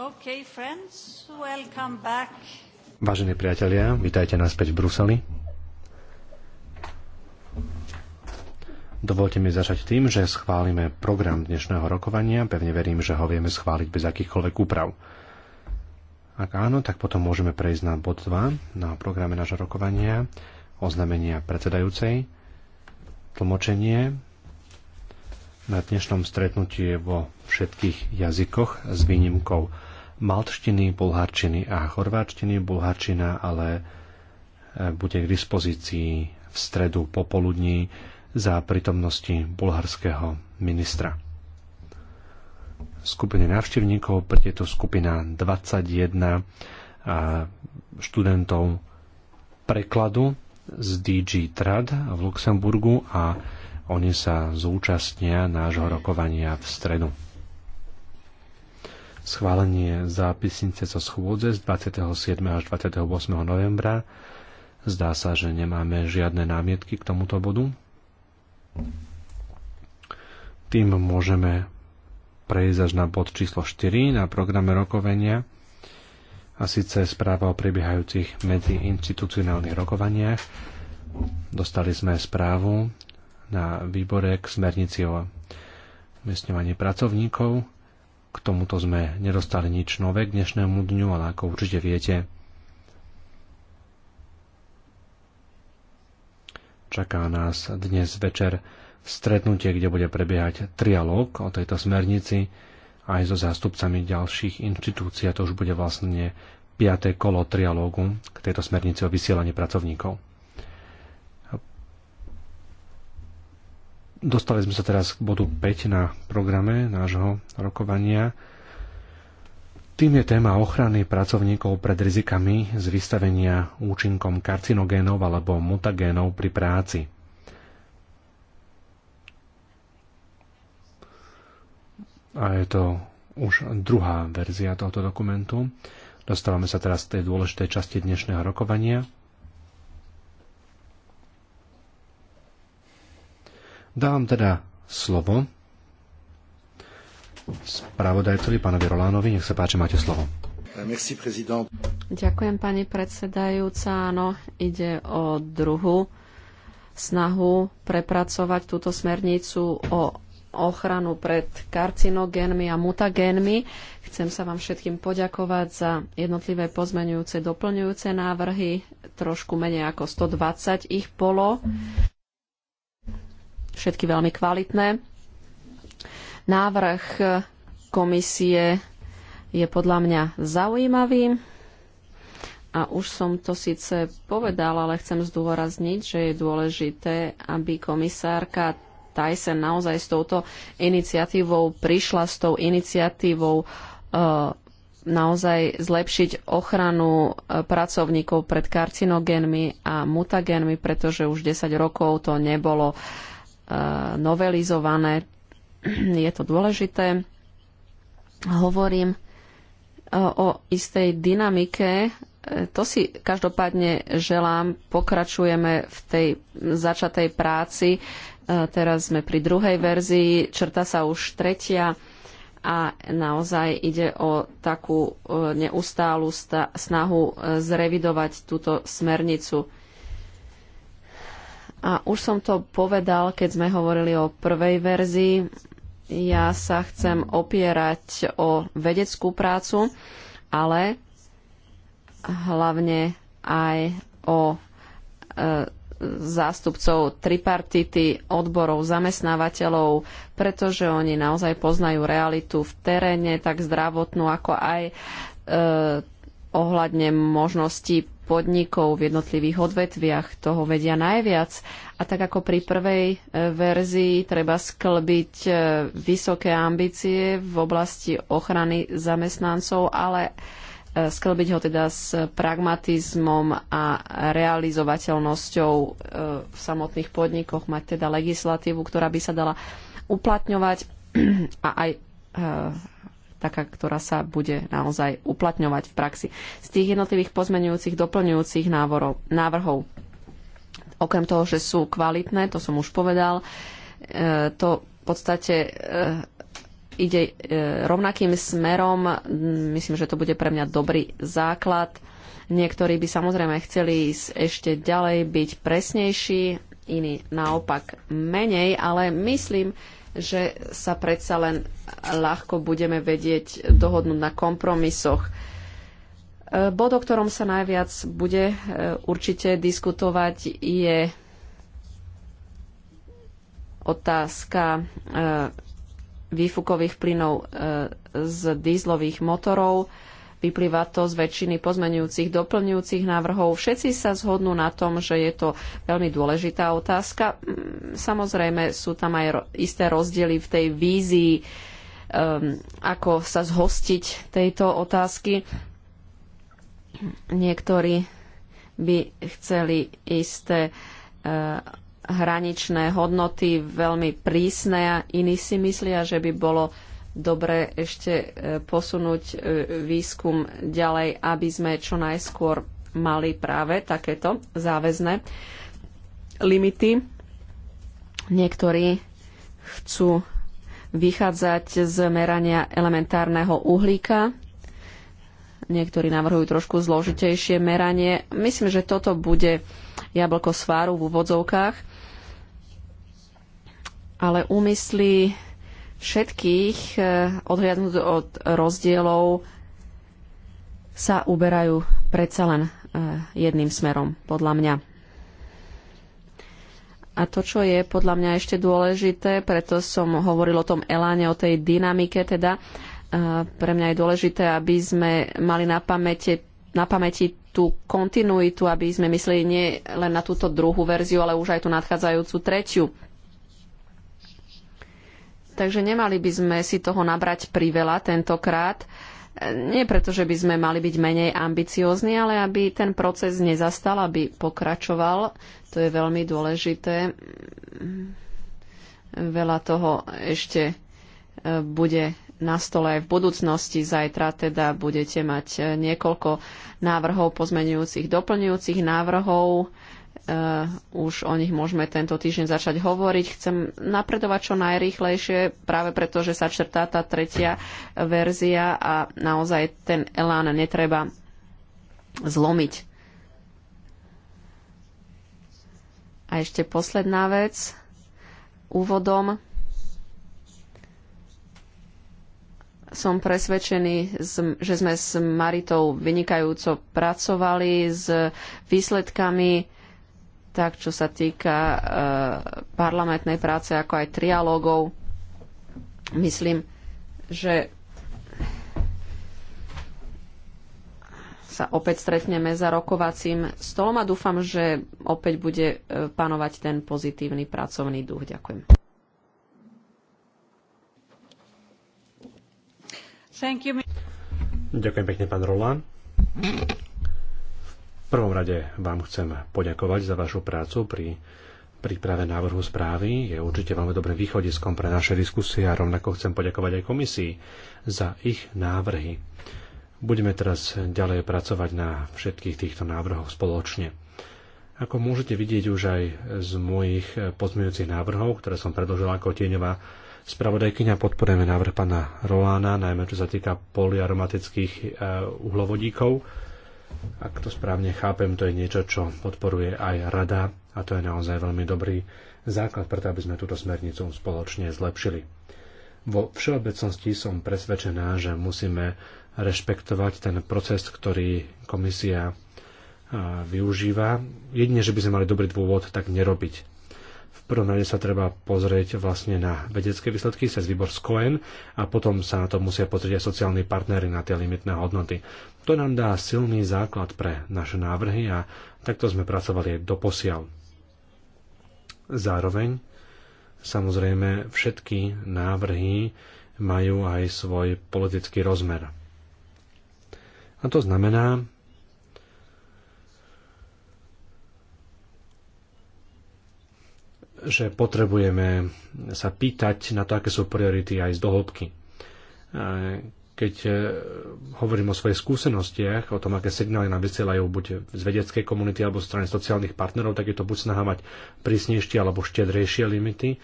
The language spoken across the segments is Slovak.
Okay, friends, welcome back. Vážení priatelia, vítajte naspäť v Bruseli. Dovolte mi začať tým, že schválime program dnešného rokovania. Pevne verím, že ho vieme schváliť bez akýchkoľvek úprav. Ak áno, tak potom môžeme prejsť na bod 2 na programe nášho rokovania, oznámenia predsedajúcej, tlmočenie, na dnešnom stretnutí vo všetkých jazykoch s výnimkou maltštiny, bulharčiny a chorváčtiny. Bulharčina ale e, bude k dispozícii v stredu popoludní za prítomnosti bulharského ministra. Skupine návštevníkov, preto je to skupina 21 študentov prekladu z DG Trad v Luxemburgu a oni sa zúčastnia nášho rokovania v stredu schválenie zápisnice zo schôdze z 27. až 28. novembra. Zdá sa, že nemáme žiadne námietky k tomuto bodu. Tým môžeme prejsť až na bod číslo 4 na programe rokovania a síce správa o prebiehajúcich medziinstitucionálnych rokovaniach. Dostali sme správu na výbore k smernici o umiestňovaní pracovníkov k tomuto sme nedostali nič nové k dnešnému dňu, ale ako určite viete, čaká nás dnes večer stretnutie, kde bude prebiehať trialóg o tejto smernici aj so zástupcami ďalších inštitúcií a to už bude vlastne 5. kolo trialógu k tejto smernici o vysielaní pracovníkov. Dostali sme sa teraz k bodu 5 na programe nášho rokovania. Tým je téma ochrany pracovníkov pred rizikami z vystavenia účinkom karcinogénov alebo mutagénov pri práci. A je to už druhá verzia tohto dokumentu. Dostávame sa teraz k tej dôležitej časti dnešného rokovania – Dávam teda slovo spravodajcovi, pánovi Rolánovi. Nech sa páči, máte slovo. Merci, prezident. Ďakujem, pani predsedajúca. Áno, ide o druhu snahu prepracovať túto smernicu o ochranu pred karcinogénmi a mutagénmi. Chcem sa vám všetkým poďakovať za jednotlivé pozmenujúce, doplňujúce návrhy. Trošku menej ako 120 ich polo všetky veľmi kvalitné. Návrh komisie je podľa mňa zaujímavý. A už som to síce povedal, ale chcem zdôrazniť, že je dôležité, aby komisárka Tyson naozaj s touto iniciatívou prišla, s tou iniciatívou e, naozaj zlepšiť ochranu e, pracovníkov pred karcinogénmi a mutagénmi, pretože už 10 rokov to nebolo novelizované. Je to dôležité. Hovorím e, o istej dynamike. E, to si každopádne želám. Pokračujeme v tej začatej práci. E, teraz sme pri druhej verzii. Črta sa už tretia a naozaj ide o takú neustálu snahu zrevidovať túto smernicu. A už som to povedal, keď sme hovorili o prvej verzii. Ja sa chcem opierať o vedeckú prácu, ale hlavne aj o e, zástupcov tripartity odborov zamestnávateľov, pretože oni naozaj poznajú realitu v teréne, tak zdravotnú, ako aj e, ohľadne možností podnikov v jednotlivých odvetviach. Toho vedia najviac. A tak ako pri prvej e, verzii treba sklbiť e, vysoké ambície v oblasti ochrany zamestnancov, ale e, sklbiť ho teda s pragmatizmom a realizovateľnosťou v samotných podnikoch, mať teda legislatívu, ktorá by sa dala uplatňovať a aj taká, ktorá sa bude naozaj uplatňovať v praxi. Z tých jednotlivých pozmenujúcich, doplňujúcich návorov, návrhov, okrem toho, že sú kvalitné, to som už povedal, e, to v podstate e, ide e, rovnakým smerom. Myslím, že to bude pre mňa dobrý základ. Niektorí by samozrejme chceli ísť ešte ďalej, byť presnejší, iní naopak menej, ale myslím, že sa predsa len ľahko budeme vedieť dohodnúť na kompromisoch. E, bod, o ktorom sa najviac bude e, určite diskutovať, je otázka e, výfukových plynov z dieselových motorov. Vyplýva to z väčšiny pozmenujúcich, doplňujúcich návrhov. Všetci sa zhodnú na tom, že je to veľmi dôležitá otázka. Mm, samozrejme sú tam aj isté rozdiely v tej vízii, um, ako sa zhostiť tejto otázky. Niektorí by chceli isté uh, hraničné hodnoty veľmi prísne a iní si myslia, že by bolo dobre ešte e, posunúť e, výskum ďalej, aby sme čo najskôr mali práve takéto záväzné limity. Niektorí chcú vychádzať z merania elementárneho uhlíka. Niektorí navrhujú trošku zložitejšie meranie. Myslím, že toto bude jablko sváru v úvodzovkách. Ale úmysly všetkých, e, odhľadnúť od rozdielov, sa uberajú predsa len e, jedným smerom, podľa mňa. A to, čo je podľa mňa ešte dôležité, preto som hovoril o tom eláne, o tej dynamike, teda e, pre mňa je dôležité, aby sme mali na pamäti, na pamäti tú kontinuitu, aby sme mysleli nie len na túto druhú verziu, ale už aj tú nadchádzajúcu treťu. Takže nemali by sme si toho nabrať priveľa tentokrát. Nie preto, že by sme mali byť menej ambiciózni, ale aby ten proces nezastal, aby pokračoval. To je veľmi dôležité. Veľa toho ešte e, bude na stole aj v budúcnosti. Zajtra teda budete mať e, niekoľko návrhov pozmenujúcich, doplňujúcich návrhov Uh, už o nich môžeme tento týždeň začať hovoriť. Chcem napredovať čo najrýchlejšie, práve preto, že sa črtá tá tretia verzia a naozaj ten elán netreba zlomiť. A ešte posledná vec. Úvodom som presvedčený, že sme s Maritou vynikajúco pracovali s výsledkami tak čo sa týka e, parlamentnej práce, ako aj trialógov. Myslím, že sa opäť stretneme za rokovacím stolom a dúfam, že opäť bude e, panovať ten pozitívny pracovný duch. Ďakujem. Ďakujem pekne, pán Rolán prvom rade vám chcem poďakovať za vašu prácu pri príprave návrhu správy. Je určite veľmi dobrým východiskom pre naše diskusie a rovnako chcem poďakovať aj komisii za ich návrhy. Budeme teraz ďalej pracovať na všetkých týchto návrhoch spoločne. Ako môžete vidieť už aj z mojich pozmeňujúcich návrhov, ktoré som predložila ako tieňová spravodajkyňa, podporujeme návrh pána Rolána, najmä čo sa týka poliaromatických eh, uhlovodíkov, ak to správne chápem, to je niečo, čo podporuje aj rada a to je naozaj veľmi dobrý základ preto, aby sme túto smernicu spoločne zlepšili. Vo všeobecnosti som presvedčená, že musíme rešpektovať ten proces, ktorý komisia využíva. Jedine, že by sme mali dobrý dôvod tak nerobiť prvom rade sa treba pozrieť vlastne na vedecké výsledky cez výbor z a potom sa na to musia pozrieť aj sociálni partnery na tie limitné hodnoty. To nám dá silný základ pre naše návrhy a takto sme pracovali aj doposiaľ. Zároveň samozrejme všetky návrhy majú aj svoj politický rozmer. A to znamená, že potrebujeme sa pýtať na to, aké sú priority aj z dohobky. E, keď e, hovorím o svojich skúsenostiach, o tom, aké signály nám vysielajú buď z vedeckej komunity alebo strany sociálnych partnerov, tak je to buď snaha mať prísnejšie alebo štedrejšie limity.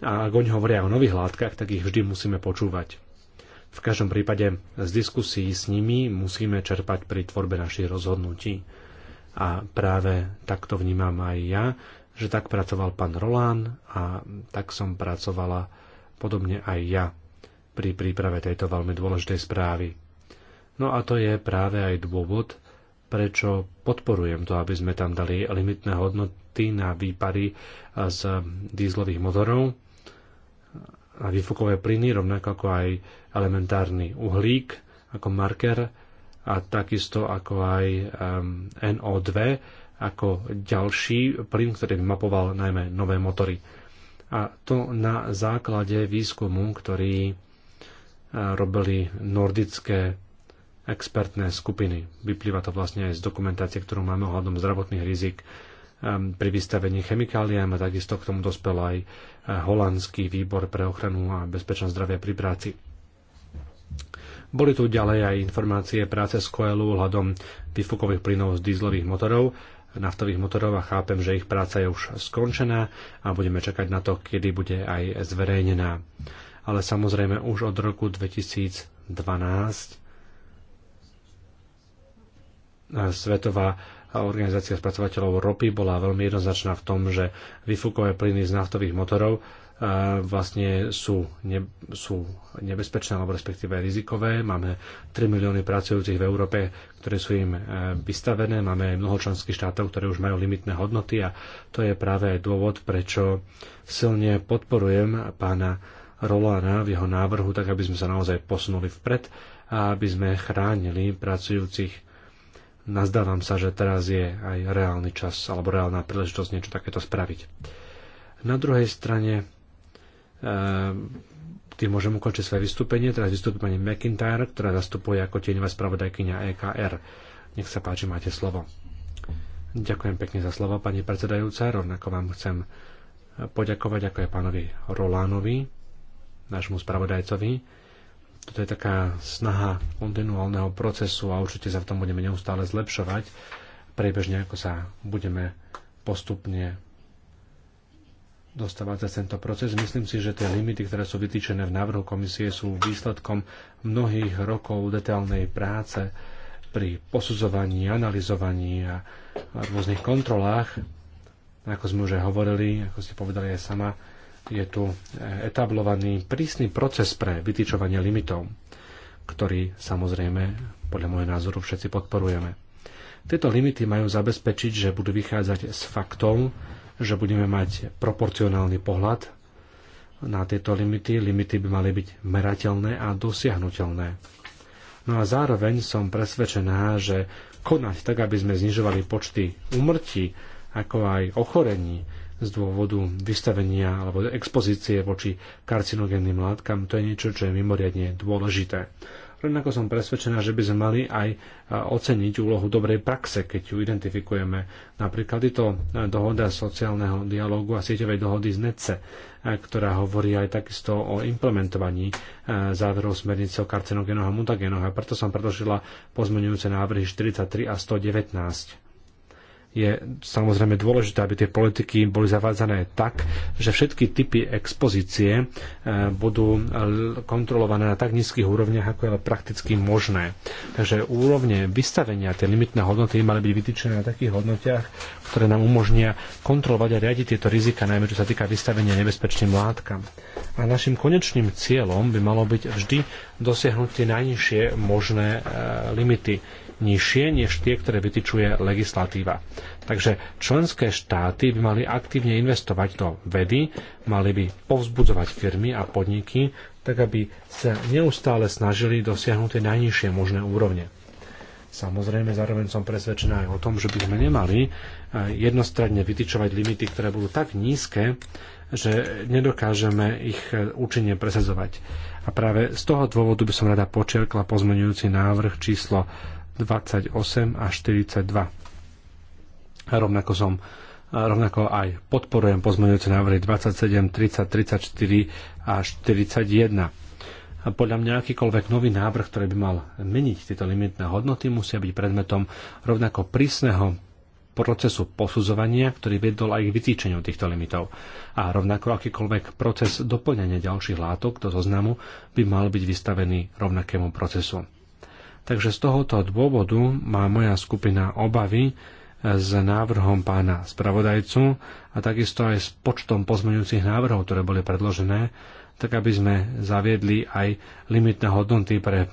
A ak oni hovoria o nových látkach, tak ich vždy musíme počúvať. V každom prípade z diskusí s nimi musíme čerpať pri tvorbe našich rozhodnutí. A práve takto vnímam aj ja že tak pracoval pán Rolán a tak som pracovala podobne aj ja pri príprave tejto veľmi dôležitej správy. No a to je práve aj dôvod, prečo podporujem to, aby sme tam dali limitné hodnoty na výpary z dízlových motorov a výfukové plyny, rovnako ako aj elementárny uhlík ako marker a takisto ako aj NO2 ako ďalší plyn, ktorý mapoval najmä nové motory. A to na základe výskumu, ktorý e, robili nordické expertné skupiny. Vyplýva to vlastne aj z dokumentácie, ktorú máme ohľadom zdravotných rizik e, pri vystavení chemikáliám a takisto k tomu dospel aj e, holandský výbor pre ochranu a bezpečnosť zdravia pri práci. Boli tu ďalej aj informácie práce z koelu ohľadom výfukových plynov z dýzlových motorov naftových motorov a chápem, že ich práca je už skončená a budeme čakať na to, kedy bude aj zverejnená. Ale samozrejme už od roku 2012 Svetová organizácia spracovateľov ropy bola veľmi jednoznačná v tom, že vyfúkové plyny z naftových motorov vlastne sú, ne, sú nebezpečné alebo respektíve rizikové. Máme 3 milióny pracujúcich v Európe, ktoré sú im e, vystavené. Máme aj mnoho členských štátov, ktoré už majú limitné hodnoty a to je práve dôvod, prečo silne podporujem pána Rolana v jeho návrhu, tak aby sme sa naozaj posunuli vpred a aby sme chránili pracujúcich nazdávam sa, že teraz je aj reálny čas alebo reálna príležitosť niečo takéto spraviť. Na druhej strane Ehm, tým môžem ukončiť svoje vystúpenie. Teraz vystúpi pani McIntyre, ktorá zastupuje ako tieňová spravodajkynia EKR. Nech sa páči, máte slovo. Ďakujem pekne za slovo, pani predsedajúca. Rovnako vám chcem poďakovať ako je pánovi Rolánovi, nášmu spravodajcovi. Toto je taká snaha kontinuálneho procesu a určite sa v tom budeme neustále zlepšovať, priebežne ako sa budeme postupne dostávať cez tento proces. Myslím si, že tie limity, ktoré sú vytýčené v návrhu komisie, sú výsledkom mnohých rokov detailnej práce pri posudzovaní, analyzovaní a rôznych kontrolách. Ako sme už aj hovorili, ako ste povedali aj sama, je tu etablovaný prísny proces pre vytýčovanie limitov, ktorý samozrejme, podľa môjho názoru, všetci podporujeme. Tieto limity majú zabezpečiť, že budú vychádzať z faktov, že budeme mať proporcionálny pohľad na tieto limity. Limity by mali byť merateľné a dosiahnutelné. No a zároveň som presvedčená, že konať tak, aby sme znižovali počty úmrtí, ako aj ochorení z dôvodu vystavenia alebo expozície voči karcinogénnym látkam, to je niečo, čo je mimoriadne dôležité. Rovnako som presvedčená, že by sme mali aj e, oceniť úlohu dobrej praxe, keď ju identifikujeme. Napríklad je to e, dohoda sociálneho dialógu a sieťovej dohody z NECE, e, ktorá hovorí aj takisto o implementovaní záverov smernice o karcinogénoch a mutagénoch a preto som predložila pozmenujúce návrhy 43 a 119 je samozrejme dôležité, aby tie politiky boli zavádzané tak, že všetky typy expozície eh, budú eh, kontrolované na tak nízkych úrovniach, ako je prakticky možné. Takže úrovne vystavenia, tie limitné hodnoty mali byť vytýčené na takých hodnotiach, ktoré nám umožnia kontrolovať a riadiť tieto rizika, najmä čo sa týka vystavenia nebezpečným látkam. A našim konečným cieľom by malo byť vždy dosiahnuť tie najnižšie možné eh, limity nižšie než tie, ktoré vytyčuje legislatíva. Takže členské štáty by mali aktívne investovať do vedy, mali by povzbudzovať firmy a podniky, tak aby sa neustále snažili dosiahnuť tie najnižšie možné úrovne. Samozrejme, zároveň som presvedčená aj o tom, že by sme nemali e, jednostranne vytyčovať limity, ktoré budú tak nízke, že nedokážeme ich e, účinne presadzovať. A práve z toho dôvodu by som rada počiarkla pozmenujúci návrh číslo 28 a 42. A rovnako som a rovnako aj podporujem pozmeňujúce návrhy 27, 30, 34 a 41. A podľa mňa akýkoľvek nový návrh, ktorý by mal meniť tieto limitné hodnoty, musia byť predmetom rovnako prísneho procesu posudzovania, ktorý vedol aj k vytýčeniu týchto limitov. A rovnako akýkoľvek proces doplňania ďalších látok do zoznamu by mal byť vystavený rovnakému procesu. Takže z tohoto dôvodu má moja skupina obavy e, s návrhom pána spravodajcu a takisto aj s počtom pozmeňujúcich návrhov, ktoré boli predložené, tak aby sme zaviedli aj limitné hodnoty pre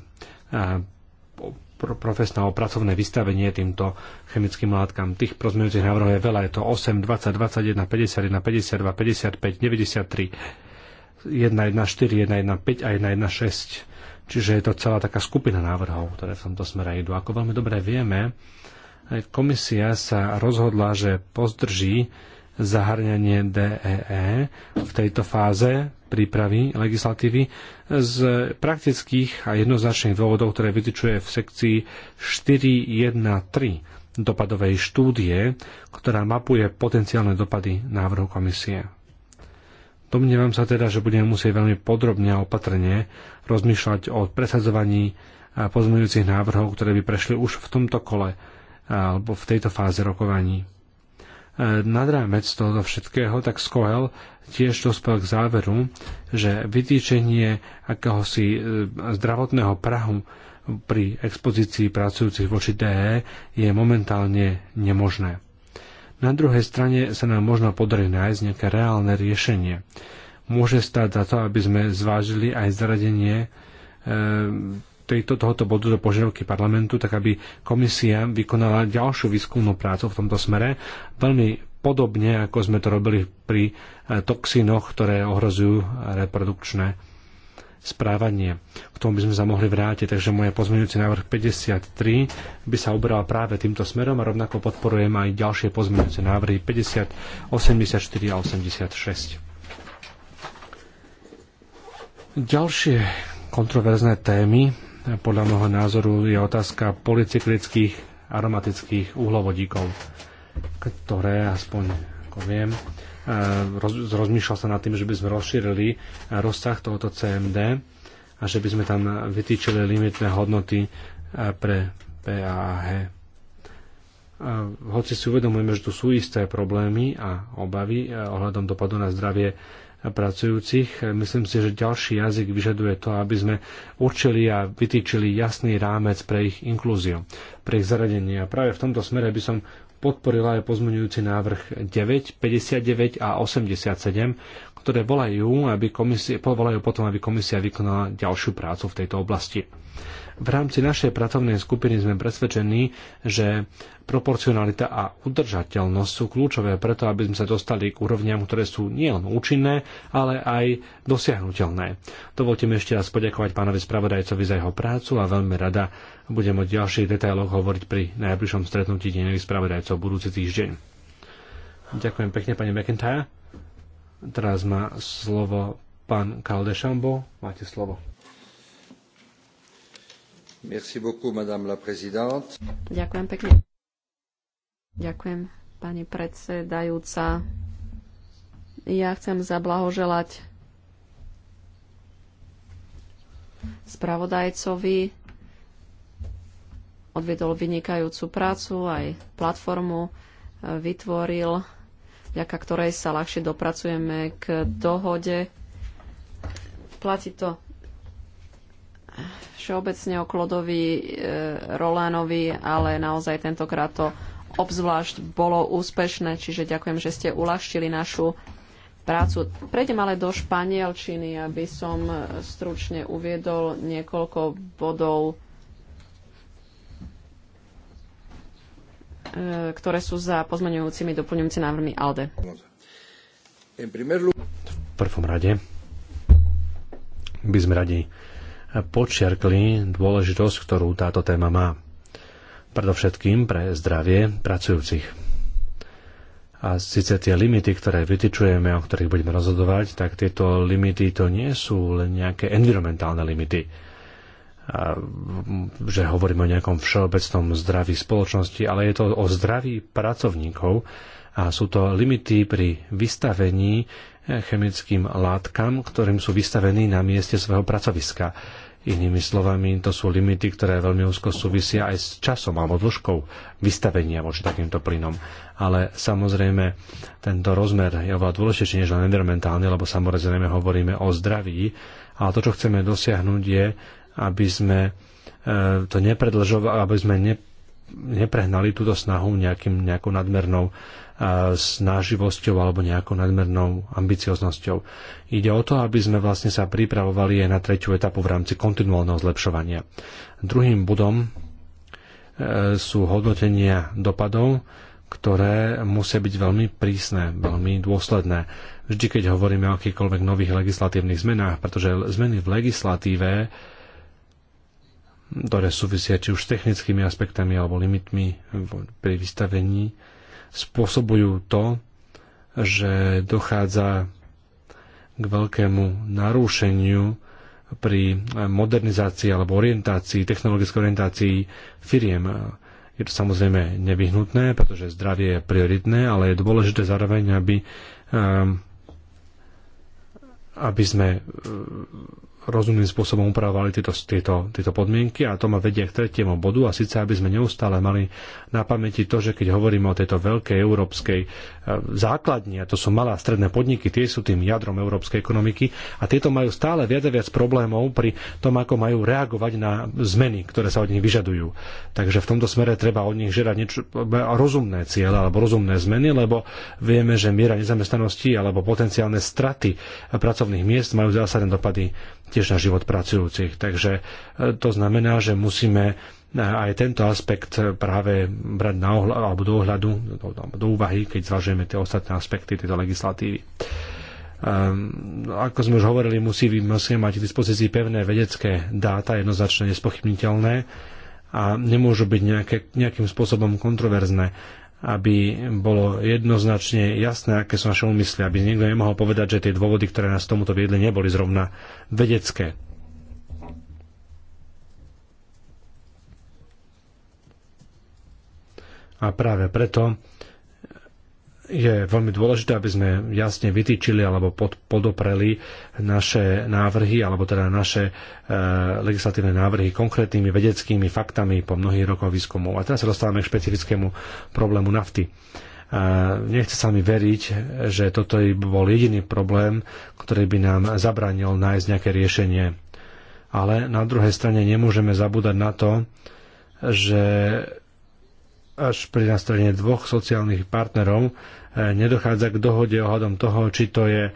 e, profesné alebo pracovné vystavenie týmto chemickým látkam. Tých pozmeňujúcich návrhov je veľa. Je to 8, 20, 21, 51, 52, 55, 93, 114, 115 a 116. Čiže je to celá taká skupina návrhov, ktoré v tomto smere idú. Ako veľmi dobre vieme, komisia sa rozhodla, že pozdrží zahrňanie DEE e v tejto fáze prípravy legislatívy z praktických a jednoznačných dôvodov, ktoré vytičuje v sekcii 4.1.3 dopadovej štúdie, ktorá mapuje potenciálne dopady návrhu komisie. Domnievam sa teda, že budeme musieť veľmi podrobne a opatrne rozmýšľať o presadzovaní pozmeňujúcich návrhov, ktoré by prešli už v tomto kole alebo v tejto fáze rokovaní. E, nad rámec tohoto všetkého, tak Skohel tiež dospel k záveru, že vytýčenie akéhosi e, zdravotného prahu pri expozícii pracujúcich voči DE je momentálne nemožné. Na druhej strane sa nám možno podarí nájsť nejaké reálne riešenie. Môže stať za to, aby sme zvážili aj zaradenie e, tejto, tohoto bodu do požiadavky parlamentu, tak aby komisia vykonala ďalšiu výskumnú prácu v tomto smere, veľmi podobne ako sme to robili pri e, toxínoch, ktoré ohrozujú reprodukčné správanie. K tomu by sme sa mohli vrátiť, takže môj pozmeňujúci návrh 53 by sa uberal práve týmto smerom a rovnako podporujem aj ďalšie pozmeňujúce návrhy 50, 84 a 86. Ďalšie kontroverzné témy podľa môjho názoru je otázka policyklických aromatických uhlovodíkov, ktoré aspoň ako viem, Eh, roz, rozmýšľal sa nad tým, že by sme rozšírili eh, rozsah tohoto CMD a že by sme tam vytýčili limitné hodnoty eh, pre PAH. hoci si uvedomujeme, že tu sú isté problémy a obavy ohľadom dopadu na zdravie pracujúcich, myslím si, že ďalší jazyk vyžaduje to, aby sme určili a vytýčili jasný rámec pre ich inklúziu, pre ich zaradenie. A práve v tomto smere by som podporila aj pozmeňujúci návrh 9, 59 a 87, ktoré volajú, aby komisie, volajú potom, aby komisia vykonala ďalšiu prácu v tejto oblasti. V rámci našej pracovnej skupiny sme presvedčení, že Proporcionalita a udržateľnosť sú kľúčové preto, aby sme sa dostali k úrovniam, ktoré sú nielen účinné, ale aj dosiahnutelné. Dovolte mi ešte raz poďakovať pánovi spravodajcovi za jeho prácu a veľmi rada budem o ďalších detailoch hovoriť pri najbližšom stretnutí dnešných spravodajcov budúci týždeň. Ďakujem pekne, pani McIntyre. Teraz má slovo pán Kaldešambo. Máte slovo. Merci beaucoup, madame la présidente. Ďakujem pekne. Ďakujem, pani predsedajúca. Ja chcem zablahoželať spravodajcovi. Odviedol vynikajúcu prácu, aj platformu e, vytvoril, vďaka ktorej sa ľahšie dopracujeme k dohode. Platí to všeobecne o Klodovi e, Rolánovi, ale naozaj tentokrát to obzvlášť bolo úspešné, čiže ďakujem, že ste uľahčili našu prácu. Prejdem ale do španielčiny, aby som stručne uviedol niekoľko bodov, e, ktoré sú za pozmeňujúcimi doplňujúci návrhmi ALDE. V prvom rade by sme radi počiarkli dôležitosť, ktorú táto téma má predovšetkým pre zdravie pracujúcich. A síce tie limity, ktoré vytyčujeme, o ktorých budeme rozhodovať, tak tieto limity to nie sú len nejaké environmentálne limity. A, že hovoríme o nejakom všeobecnom zdraví spoločnosti, ale je to o zdraví pracovníkov a sú to limity pri vystavení eh, chemickým látkam, ktorým sú vystavení na mieste svojho pracoviska Inými slovami, to sú limity, ktoré veľmi úzko súvisia aj s časom alebo dĺžkou vystavenia voči takýmto plynom. Ale samozrejme, tento rozmer je oveľa dôležitejší než len environmentálny, lebo samozrejme hovoríme o zdraví. A to, čo chceme dosiahnuť, je, aby sme e, to nepredlžovali, aby sme ne, neprehnali túto snahu nejakým, nejakou nadmernou snaživosťou alebo nejakou nadmernou ambicioznosťou. Ide o to, aby sme vlastne sa pripravovali aj na tretiu etapu v rámci kontinuálneho zlepšovania. Druhým bodom e, sú hodnotenia dopadov, ktoré musia byť veľmi prísne, veľmi dôsledné. Vždy, keď hovoríme o akýchkoľvek nových legislatívnych zmenách, pretože zmeny v legislatíve ktoré súvisia či už s technickými aspektami alebo limitmi pri vystavení, spôsobujú to, že dochádza k veľkému narúšeniu pri modernizácii alebo orientácii, technologickej orientácii firiem. Je to samozrejme nevyhnutné, pretože zdravie je prioritné, ale je dôležité zároveň, aby, ehm, aby sme rozumným spôsobom upravovali tieto, tieto, tieto podmienky a to ma vedie k tretiemu bodu a síce, aby sme neustále mali na pamäti to, že keď hovoríme o tejto veľkej európskej e, základni, a to sú malé a stredné podniky, tie sú tým jadrom európskej ekonomiky a tieto majú stále viac a viac problémov pri tom, ako majú reagovať na zmeny, ktoré sa od nich vyžadujú. Takže v tomto smere treba od nich žerať niečo, rozumné ciele alebo rozumné zmeny, lebo vieme, že miera nezamestnanosti alebo potenciálne straty pracovných miest majú zásadné dopady tiež na život pracujúcich. Takže e, to znamená, že musíme e, aj tento aspekt e, práve brať na ohľad, alebo do ohľadu, do, do úvahy, keď zvažujeme tie ostatné aspekty tejto legislatívy. Um, ako sme už hovorili, musí, musíme mať k dispozícii pevné vedecké dáta, jednoznačne nespochybniteľné a nemôžu byť nejaké, nejakým spôsobom kontroverzné aby bolo jednoznačne jasné, aké sú naše úmysly, aby nikto nemohol povedať, že tie dôvody, ktoré nás tomuto viedli, neboli zrovna vedecké. A práve preto je veľmi dôležité, aby sme jasne vytýčili alebo pod, podopreli naše návrhy, alebo teda naše e, legislatívne návrhy konkrétnymi vedeckými faktami po mnohých rokoch výskumov. A teraz sa dostávame k špecifickému problému nafty. E, nechce sa mi veriť, že toto by bol jediný problém, ktorý by nám zabránil nájsť nejaké riešenie. Ale na druhej strane nemôžeme zabúdať na to, že až pri nastavení dvoch sociálnych partnerov e, nedochádza k dohode ohľadom toho, či to je e,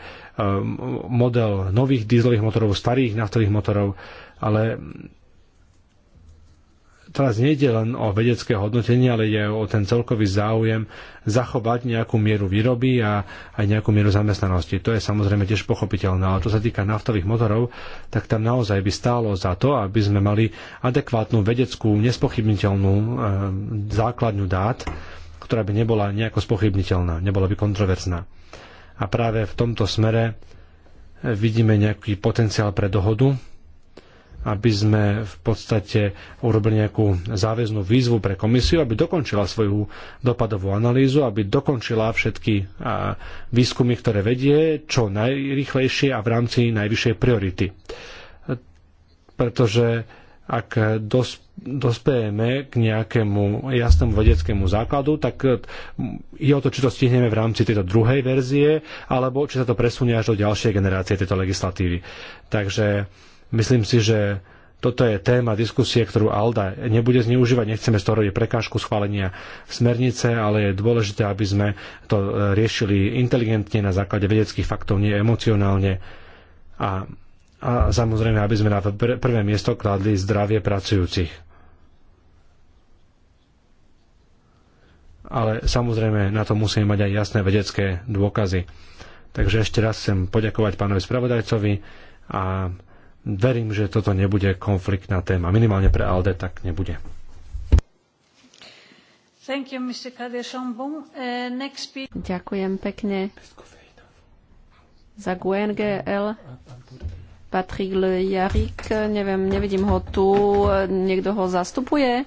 model nových dízlových motorov, starých naftových motorov, ale teraz nie ide len o vedecké hodnotenie, ale ide o ten celkový záujem zachovať nejakú mieru výroby a aj nejakú mieru zamestnanosti. To je samozrejme tiež pochopiteľné, ale čo sa týka naftových motorov, tak tam naozaj by stálo za to, aby sme mali adekvátnu vedeckú, nespochybniteľnú e, základňu dát, ktorá by nebola nejako spochybniteľná, nebola by kontroverzná. A práve v tomto smere e, vidíme nejaký potenciál pre dohodu, aby sme v podstate urobili nejakú záväznú výzvu pre komisiu, aby dokončila svoju dopadovú analýzu, aby dokončila všetky výskumy, ktoré vedie, čo najrychlejšie a v rámci najvyššej priority. Pretože ak dos, dospejeme k nejakému jasnému vedeckému základu, tak je o to, či to stihneme v rámci tejto druhej verzie, alebo či sa to presunie až do ďalšej generácie tejto legislatívy. Takže Myslím si, že toto je téma diskusie, ktorú Alda nebude zneužívať. Nechceme z toho robiť prekážku schválenia smernice, ale je dôležité, aby sme to e, riešili inteligentne na základe vedeckých faktov, nie emocionálne. A, a samozrejme, aby sme na pr- prvé miesto kladli zdravie pracujúcich. Ale samozrejme, na to musíme mať aj jasné vedecké dôkazy. Takže ešte raz chcem poďakovať pánovi spravodajcovi a Verím, že toto nebude konfliktná téma. Minimálne pre ALDE tak nebude. Thank you, Mr. Uh, next speaker. Ďakujem pekne. Za GNGL. Patrick Le Jarik, neviem, nevidím ho tu. Niekto ho zastupuje?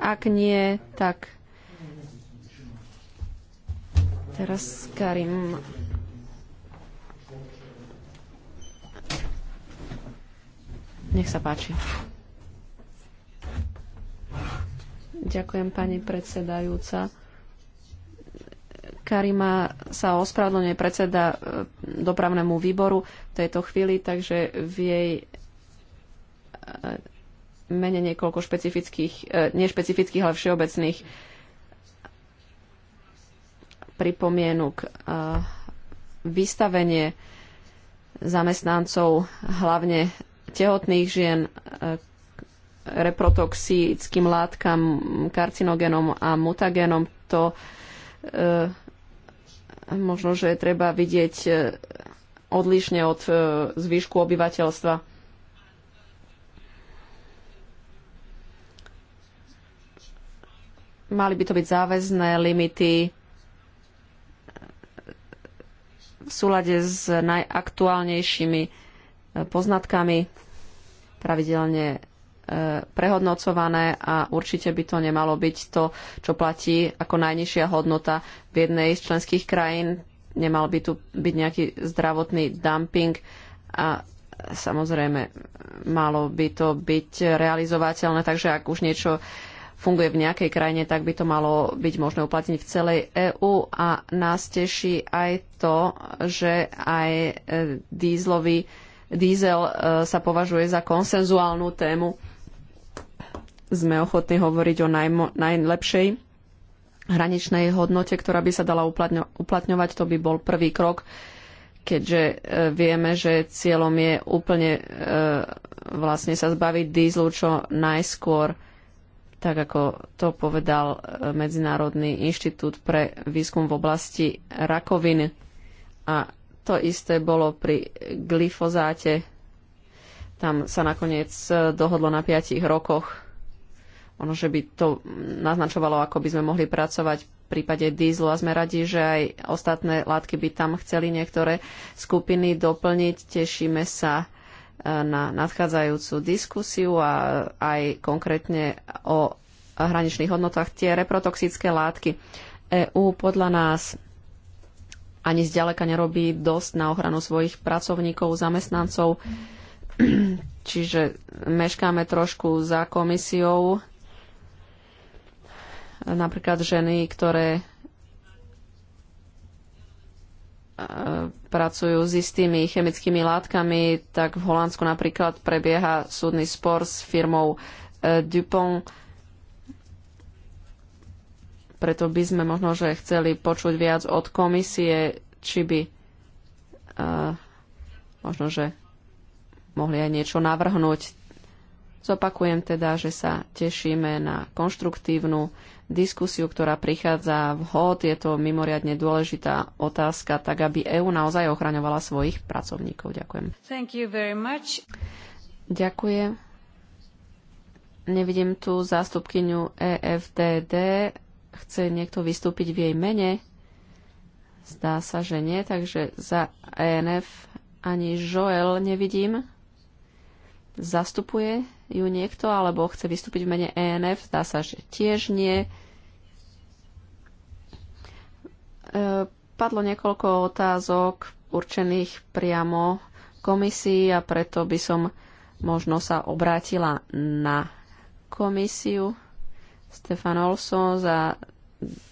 Ak nie, tak teraz Karim Nech sa páči. Ďakujem, pani predsedajúca. Karima sa ospravedlňuje predseda e, dopravnému výboru v tejto chvíli, takže v jej e, mene niekoľko špecifických, e, nešpecifických, ale všeobecných pripomienok. Vystavenie zamestnancov, hlavne tehotných žien, e, reprotoxickým látkam, karcinogenom a mutagenom, To e, možno, že treba vidieť e, odlišne od zvyšku obyvateľstva. Mali by to byť záväzné limity v súlade s najaktuálnejšími poznatkami, pravidelne e, prehodnocované a určite by to nemalo byť to, čo platí ako najnižšia hodnota v jednej z členských krajín. Nemal by tu byť nejaký zdravotný dumping a samozrejme malo by to byť realizovateľné, takže ak už niečo funguje v nejakej krajine, tak by to malo byť možné uplatniť v celej EÚ a nás teší aj to, že aj e, dízlový Diesel e, sa považuje za konsenzuálnu tému. Sme ochotní hovoriť o najlepšej hraničnej hodnote, ktorá by sa dala uplatňovať. To by bol prvý krok, keďže e, vieme, že cieľom je úplne e, vlastne sa zbaviť dízlu čo najskôr tak ako to povedal Medzinárodný inštitút pre výskum v oblasti rakoviny. A to isté bolo pri glyfozáte. Tam sa nakoniec e, dohodlo na 5 rokoch. Ono, že by to naznačovalo, ako by sme mohli pracovať v prípade dízlu a sme radi, že aj ostatné látky by tam chceli niektoré skupiny doplniť. Tešíme sa e, na nadchádzajúcu diskusiu a aj konkrétne o hraničných hodnotách tie reprotoxické látky. EU podľa nás ani zďaleka nerobí dosť na ochranu svojich pracovníkov, zamestnancov. Čiže meškáme trošku za komisiou. Napríklad ženy, ktoré e, pracujú s istými chemickými látkami, tak v Holandsku napríklad prebieha súdny spor s firmou e, Dupont preto by sme možno, že chceli počuť viac od komisie, či by uh, možno, že mohli aj niečo navrhnúť. Zopakujem teda, že sa tešíme na konštruktívnu diskusiu, ktorá prichádza vhod. Je to mimoriadne dôležitá otázka, tak aby EÚ naozaj ochraňovala svojich pracovníkov. Ďakujem. Thank you very much. Ďakujem. Nevidím tu zástupkyňu EFDD chce niekto vystúpiť v jej mene? Zdá sa, že nie, takže za ENF ani Joel nevidím. Zastupuje ju niekto, alebo chce vystúpiť v mene ENF? Zdá sa, že tiež nie. E, padlo niekoľko otázok určených priamo komisii a preto by som možno sa obrátila na komisiu. Stefan Olson za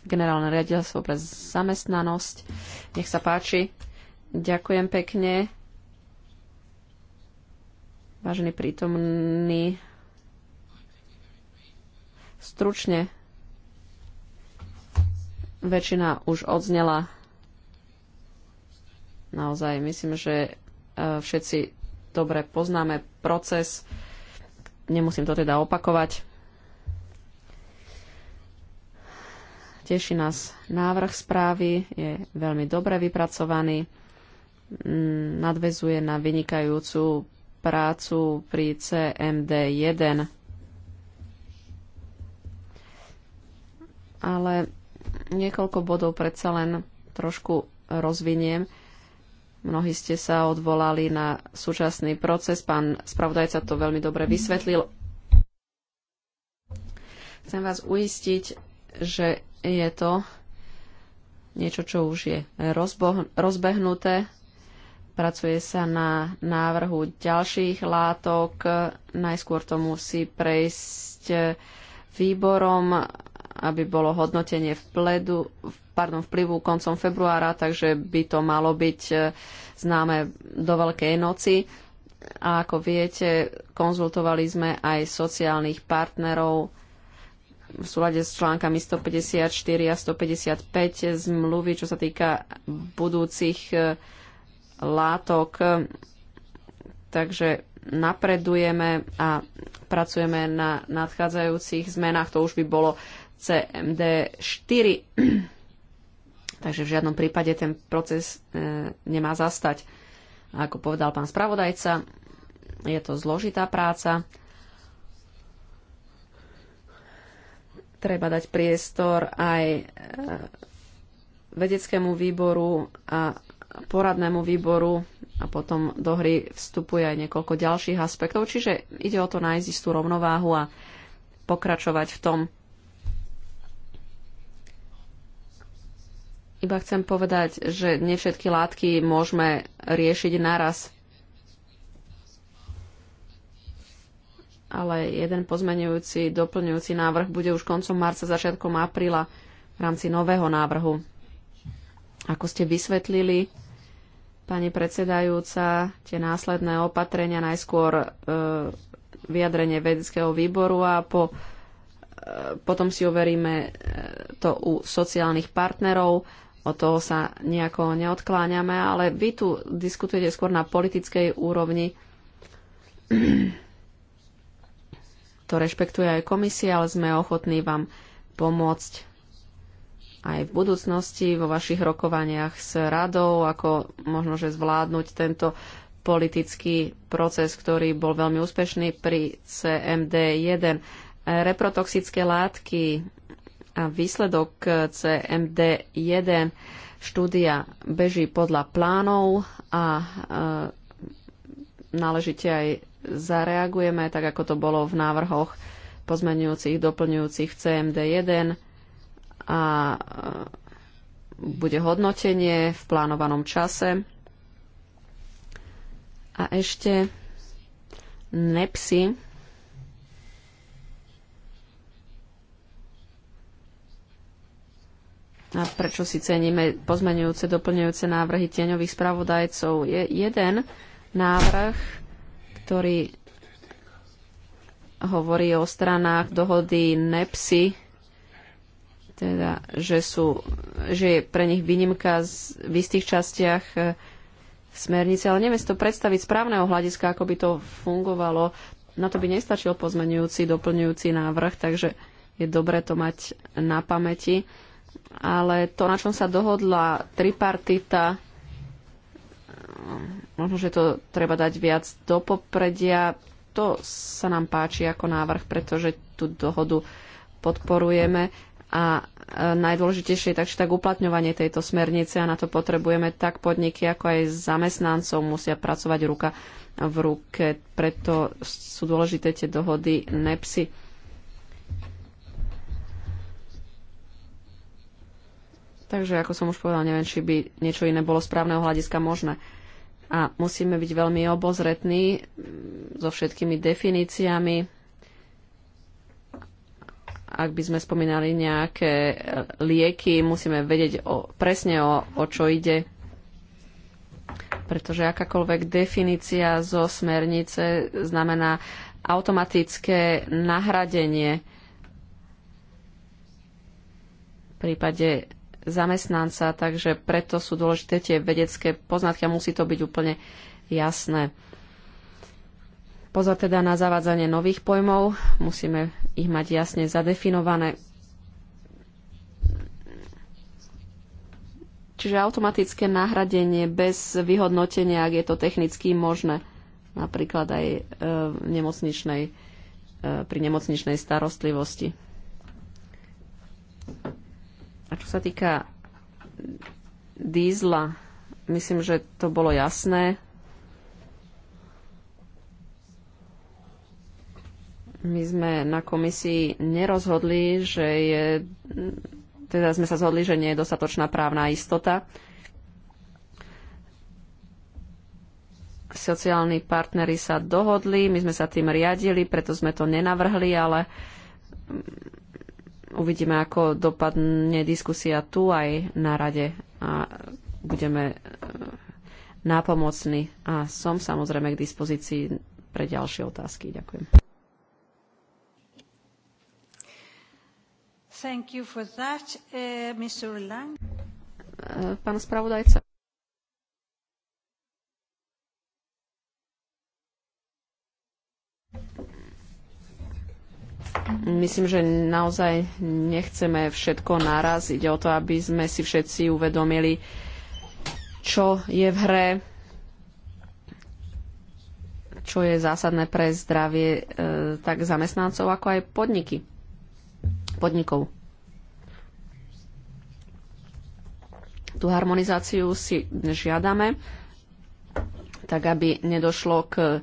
generálne riaditeľstvo pre zamestnanosť. Nech sa páči. Ďakujem pekne. Vážený prítomný, stručne väčšina už odznela. Naozaj myslím, že e, všetci dobre poznáme proces. Nemusím to teda opakovať. Teší nás návrh správy, je veľmi dobre vypracovaný, mm, nadvezuje na vynikajúcu prácu pri CMD1. Ale niekoľko bodov predsa len trošku rozviniem. Mnohí ste sa odvolali na súčasný proces. Pán spravodajca to veľmi dobre vysvetlil. Chcem vás uistiť, že je to niečo, čo už je rozbehnuté. Pracuje sa na návrhu ďalších látok. Najskôr to musí prejsť výborom, aby bolo hodnotenie pledu, pardon, vplyvu koncom februára, takže by to malo byť e, známe do Veľkej noci. A ako viete, konzultovali sme aj sociálnych partnerov v súlade s článkami 154 a 155 zmluvy, čo sa týka budúcich e, látok. Takže napredujeme a pracujeme na nadchádzajúcich zmenách. To už by bolo CMD 4. Takže v žiadnom prípade ten proces e, nemá zastať. A ako povedal pán spravodajca, je to zložitá práca Treba dať priestor aj e, vedeckému výboru a poradnému výboru a potom do hry vstupuje aj niekoľko ďalších aspektov, čiže ide o to nájsť istú rovnováhu a pokračovať v tom. Iba chcem povedať, že nevšetky všetky látky môžeme riešiť naraz. ale jeden pozmenujúci, doplňujúci návrh bude už koncom marca, začiatkom apríla v rámci nového návrhu. Ako ste vysvetlili, pani predsedajúca, tie následné opatrenia, najskôr e, vyjadrenie vedeckého výboru a po, e, potom si overíme e, to u sociálnych partnerov. Od toho sa nejako neodkláňame, ale vy tu diskutujete skôr na politickej úrovni to rešpektuje aj komisia, ale sme ochotní vám pomôcť aj v budúcnosti vo vašich rokovaniach s radou, ako možno, že zvládnuť tento politický proces, ktorý bol veľmi úspešný pri CMD1. Reprotoxické látky a výsledok CMD1 štúdia beží podľa plánov a e, náležite aj zareagujeme, tak ako to bolo v návrhoch pozmenujúcich, doplňujúcich CMD1 a e, bude hodnotenie v plánovanom čase. A ešte NEPSI. A prečo si ceníme pozmenujúce, doplňujúce návrhy tieňových spravodajcov? Je jeden návrh, ktorý hovorí o stranách dohody NEPSI, teda, že, sú, že je pre nich výnimka z, v istých častiach e, smernice, ale neviem si to predstaviť správneho hľadiska, ako by to fungovalo. Na to by nestačil pozmenujúci, doplňujúci návrh, takže je dobre to mať na pamäti. Ale to, na čom sa dohodla tripartita možno, že to treba dať viac do popredia. To sa nám páči ako návrh, pretože tú dohodu podporujeme a e, najdôležitejšie je takže tak uplatňovanie tejto smernice a na to potrebujeme tak podniky, ako aj zamestnancov musia pracovať ruka v ruke. Preto sú dôležité tie dohody NEPSy. Takže, ako som už povedal, neviem, či by niečo iné bolo správneho hľadiska možné a musíme byť veľmi obozretní mm, so všetkými definíciami. Ak by sme spomínali nejaké e, lieky, musíme vedieť o, presne o, o čo ide. Pretože akákoľvek definícia zo smernice znamená automatické nahradenie v prípade zamestnanca, takže preto sú dôležité tie vedecké poznatky a musí to byť úplne jasné. Pozor teda na zavádzanie nových pojmov, musíme ich mať jasne zadefinované. Čiže automatické nahradenie bez vyhodnotenia, ak je to technicky možné, napríklad aj e, v nemocničnej, e, pri nemocničnej starostlivosti. A čo sa týka dízla, myslím, že to bolo jasné. My sme na komisii nerozhodli, že je, teda sme sa zhodli, že nie je dostatočná právna istota. Sociálni partnery sa dohodli, my sme sa tým riadili, preto sme to nenavrhli, ale Uvidíme, ako dopadne diskusia tu aj na rade a budeme e, nápomocní a som samozrejme k dispozícii pre ďalšie otázky. Ďakujem. Thank you for that, uh, e, Mr. Lang. E, pán spravodajca. Myslím, že naozaj nechceme všetko naraz. Ide o to, aby sme si všetci uvedomili, čo je v hre, čo je zásadné pre zdravie e, tak zamestnancov, ako aj podniky. Podnikov. Tú harmonizáciu si žiadame, tak aby nedošlo k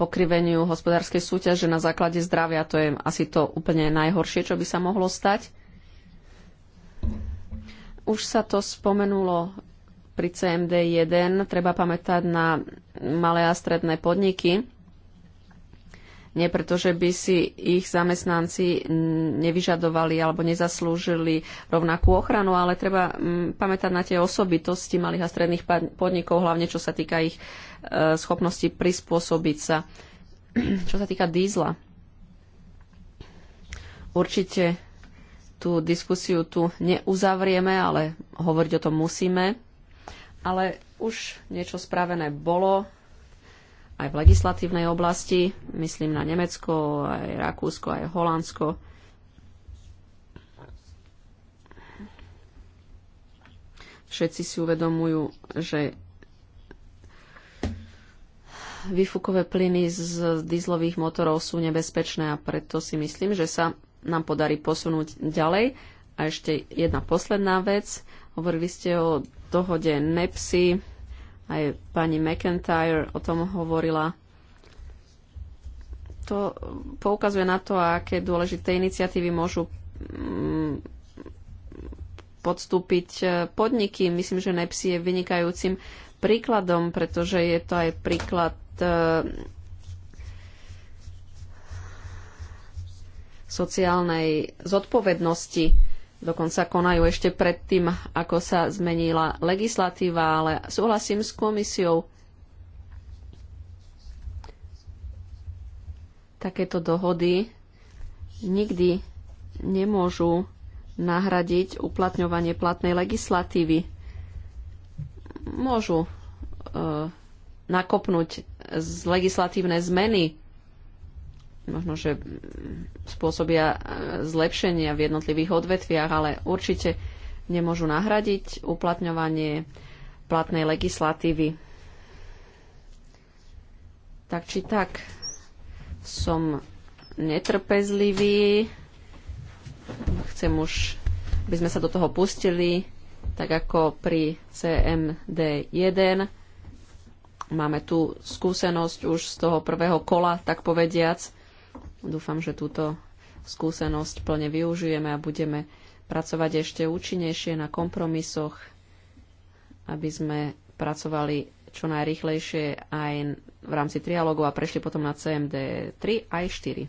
pokriveniu hospodárskej súťaže na základe zdravia. To je asi to úplne najhoršie, čo by sa mohlo stať. Už sa to spomenulo pri CMD1. Treba pamätať na malé a stredné podniky nie preto, že by si ich zamestnanci nevyžadovali alebo nezaslúžili rovnakú ochranu, ale treba mm, pamätať na tie osobitosti malých a stredných podnikov, hlavne čo sa týka ich e, schopnosti prispôsobiť sa. Čo sa týka dízla, určite tú diskusiu tu neuzavrieme, ale hovoriť o tom musíme. Ale už niečo spravené bolo, aj v legislatívnej oblasti, myslím na Nemecko, aj Rakúsko, aj Holandsko. Všetci si uvedomujú, že výfukové plyny z dizlových motorov sú nebezpečné a preto si myslím, že sa nám podarí posunúť ďalej. A ešte jedna posledná vec. Hovorili ste o dohode NEPSI aj pani McIntyre o tom hovorila. To poukazuje na to, aké dôležité iniciatívy môžu mm, podstúpiť e, podniky. Myslím, že NEPSI je vynikajúcim príkladom, pretože je to aj príklad e, sociálnej zodpovednosti dokonca konajú ešte predtým, ako sa zmenila legislatíva, ale súhlasím s komisiou. Takéto dohody nikdy nemôžu nahradiť uplatňovanie platnej legislatívy. Môžu e, nakopnúť z legislatívne zmeny možno, že spôsobia e, zlepšenia v jednotlivých odvetviach, ale určite nemôžu nahradiť uplatňovanie platnej legislatívy. Tak či tak, som netrpezlivý, chcem už, aby sme sa do toho pustili, tak ako pri CMD1. Máme tu skúsenosť už z toho prvého kola, tak povediac, Dúfam, že túto skúsenosť plne využijeme a budeme pracovať ešte účinnejšie na kompromisoch, aby sme pracovali čo najrychlejšie aj v rámci trialogov a prešli potom na CMD 3 aj 4.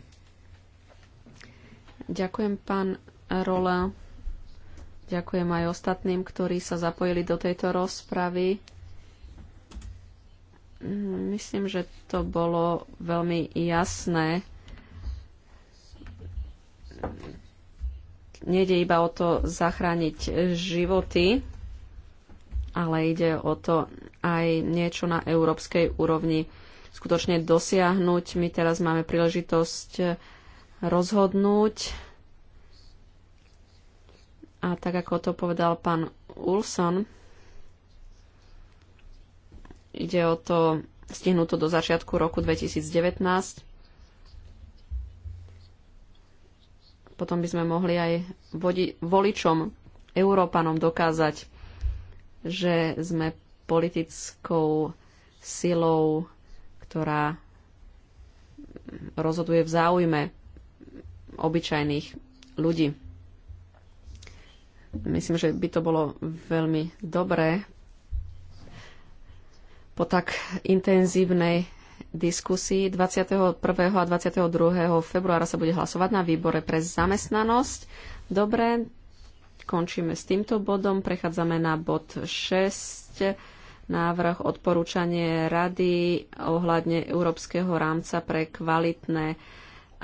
Ďakujem pán Rola. Ďakujem aj ostatným, ktorí sa zapojili do tejto rozpravy. Mm, myslím, že to bolo veľmi jasné Nede iba o to zachrániť životy, ale ide o to aj niečo na európskej úrovni skutočne dosiahnuť. My teraz máme príležitosť rozhodnúť. A tak ako to povedal pán Ulson, ide o to stihnúť to do začiatku roku 2019 Potom by sme mohli aj voličom, Európanom dokázať, že sme politickou silou, ktorá rozhoduje v záujme obyčajných ľudí. Myslím, že by to bolo veľmi dobré po tak intenzívnej diskusii. 21. a 22. februára sa bude hlasovať na výbore pre zamestnanosť. Dobre, končíme s týmto bodom. Prechádzame na bod 6 návrh odporúčanie Rady ohľadne Európskeho rámca pre kvalitné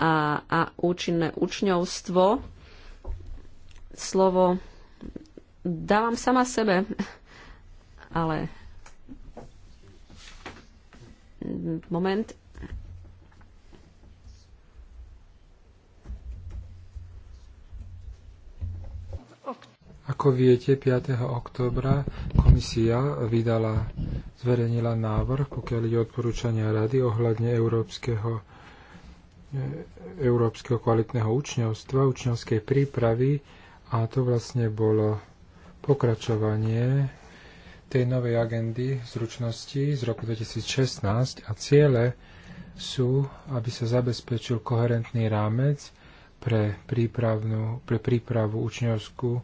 a, a účinné učňovstvo. Slovo dávam sama sebe, ale moment. Ako viete, 5. oktobra komisia vydala, zverejnila návrh, pokiaľ ide odporúčania rady ohľadne európskeho, e, európskeho kvalitného učňovstva, učňovskej prípravy a to vlastne bolo pokračovanie tej novej agendy zručnosti z roku 2016 a ciele sú, aby sa zabezpečil koherentný rámec pre, prípravnú, pre prípravu učňovskú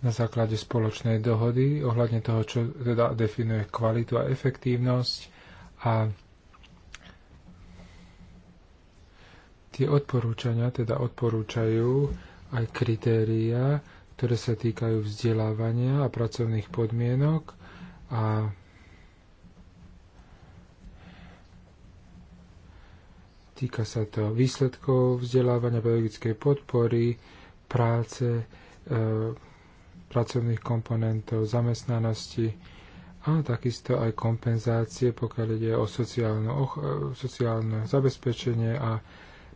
na základe spoločnej dohody ohľadne toho, čo teda definuje kvalitu a efektívnosť a tie odporúčania teda odporúčajú aj kritériá, ktoré sa týkajú vzdelávania a pracovných podmienok a týka sa to výsledkov vzdelávania pedagogickej podpory, práce, e, pracovných komponentov, zamestnanosti a takisto aj kompenzácie, pokiaľ ide o sociálnu, och, e, sociálne zabezpečenie a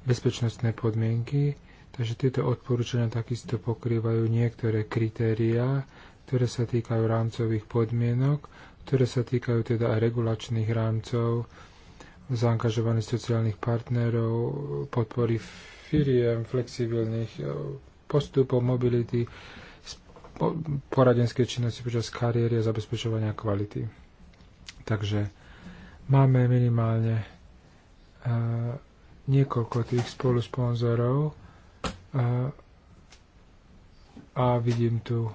bezpečnostné podmienky. Takže tieto odporúčania takisto pokrývajú niektoré kritériá, ktoré sa týkajú rámcových podmienok, ktoré sa týkajú teda aj regulačných rámcov, zaangažovaných sociálnych partnerov, podpory firiem, flexibilných e, postupov, mobility, poradenskej činnosti počas kariéry a zabezpečovania kvality. Takže máme minimálne uh, niekoľko tých spolusponzorov uh, e, a vidím tu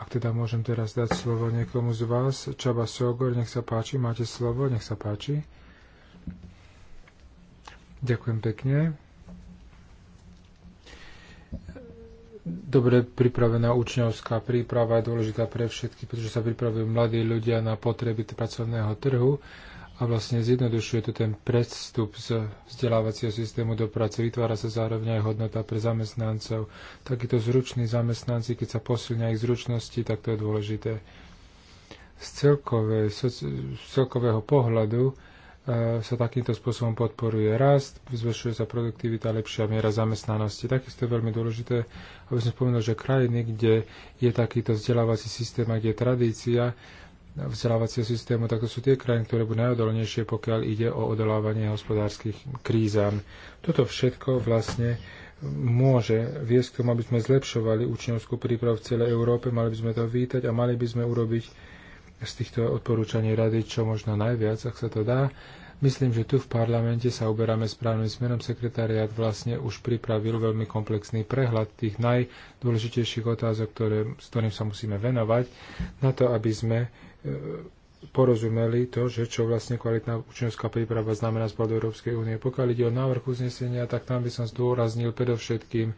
ak teda môžem teraz dať slovo niekomu z vás, Čaba Sogor, nech sa páči, máte slovo, nech sa páči. Ďakujem pekne. Dobre pripravená učňovská príprava je dôležitá pre všetky, pretože sa pripravujú mladí ľudia na potreby pracovného trhu a vlastne zjednodušuje to ten predstup z vzdelávacieho systému do práce. Vytvára sa zároveň aj hodnota pre zamestnancov. Takíto zruční zamestnanci, keď sa posilňa ich zručnosti, tak to je dôležité. Z, celkové, z celkového pohľadu e, sa takýmto spôsobom podporuje rast, zvyšuje sa produktivita, lepšia miera zamestnanosti. Takisto je veľmi dôležité, aby som spomenul, že krajiny, kde je takýto vzdelávací systém a kde je tradícia, vzdelávacieho systému, tak to sú tie krajiny, ktoré budú najodolnejšie, pokiaľ ide o odolávanie hospodárskych krízam. Toto všetko vlastne môže viesť k tomu, aby sme zlepšovali učňovskú prípravu v celej Európe, mali by sme to vítať a mali by sme urobiť z týchto odporúčaní rady čo možno najviac, ak sa to dá. Myslím, že tu v parlamente sa uberáme správnym smerom. Sekretariat vlastne už pripravil veľmi komplexný prehľad tých najdôležitejších otázok, ktoré, s ktorým sa musíme venovať, na to, aby sme E, porozumeli to, že čo vlastne kvalitná učňovská príprava znamená z pohľadu Európskej únie. Pokiaľ ide o návrh uznesenia, tak tam by som zdôraznil predovšetkým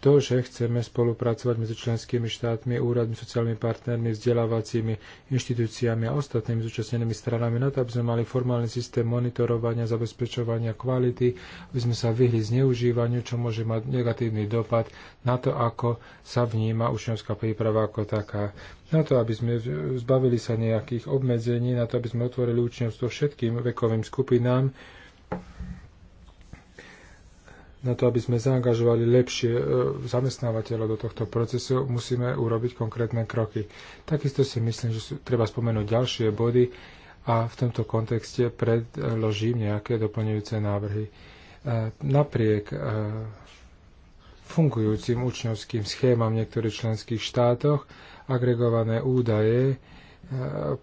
to, že chceme spolupracovať medzi členskými štátmi, úradmi, sociálnymi partnermi, vzdelávacími inštitúciami a ostatnými zúčastnenými stranami na to, aby sme mali formálny systém monitorovania, zabezpečovania kvality, aby sme sa vyhli zneužívaniu, čo môže mať negatívny dopad na to, ako sa vníma učňovská príprava ako taká. Na to, aby sme zbavili sa nejakých obmedzení, na to, aby sme otvorili učňovstvo všetkým vekovým skupinám, na to, aby sme zaangažovali lepšie e, zamestnávateľov do tohto procesu, musíme urobiť konkrétne kroky. Takisto si myslím, že sú, treba spomenúť ďalšie body a v tomto kontexte predložím nejaké doplňujúce návrhy. E, napriek e, fungujúcim učňovským schémam v niektorých členských štátoch agregované údaje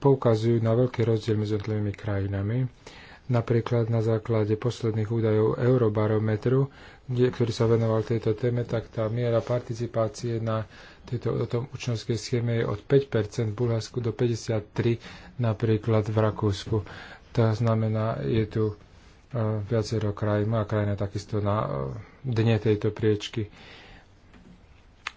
poukazujú na veľký rozdiel medzi jednotlivými krajinami Napríklad na základe posledných údajov Eurobarometru, kde, ktorý sa venoval tejto téme, tak tá miera participácie na tejto o tom učňovskej schéme je od 5% v Bulharsku do 53% napríklad v Rakúsku. To znamená, je tu eh, viacero krajín, moja krajina takisto na eh, dne tejto priečky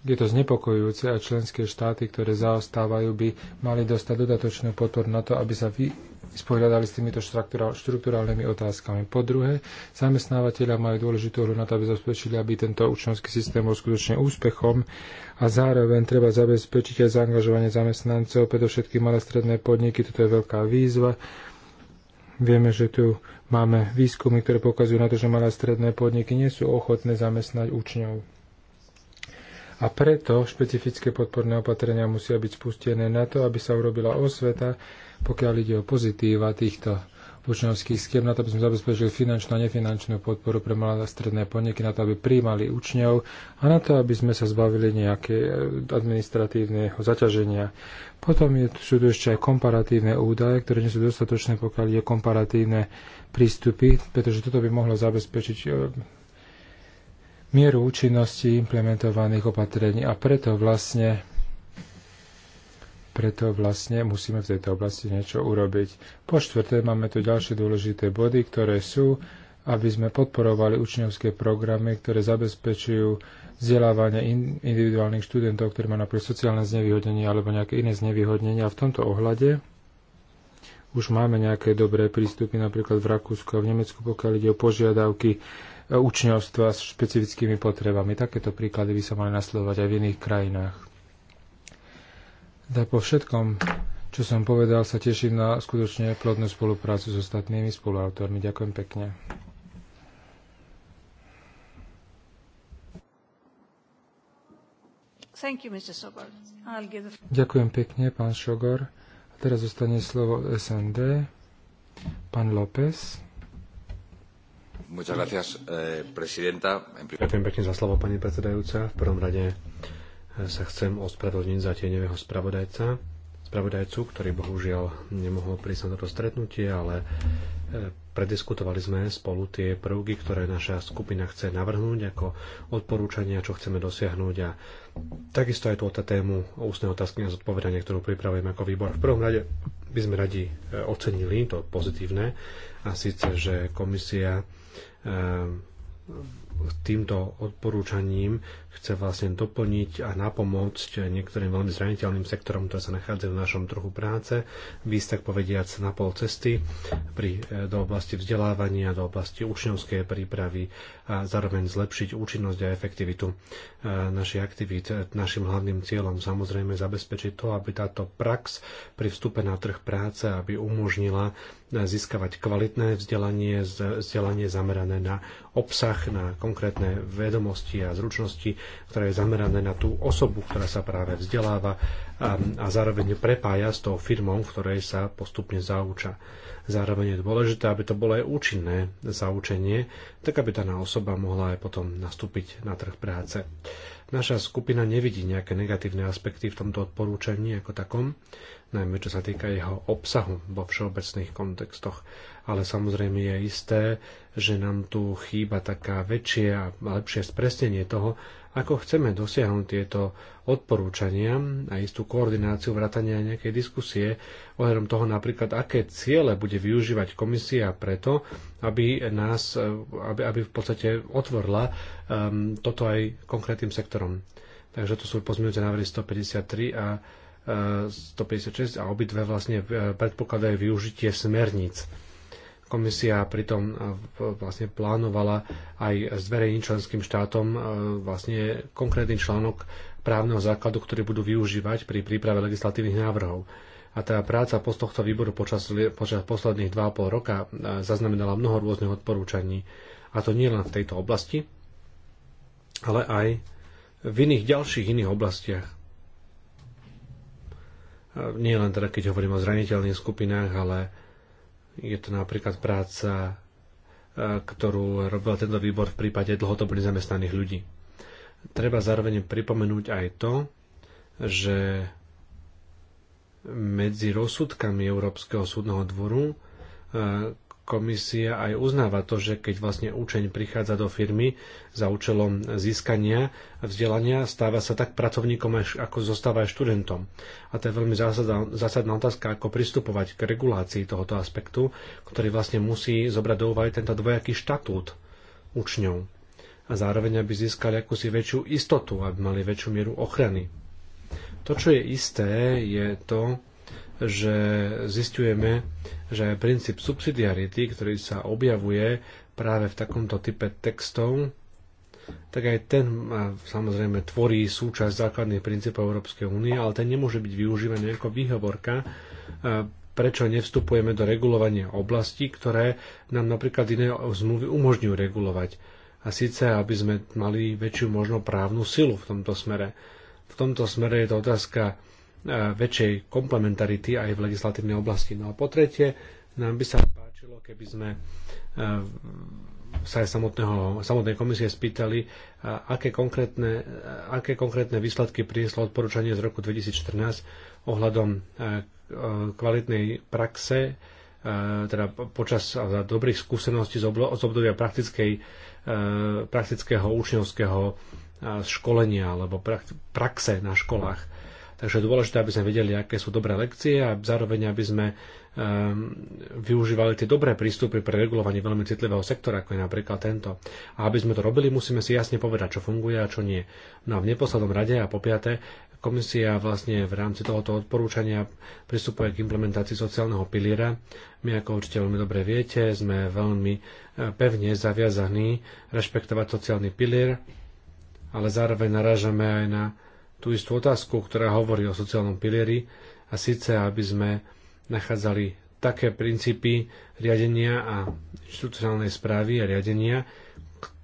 je to znepokojujúce a členské štáty, ktoré zaostávajú, by mali dostať dodatočnú podporu na to, aby sa vy spohľadali s týmito štruktúrálnymi otázkami. Po druhé, zamestnávateľia majú dôležitú hru na to, aby zabezpečili, aby tento účtovný systém bol skutočne úspechom a zároveň treba zabezpečiť aj zaangažovanie zamestnancov, predovšetky malé stredné podniky, toto je veľká výzva. Vieme, že tu máme výskumy, ktoré pokazujú na to, že malé stredné podniky nie sú ochotné zamestnať učňov a preto špecifické podporné opatrenia musia byť spustené na to, aby sa urobila osveta, pokiaľ ide o pozitíva týchto učňovských schiem, na to aby sme zabezpečili finančnú a nefinančnú podporu pre malé a stredné podniky, na to, aby príjmali učňov a na to, aby sme sa zbavili nejaké e, administratívneho zaťaženia. Potom je, sú tu ešte aj komparatívne údaje, ktoré nie sú dostatočné, pokiaľ je komparatívne prístupy, pretože toto by mohlo zabezpečiť e, mieru účinnosti implementovaných opatrení a preto vlastne preto vlastne musíme v tejto oblasti niečo urobiť. Po štvrté máme tu ďalšie dôležité body, ktoré sú, aby sme podporovali učňovské programy, ktoré zabezpečujú vzdelávanie individuálnych študentov, ktorí majú napríklad sociálne znevýhodnenie alebo nejaké iné znevýhodnenia. A v tomto ohľade už máme nejaké dobré prístupy napríklad v Rakúsku a v Nemecku, pokiaľ ide o požiadavky učňovstva s špecifickými potrebami. Takéto príklady by sa mali nasledovať aj v iných krajinách. Tak po všetkom, čo som povedal, sa teším na skutočne plodnú spoluprácu s ostatnými spoluautormi. Ďakujem pekne. You, the... Ďakujem pekne, pán Šogor. A teraz zostane slovo SND, pán López. Eh, Ďakujem pekne za slovo, pani predsedajúca. V prvom rade eh, sa chcem ospravedlniť za tieňového spravodajca, spravodajcu, ktorý bohužiaľ nemohol prísť na toto stretnutie, ale eh, prediskutovali sme spolu tie prvky, ktoré naša skupina chce navrhnúť ako odporúčania, čo chceme dosiahnuť a takisto aj túto tému ústnej otázky na zodpovedanie, ktorú pripravujeme ako výbor. V prvom rade by sme radi ocenili to pozitívne a síce, že komisia Ehm, týmto odporúčaním chce vlastne doplniť a napomôcť niektorým veľmi zraniteľným sektorom, ktoré sa nachádzajú v našom trhu práce, výsť tak povediac na pol cesty pri, e, do oblasti vzdelávania, do oblasti učňovskej prípravy a zároveň zlepšiť účinnosť a efektivitu e, našich aktivít. E, našim hlavným cieľom samozrejme zabezpečiť to, aby táto prax pri vstupe na trh práce, aby umožnila získavať kvalitné vzdelanie, vzdelanie zamerané na obsah, na konkrétne vedomosti a zručnosti, ktoré je zamerané na tú osobu, ktorá sa práve vzdeláva a, a zároveň prepája s tou firmou, v ktorej sa postupne zauča. Zároveň je dôležité, aby to bolo aj účinné zaučenie, tak aby daná osoba mohla aj potom nastúpiť na trh práce. Naša skupina nevidí nejaké negatívne aspekty v tomto odporúčaní ako takom, najmä čo sa týka jeho obsahu vo všeobecných kontextoch. Ale samozrejme je isté, že nám tu chýba taká väčšie a lepšie spresnenie toho, ako chceme dosiahnuť tieto odporúčania a istú koordináciu vrátania nejakej diskusie ohľadom toho napríklad, aké ciele bude využívať komisia preto, aby nás, e, aby, aby v podstate otvorila um, toto aj konkrétnym sektorom. Takže to sú pozmeňujúce návrhy 153 a 156 e, a obidve vlastne e, predpokladajú využitie smerníc Komisia pritom e, vlastne plánovala aj zverejniť členským štátom e, vlastne konkrétny článok právneho základu, ktorý budú využívať pri príprave legislatívnych návrhov. A tá práca post tohto výboru počas, počas posledných 2,5 roka e, zaznamenala mnoho rôznych odporúčaní. A to nie len v tejto oblasti, ale aj v iných ďalších iných oblastiach. Nie len teda, keď hovorím o zraniteľných skupinách, ale je to napríklad práca, e, ktorú robil tento výbor v prípade dlhodobo nezamestnaných ľudí. Treba zároveň pripomenúť aj to, že medzi rozsudkami Európskeho súdneho dvoru e, komisia aj uznáva to, že keď vlastne učeň prichádza do firmy za účelom získania vzdelania, stáva sa tak pracovníkom, ako zostáva aj študentom. A to je veľmi zásadná, zásadná otázka, ako pristupovať k regulácii tohoto aspektu, ktorý vlastne musí zobrať do úvahy tento dvojaký štatút učňov. A zároveň, aby získali akúsi väčšiu istotu, aby mali väčšiu mieru ochrany. To, čo je isté, je to, že zistujeme, že princíp subsidiarity, ktorý sa objavuje práve v takomto type textov, tak aj ten samozrejme tvorí súčasť základných princípov Európskej únie, ale ten nemôže byť využívaný ako výhovorka, prečo nevstupujeme do regulovania oblastí, ktoré nám napríklad iné zmluvy umožňujú regulovať. A síce, aby sme mali väčšiu možno právnu silu v tomto smere. V tomto smere je to otázka E, väčšej komplementarity aj v legislatívnej oblasti. No a po tretie, nám by sa páčilo, keby sme e, sa aj samotného, samotnej komisie spýtali, e, aké konkrétne, aké konkrétne výsledky prinieslo odporúčanie z roku 2014 ohľadom kvalitnej praxe, teda počas dobrých skúseností z obdobia praktickej, praktického učňovského školenia alebo praxe na školách Takže je dôležité, aby sme vedeli, aké sú dobré lekcie a zároveň, aby sme um, využívali tie dobré prístupy pre regulovanie veľmi citlivého sektora, ako je napríklad tento. A aby sme to robili, musíme si jasne povedať, čo funguje a čo nie. No a v neposlednom rade a po piaté, Komisia vlastne v rámci tohoto odporúčania pristupuje k implementácii sociálneho piliera. My, ako určite veľmi dobre viete, sme veľmi eh, pevne zaviazaní rešpektovať sociálny pilier, ale zároveň narážame aj na tú istú otázku, ktorá hovorí o sociálnom pilieri, a síce aby sme nachádzali také princípy riadenia a inštitucionálnej správy a riadenia,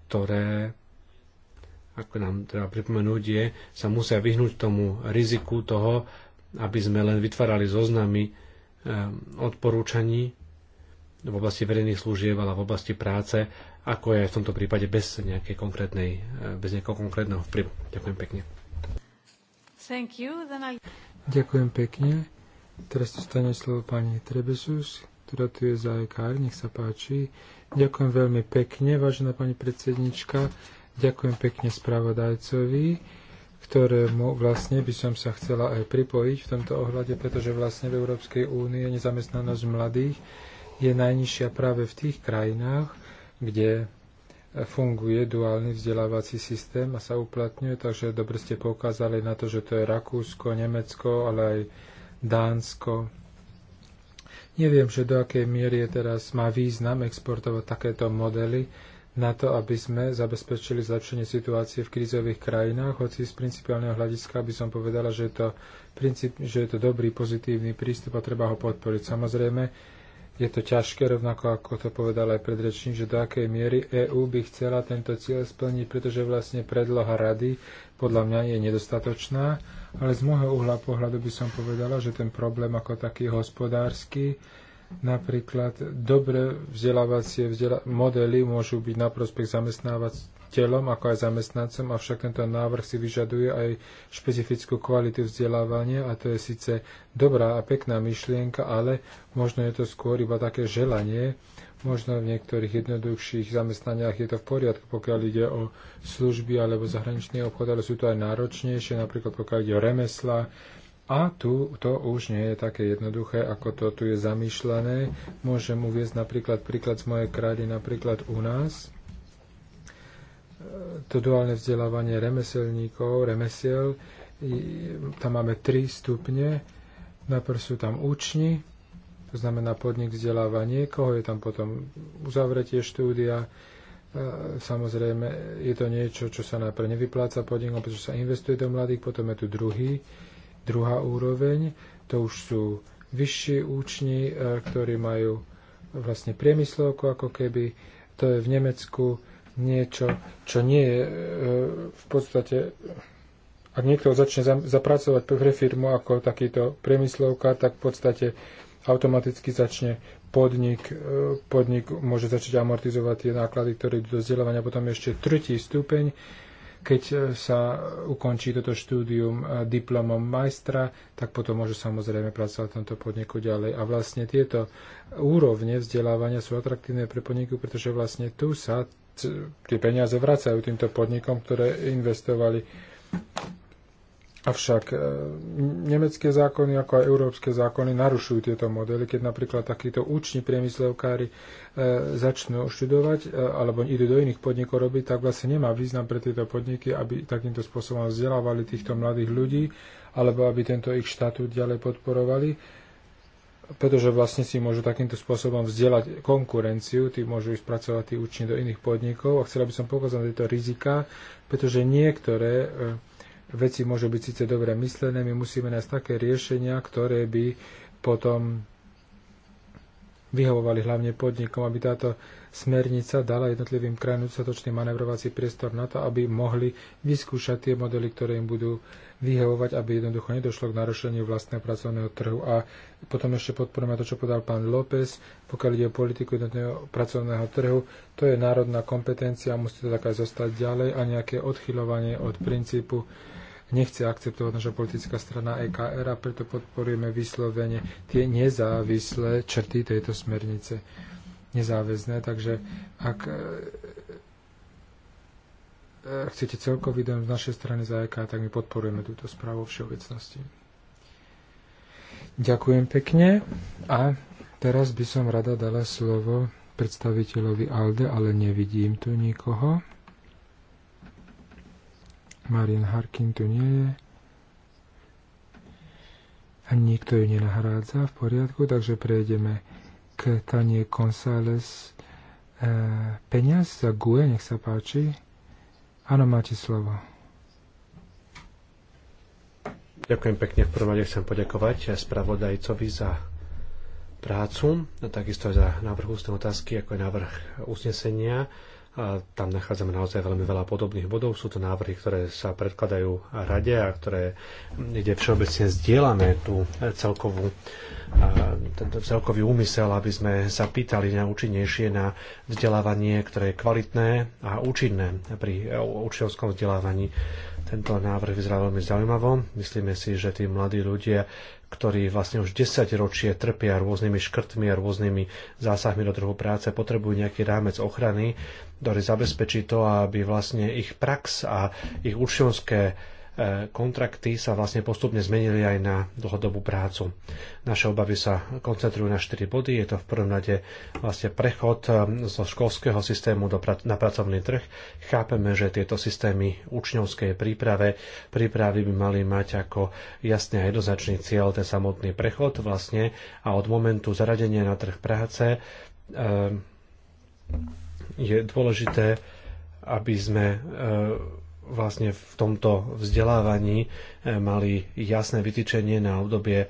ktoré, ako nám treba pripomenúť, je, sa musia vyhnúť tomu riziku toho, aby sme len vytvárali zoznamy ehm, odporúčaní v oblasti verejných služieb, ale v oblasti práce, ako je v tomto prípade bez, nejakej konkrétnej, ehm, bez nejakého konkrétneho vplyvu. Ďakujem pekne. Thank you. Then I... Ďakujem pekne. Teraz dostane slovo pani Trebesus, ktorá tu je za EKR. Nech sa páči. Ďakujem veľmi pekne, vážená pani predsednička. Ďakujem pekne spravodajcovi ktorému vlastne by som sa chcela aj pripojiť v tomto ohľade, pretože vlastne v Európskej únie nezamestnanosť mladých je najnižšia práve v tých krajinách, kde funguje duálny vzdelávací systém a sa uplatňuje, takže dobre ste poukázali na to, že to je Rakúsko, Nemecko, ale aj Dánsko. Neviem, že do akej miery je teraz má význam exportovať takéto modely na to, aby sme zabezpečili zlepšenie situácie v krízových krajinách, hoci z principiálneho hľadiska by som povedala, že je to, princíp, že je to dobrý, pozitívny prístup a treba ho podporiť. Samozrejme, je to ťažké, rovnako ako to povedal aj predrečník, že do akej miery EÚ by chcela tento cieľ splniť, pretože vlastne predloha rady podľa mňa je nedostatočná, ale z môjho uhla pohľadu by som povedala, že ten problém ako taký hospodársky, napríklad dobre vzdelávacie vzdelá- modely môžu byť na prospech zamestnávať učiteľom, ako aj zamestnancom, avšak tento návrh si vyžaduje aj špecifickú kvalitu vzdelávania a to je síce dobrá a pekná myšlienka, ale možno je to skôr iba také želanie. Možno v niektorých jednoduchších zamestnaniach je to v poriadku, pokiaľ ide o služby alebo zahraničný obchod, ale sú to aj náročnejšie, napríklad pokiaľ ide o remesla, a tu to už nie je také jednoduché, ako to tu je zamýšľané. Môžem uviezť napríklad príklad z mojej krády, napríklad u nás to duálne vzdelávanie remeselníkov, remesiel, tam máme tri stupne. Najprv sú tam účni, to znamená podnik vzdeláva niekoho, je tam potom uzavretie štúdia, e, samozrejme je to niečo, čo sa najprv nevypláca podnikom, pretože sa investuje do mladých, potom je tu druhý, druhá úroveň, to už sú vyšší účni, e, ktorí majú vlastne priemyslovku ako keby, to je v Nemecku, niečo, čo nie je e, v podstate ak niekto začne zapracovať pre firmu ako takýto priemyslovka, tak v podstate automaticky začne podnik, e, podnik môže začať amortizovať tie náklady, ktoré idú do vzdelávania. Potom ešte tretí stupeň, keď e, sa ukončí toto štúdium diplomom majstra, tak potom môže samozrejme pracovať v tomto podniku ďalej. A vlastne tieto úrovne vzdelávania sú atraktívne pre podniku, pretože vlastne tu sa tie peniaze vracajú týmto podnikom, ktoré investovali. Avšak e, nemecké zákony, ako aj európske zákony, narušujú tieto modely, keď napríklad takíto úční priemyslovkári e, začnú študovať e, alebo idú do iných podnikov robiť, tak vlastne nemá význam pre tieto podniky, aby takýmto spôsobom vzdelávali týchto mladých ľudí alebo aby tento ich štatút ďalej podporovali pretože vlastne si môžu takýmto spôsobom vzdielať konkurenciu, tí môžu ísť pracovať tí účinne do iných podnikov a chcela by som pokázať tieto rizika, pretože niektoré e, veci môžu byť síce dobre myslené, my musíme nájsť také riešenia, ktoré by potom vyhovovali hlavne podnikom, aby táto smernica dala jednotlivým krajinám dostatočný manevrovací priestor na to, aby mohli vyskúšať tie modely, ktoré im budú vyhovovať, aby jednoducho nedošlo k narušeniu vlastného pracovného trhu. A potom ešte podporujeme to, čo podal pán López, pokiaľ ide o politiku jednotného pracovného trhu. To je národná kompetencia, musí to tak aj zostať ďalej a nejaké odchylovanie od princípu nechce akceptovať naša politická strana EKR a preto podporujeme vyslovene tie nezávislé črty tejto smernice nezáväzné, takže e, e, ak chcete celkový dom z našej strany za EK, tak my podporujeme túto správu všeobecnosti. Ďakujem pekne a teraz by som rada dala slovo predstaviteľovi ALDE, ale nevidím tu nikoho. Marian Harkin tu nie je. A nikto ju nenahrádza v poriadku, takže prejdeme k Tanie González e, peniaz za GUE, nech sa páči. Áno, máte slovo. Ďakujem pekne. V prvom rade chcem poďakovať spravodajcovi za prácu a takisto aj za návrh ústnej otázky, ako je návrh usnesenia a tam nachádzame naozaj veľmi veľa podobných bodov. Sú to návrhy, ktoré sa predkladajú rade a ktoré, ide všeobecne zdieľame tú celkovú tento celkový úmysel, aby sme sa pýtali na účinnejšie na vzdelávanie, ktoré je kvalitné a účinné pri učiteľskom vzdelávaní. Tento návrh vyzerá veľmi zaujímavo. Myslíme si, že tí mladí ľudia, ktorí vlastne už 10 ročie trpia rôznymi škrtmi a rôznymi zásahmi do trhu práce, potrebujú nejaký rámec ochrany ktorý zabezpečí to, aby vlastne ich prax a ich učňovské e, kontrakty sa vlastne postupne zmenili aj na dlhodobú prácu. Naše obavy sa koncentrujú na 4 body. Je to v prvom rade vlastne prechod e, zo školského systému do, na pracovný trh. Chápeme, že tieto systémy učňovskej príprave prípravy by mali mať ako jasný a jednoznačný cieľ ten samotný prechod vlastne a od momentu zaradenia na trh práce e, je dôležité, aby sme e, vlastne v tomto vzdelávaní e, mali jasné vytýčenie na obdobie e,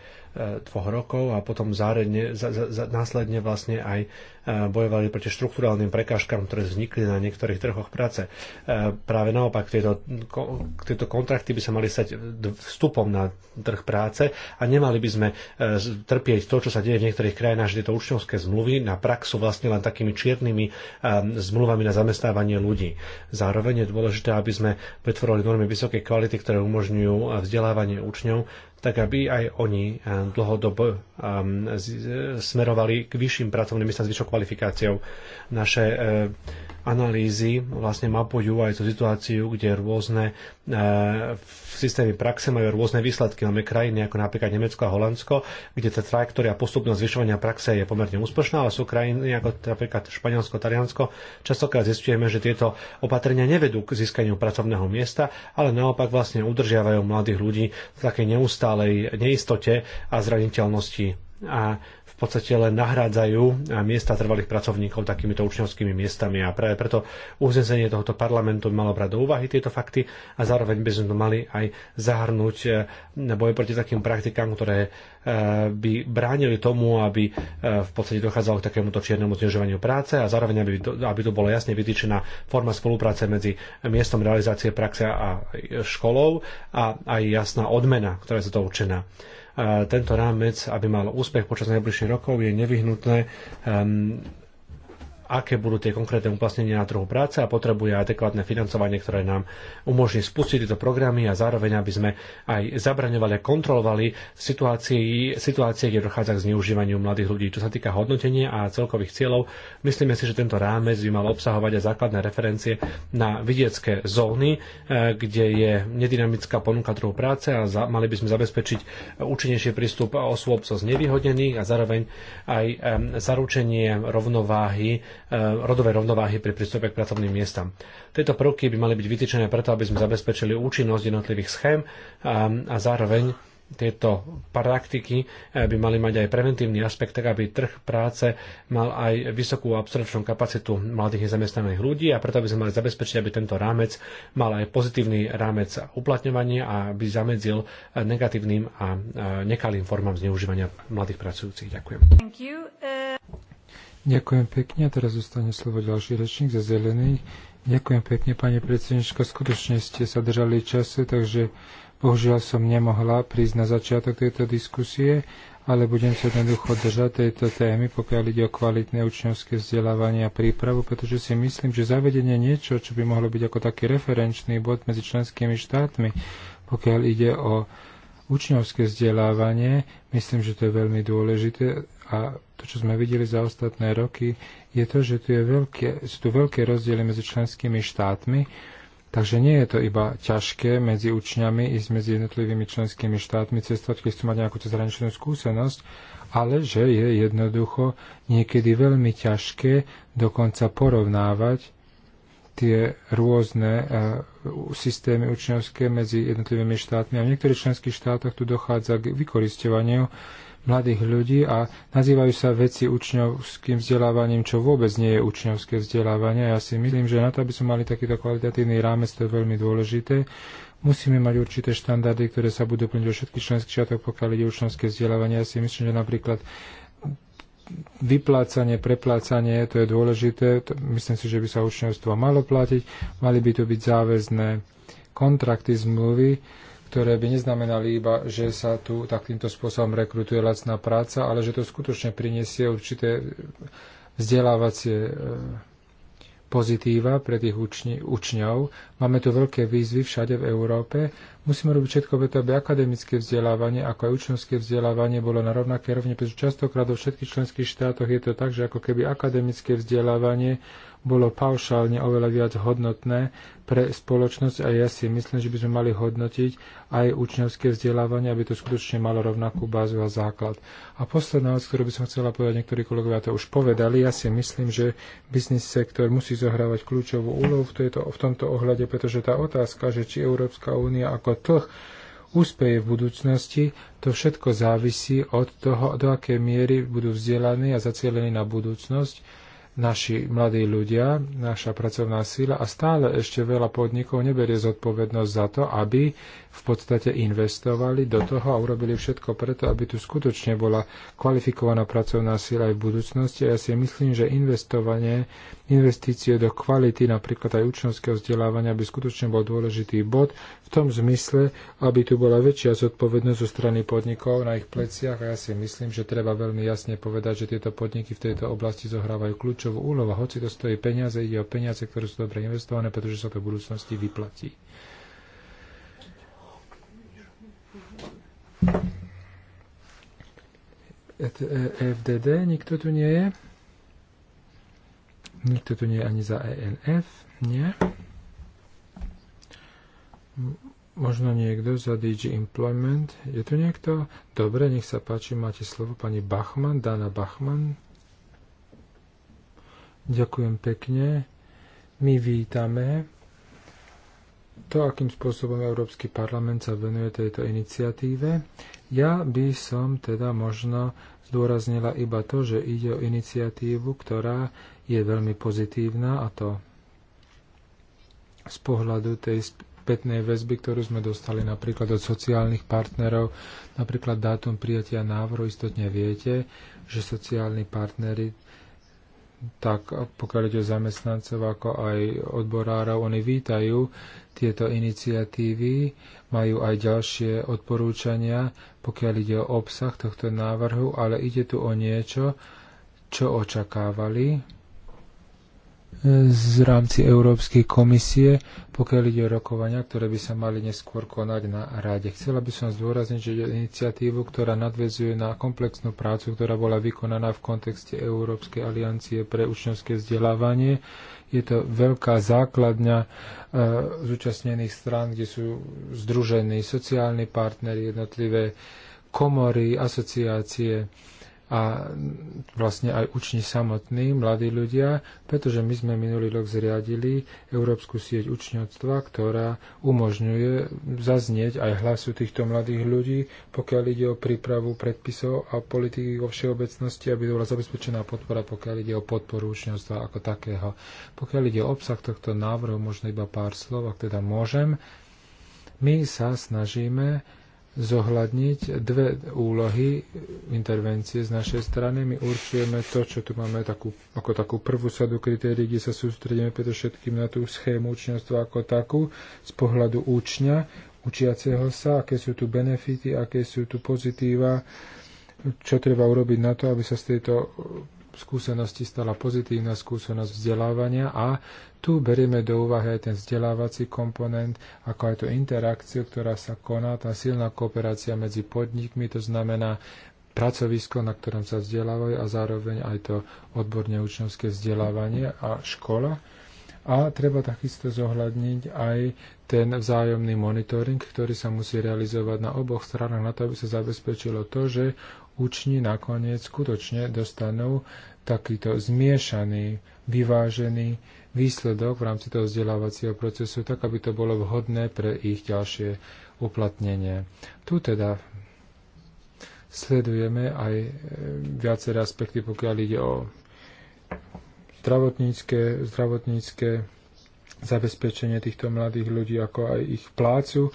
dvoch rokov a potom za, za, za, následne vlastne aj Eh, bojovali proti štruktúrálnym prekážkam, ktoré vznikli na niektorých trhoch práce. Eh, práve naopak, tieto, tieto kontrakty by sa mali stať vstupom na trh práce a nemali by sme eh, trpieť to, čo sa deje v niektorých krajinách, že tieto učňovské zmluvy na prax sú vlastne len takými čiernymi zmluvami na zamestnávanie ľudí. Zároveň je dôležité, aby sme vytvorili normy vysokej kvality, ktoré umožňujú vzdelávanie učňov tak aby aj oni dlhodobo smerovali k vyšším pracovným miestam s vyššou kvalifikáciou. Naše eh, analýzy vlastne mapujú aj tú situáciu, kde rôzne v eh, systémy praxe majú rôzne výsledky. Máme krajiny ako napríklad Nemecko a Holandsko, kde tá trajektória postupného zvyšovania praxe je pomerne úspešná, ale sú krajiny ako napríklad Španielsko, Taliansko. Častokrát zistujeme, že tieto opatrenia nevedú k získaniu pracovného miesta, ale naopak vlastne udržiavajú mladých ľudí v takej neustálej neistote a zraniteľnosti. A v podstate len nahrádzajú miesta trvalých pracovníkov takýmito učňovskými miestami a práve preto uznesenie tohoto parlamentu malo brať do úvahy tieto fakty a zároveň by sme to mali aj zahrnúť eh, boj proti takým praktikám, ktoré eh, by bránili tomu, aby eh, v podstate dochádzalo k takémuto čiernemu znižovaniu práce a zároveň aby, to, aby tu bola jasne vytýčená forma spolupráce medzi miestom realizácie praxe a školou a aj jasná odmena, ktorá je za to určená tento rámec, aby mal úspech počas najbližších rokov, je nevyhnutné ehm, aké budú tie konkrétne uplatnenia na trhu práce a potrebuje adekvátne financovanie, ktoré nám umožní spustiť tieto programy a zároveň, aby sme aj zabraňovali a kontrolovali situácie, situácie kde dochádza k zneužívaniu mladých ľudí. Čo sa týka hodnotenia a celkových cieľov, myslíme si, že tento rámec by mal obsahovať aj základné referencie na vidiecké zóny, e, kde je nedynamická ponuka trhu práce a za, mali by sme zabezpečiť účinnejší prístup osôb zo znevýhodnených a zároveň aj e, zaručenie rovnováhy Eh, rodovej rovnováhy pri prístupe k pracovným miestam. Tieto prvky by mali byť vytýčené preto, aby sme zabezpečili účinnosť jednotlivých schém a, a zároveň tieto praktiky eh, by mali mať aj preventívny aspekt, tak aby trh práce mal aj vysokú absorpčnú kapacitu mladých nezamestnaných ľudí a preto by sme mali zabezpečiť, aby tento rámec mal aj pozitívny rámec uplatňovania a aby zamedzil eh, negatívnym a nekalým formám zneužívania mladých pracujúcich. Ďakujem. Ďakujem pekne. A teraz zostane slovo ďalší rečník ze zelených. Ďakujem pekne, pani predsednička. Skutočne ste sa držali čase, takže bohužiaľ som nemohla prísť na začiatok tejto diskusie, ale budem sa jednoducho držať tejto témy, pokiaľ ide o kvalitné učňovské vzdelávanie a prípravu, pretože si myslím, že zavedenie niečo, čo by mohlo byť ako taký referenčný bod medzi členskými štátmi, pokiaľ ide o učňovské vzdelávanie, myslím, že to je veľmi dôležité a to, čo sme videli za ostatné roky, je to, že tu je veľké, sú tu veľké rozdiely medzi členskými štátmi, takže nie je to iba ťažké medzi učňami ísť medzi jednotlivými členskými štátmi cestovať, keď chcú mať nejakú cezhraničnú skúsenosť, ale že je jednoducho niekedy veľmi ťažké dokonca porovnávať tie rôzne eh, systémy učňovské medzi jednotlivými štátmi. A v niektorých členských štátoch tu dochádza k vykoristovaniu mladých ľudí a nazývajú sa veci učňovským vzdelávaním, čo vôbec nie je učňovské vzdelávanie. Ja si myslím, že na to, aby sme mali takýto kvalitatívny rámec, to je veľmi dôležité. Musíme mať určité štandardy, ktoré sa budú plniť vo všetkých členských čiatok, pokiaľ ide učňovské vzdelávanie. Ja si myslím, že napríklad vyplácanie, preplácanie, to je dôležité. Myslím si, že by sa učňovstvo malo platiť. Mali by to byť záväzné kontrakty, zmluvy ktoré by neznamenali iba, že sa tu takýmto spôsobom rekrutuje lacná práca, ale že to skutočne prinesie určité vzdelávacie e, pozitíva pre tých učni, učňov. Máme tu veľké výzvy všade v Európe Musíme robiť všetko preto, aby akademické vzdelávanie, ako aj učňovské vzdelávanie bolo na rovnaké rovne, pretože častokrát vo všetkých členských štátoch je to tak, že ako keby akademické vzdelávanie bolo paušálne oveľa viac hodnotné pre spoločnosť a ja si myslím, že by sme mali hodnotiť aj učňovské vzdelávanie, aby to skutočne malo rovnakú bázu a základ. A posledná vec, ktorú by som chcela povedať, niektorí kolegovia to už povedali, ja si myslím, že biznis sektor musí zohrávať kľúčovú úlohu v, tejto, v tomto ohľade, pretože tá otázka, že či Európska únia ako dlh úspeje v budúcnosti, to všetko závisí od toho, do akej miery budú vzdelaní a zacielení na budúcnosť naši mladí ľudia, naša pracovná síla a stále ešte veľa podnikov neberie zodpovednosť za to, aby v podstate investovali do toho a urobili všetko preto, aby tu skutočne bola kvalifikovaná pracovná sila aj v budúcnosti. A ja si myslím, že investovanie, investície do kvality napríklad aj učňovského vzdelávania by skutočne bol dôležitý bod v tom zmysle, aby tu bola väčšia zodpovednosť zo strany podnikov na ich pleciach. A ja si myslím, že treba veľmi jasne povedať, že tieto podniky v tejto oblasti zohrávajú kľúčovú úlohu. Hoci to stojí peniaze, ide o peniaze, ktoré sú dobre investované, pretože sa to v budúcnosti vyplatí. E, FDD, nikto tu nie je. Nikto tu nie je ani za ENF, nie. Možno niekto za DG Employment. Je tu niekto? Dobre, nech sa páči, máte slovo pani Bachman, Dana Bachman. Ďakujem pekne. My vítame to, akým spôsobom Európsky parlament sa venuje tejto iniciatíve. Ja by som teda možno zdôraznila iba to, že ide o iniciatívu, ktorá je veľmi pozitívna a to z pohľadu tej spätnej väzby, ktorú sme dostali napríklad od sociálnych partnerov, napríklad dátum prijatia návrhu, istotne viete, že sociálni partnery tak pokiaľ ide o zamestnancov, ako aj odborárov, oni vítajú tieto iniciatívy, majú aj ďalšie odporúčania, pokiaľ ide o obsah tohto návrhu, ale ide tu o niečo, čo očakávali z rámci Európskej komisie, pokiaľ ide o rokovania, ktoré by sa mali neskôr konať na rade. Chcela by som zdôrazniť, že iniciatívu, ktorá nadvezuje na komplexnú prácu, ktorá bola vykonaná v kontexte Európskej aliancie pre učňovské vzdelávanie, je to veľká základňa e, zúčastnených strán, kde sú združení sociálni partnery, jednotlivé komory, asociácie, a vlastne aj učni samotní, mladí ľudia, pretože my sme minulý rok zriadili Európsku sieť učňovstva, ktorá umožňuje zaznieť aj hlasu týchto mladých ľudí, pokiaľ ide o prípravu predpisov a politiky vo všeobecnosti, aby bola zabezpečená podpora, pokiaľ ide o podporu učňovstva ako takého. Pokiaľ ide o obsah tohto návrhu, možno iba pár slov, ak teda môžem. My sa snažíme zohľadniť dve úlohy intervencie z našej strany. My určujeme to, čo tu máme takú, ako takú prvú sadu kritérií, kde sa sústredíme predovšetkým na tú schému učňovstva ako takú z pohľadu účňa, učiaceho sa, aké sú tu benefity, aké sú tu pozitíva, čo treba urobiť na to, aby sa z tejto skúsenosti stala pozitívna skúsenosť vzdelávania a tu berieme do úvahy aj ten vzdelávací komponent, ako aj tú interakciu, ktorá sa koná, tá silná kooperácia medzi podnikmi, to znamená pracovisko, na ktorom sa vzdelávajú a zároveň aj to odborne učňovské vzdelávanie a škola. A treba takisto zohľadniť aj ten vzájomný monitoring, ktorý sa musí realizovať na oboch stranách, na to, aby sa zabezpečilo to, že učni nakoniec skutočne dostanú takýto zmiešaný, vyvážený výsledok v rámci toho vzdelávacieho procesu, tak aby to bolo vhodné pre ich ďalšie uplatnenie. Tu teda sledujeme aj e, viaceré aspekty, pokiaľ ide o zdravotnícke, zdravotnícke zabezpečenie týchto mladých ľudí, ako aj ich plácu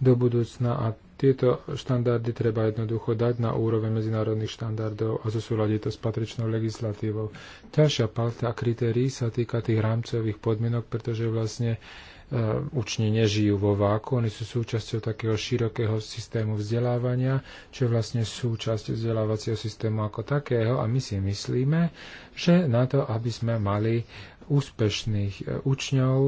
do budúcna a tieto štandardy treba jednoducho dať na úroveň medzinárodných štandardov a zosúľadiť to s patričnou legislatívou. Ďalšia palta kritérií sa týka tých rámcových podmienok, pretože vlastne e, učni nežijú vo váku, oni sú súčasťou takého širokého systému vzdelávania, čo je vlastne súčasť vzdelávacieho systému ako takého a my si myslíme, že na to, aby sme mali úspešných e, učňov,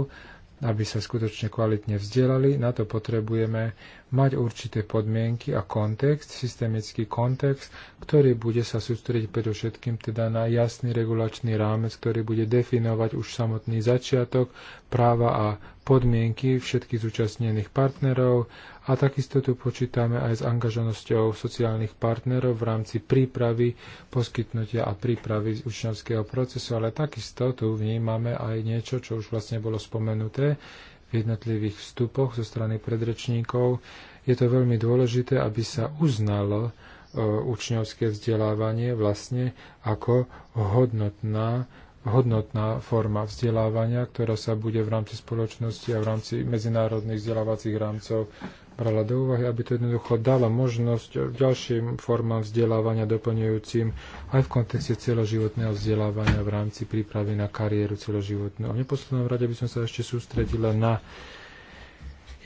aby sa skutočne kvalitne vzdelali. Na to potrebujeme mať určité podmienky a kontext, systemický kontext, ktorý bude sa sústrediť predovšetkým teda na jasný regulačný rámec, ktorý bude definovať už samotný začiatok, práva a podmienky všetkých zúčastnených partnerov a takisto tu počítame aj s angažanosťou sociálnych partnerov v rámci prípravy, poskytnutia a prípravy učňovského procesu, ale takisto tu vnímame aj niečo, čo už vlastne bolo spomenuté v jednotlivých vstupoch zo strany predrečníkov. Je to veľmi dôležité, aby sa uznalo e, učňovské vzdelávanie vlastne ako hodnotná hodnotná forma vzdelávania, ktorá sa bude v rámci spoločnosti a v rámci medzinárodných vzdelávacích rámcov brala do úvahy, aby to jednoducho dala možnosť ďalším formám vzdelávania doplňujúcim aj v kontexte celoživotného vzdelávania v rámci prípravy na kariéru celoživotnú. A v neposlednom rade by som sa ešte sústredila na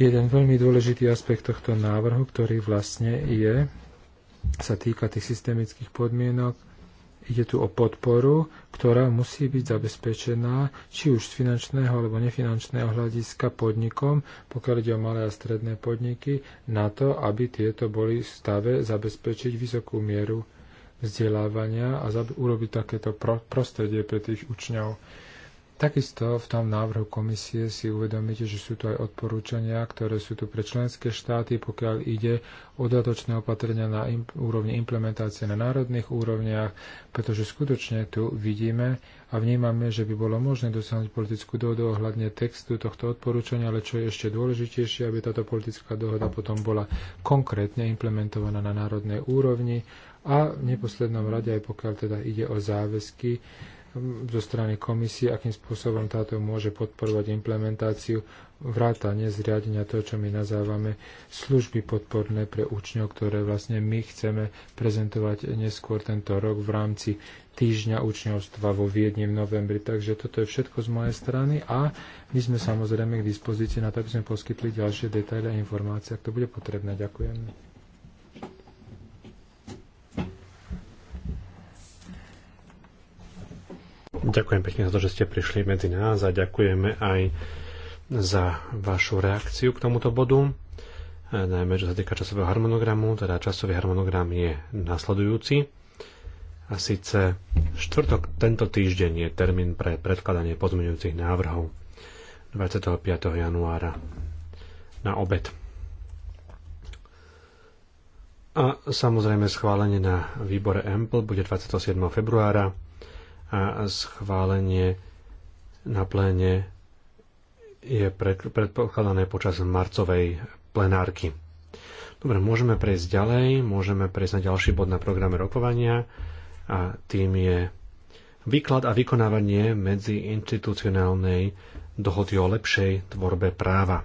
jeden veľmi dôležitý aspekt tohto návrhu, ktorý vlastne je, sa týka tých systemických podmienok Ide tu o podporu, ktorá musí byť zabezpečená či už z finančného alebo nefinančného hľadiska podnikom, pokiaľ ide o malé a stredné podniky, na to, aby tieto boli v stave zabezpečiť vysokú mieru vzdelávania a urobiť takéto prostredie pre tých učňov. Takisto v tom návrhu komisie si uvedomíte, že sú tu aj odporúčania, ktoré sú tu pre členské štáty, pokiaľ ide o dodatočné opatrenia na im, úrovni implementácie na národných úrovniach, pretože skutočne tu vidíme a vnímame, že by bolo možné dosiahnuť politickú dohodu ohľadne textu tohto odporúčania, ale čo je ešte dôležitejšie, aby táto politická dohoda potom bola konkrétne implementovaná na národnej úrovni a v neposlednom rade aj pokiaľ teda ide o záväzky, zo strany komisie, akým spôsobom táto môže podporovať implementáciu vrátane zriadenia toho, čo my nazávame služby podporné pre učňov, ktoré vlastne my chceme prezentovať neskôr tento rok v rámci týždňa učňovstva vo Viedni v novembri. Takže toto je všetko z mojej strany a my sme samozrejme k dispozícii na to, aby sme poskytli ďalšie detaily a informácie, ak to bude potrebné. Ďakujem. Ďakujem pekne za to, že ste prišli medzi nás a ďakujeme aj za vašu reakciu k tomuto bodu. Najmä, čo sa týka časového harmonogramu, teda časový harmonogram je nasledujúci. A síce štvrtok tento týždeň je termín pre predkladanie pozmeňujúcich návrhov 25. januára na obed. A samozrejme schválenie na výbore EMPL bude 27. februára a schválenie na pléne je predpokladané počas marcovej plenárky. Dobre, môžeme prejsť ďalej, môžeme prejsť na ďalší bod na programe rokovania a tým je výklad a vykonávanie medzi institucionálnej dohody o lepšej tvorbe práva.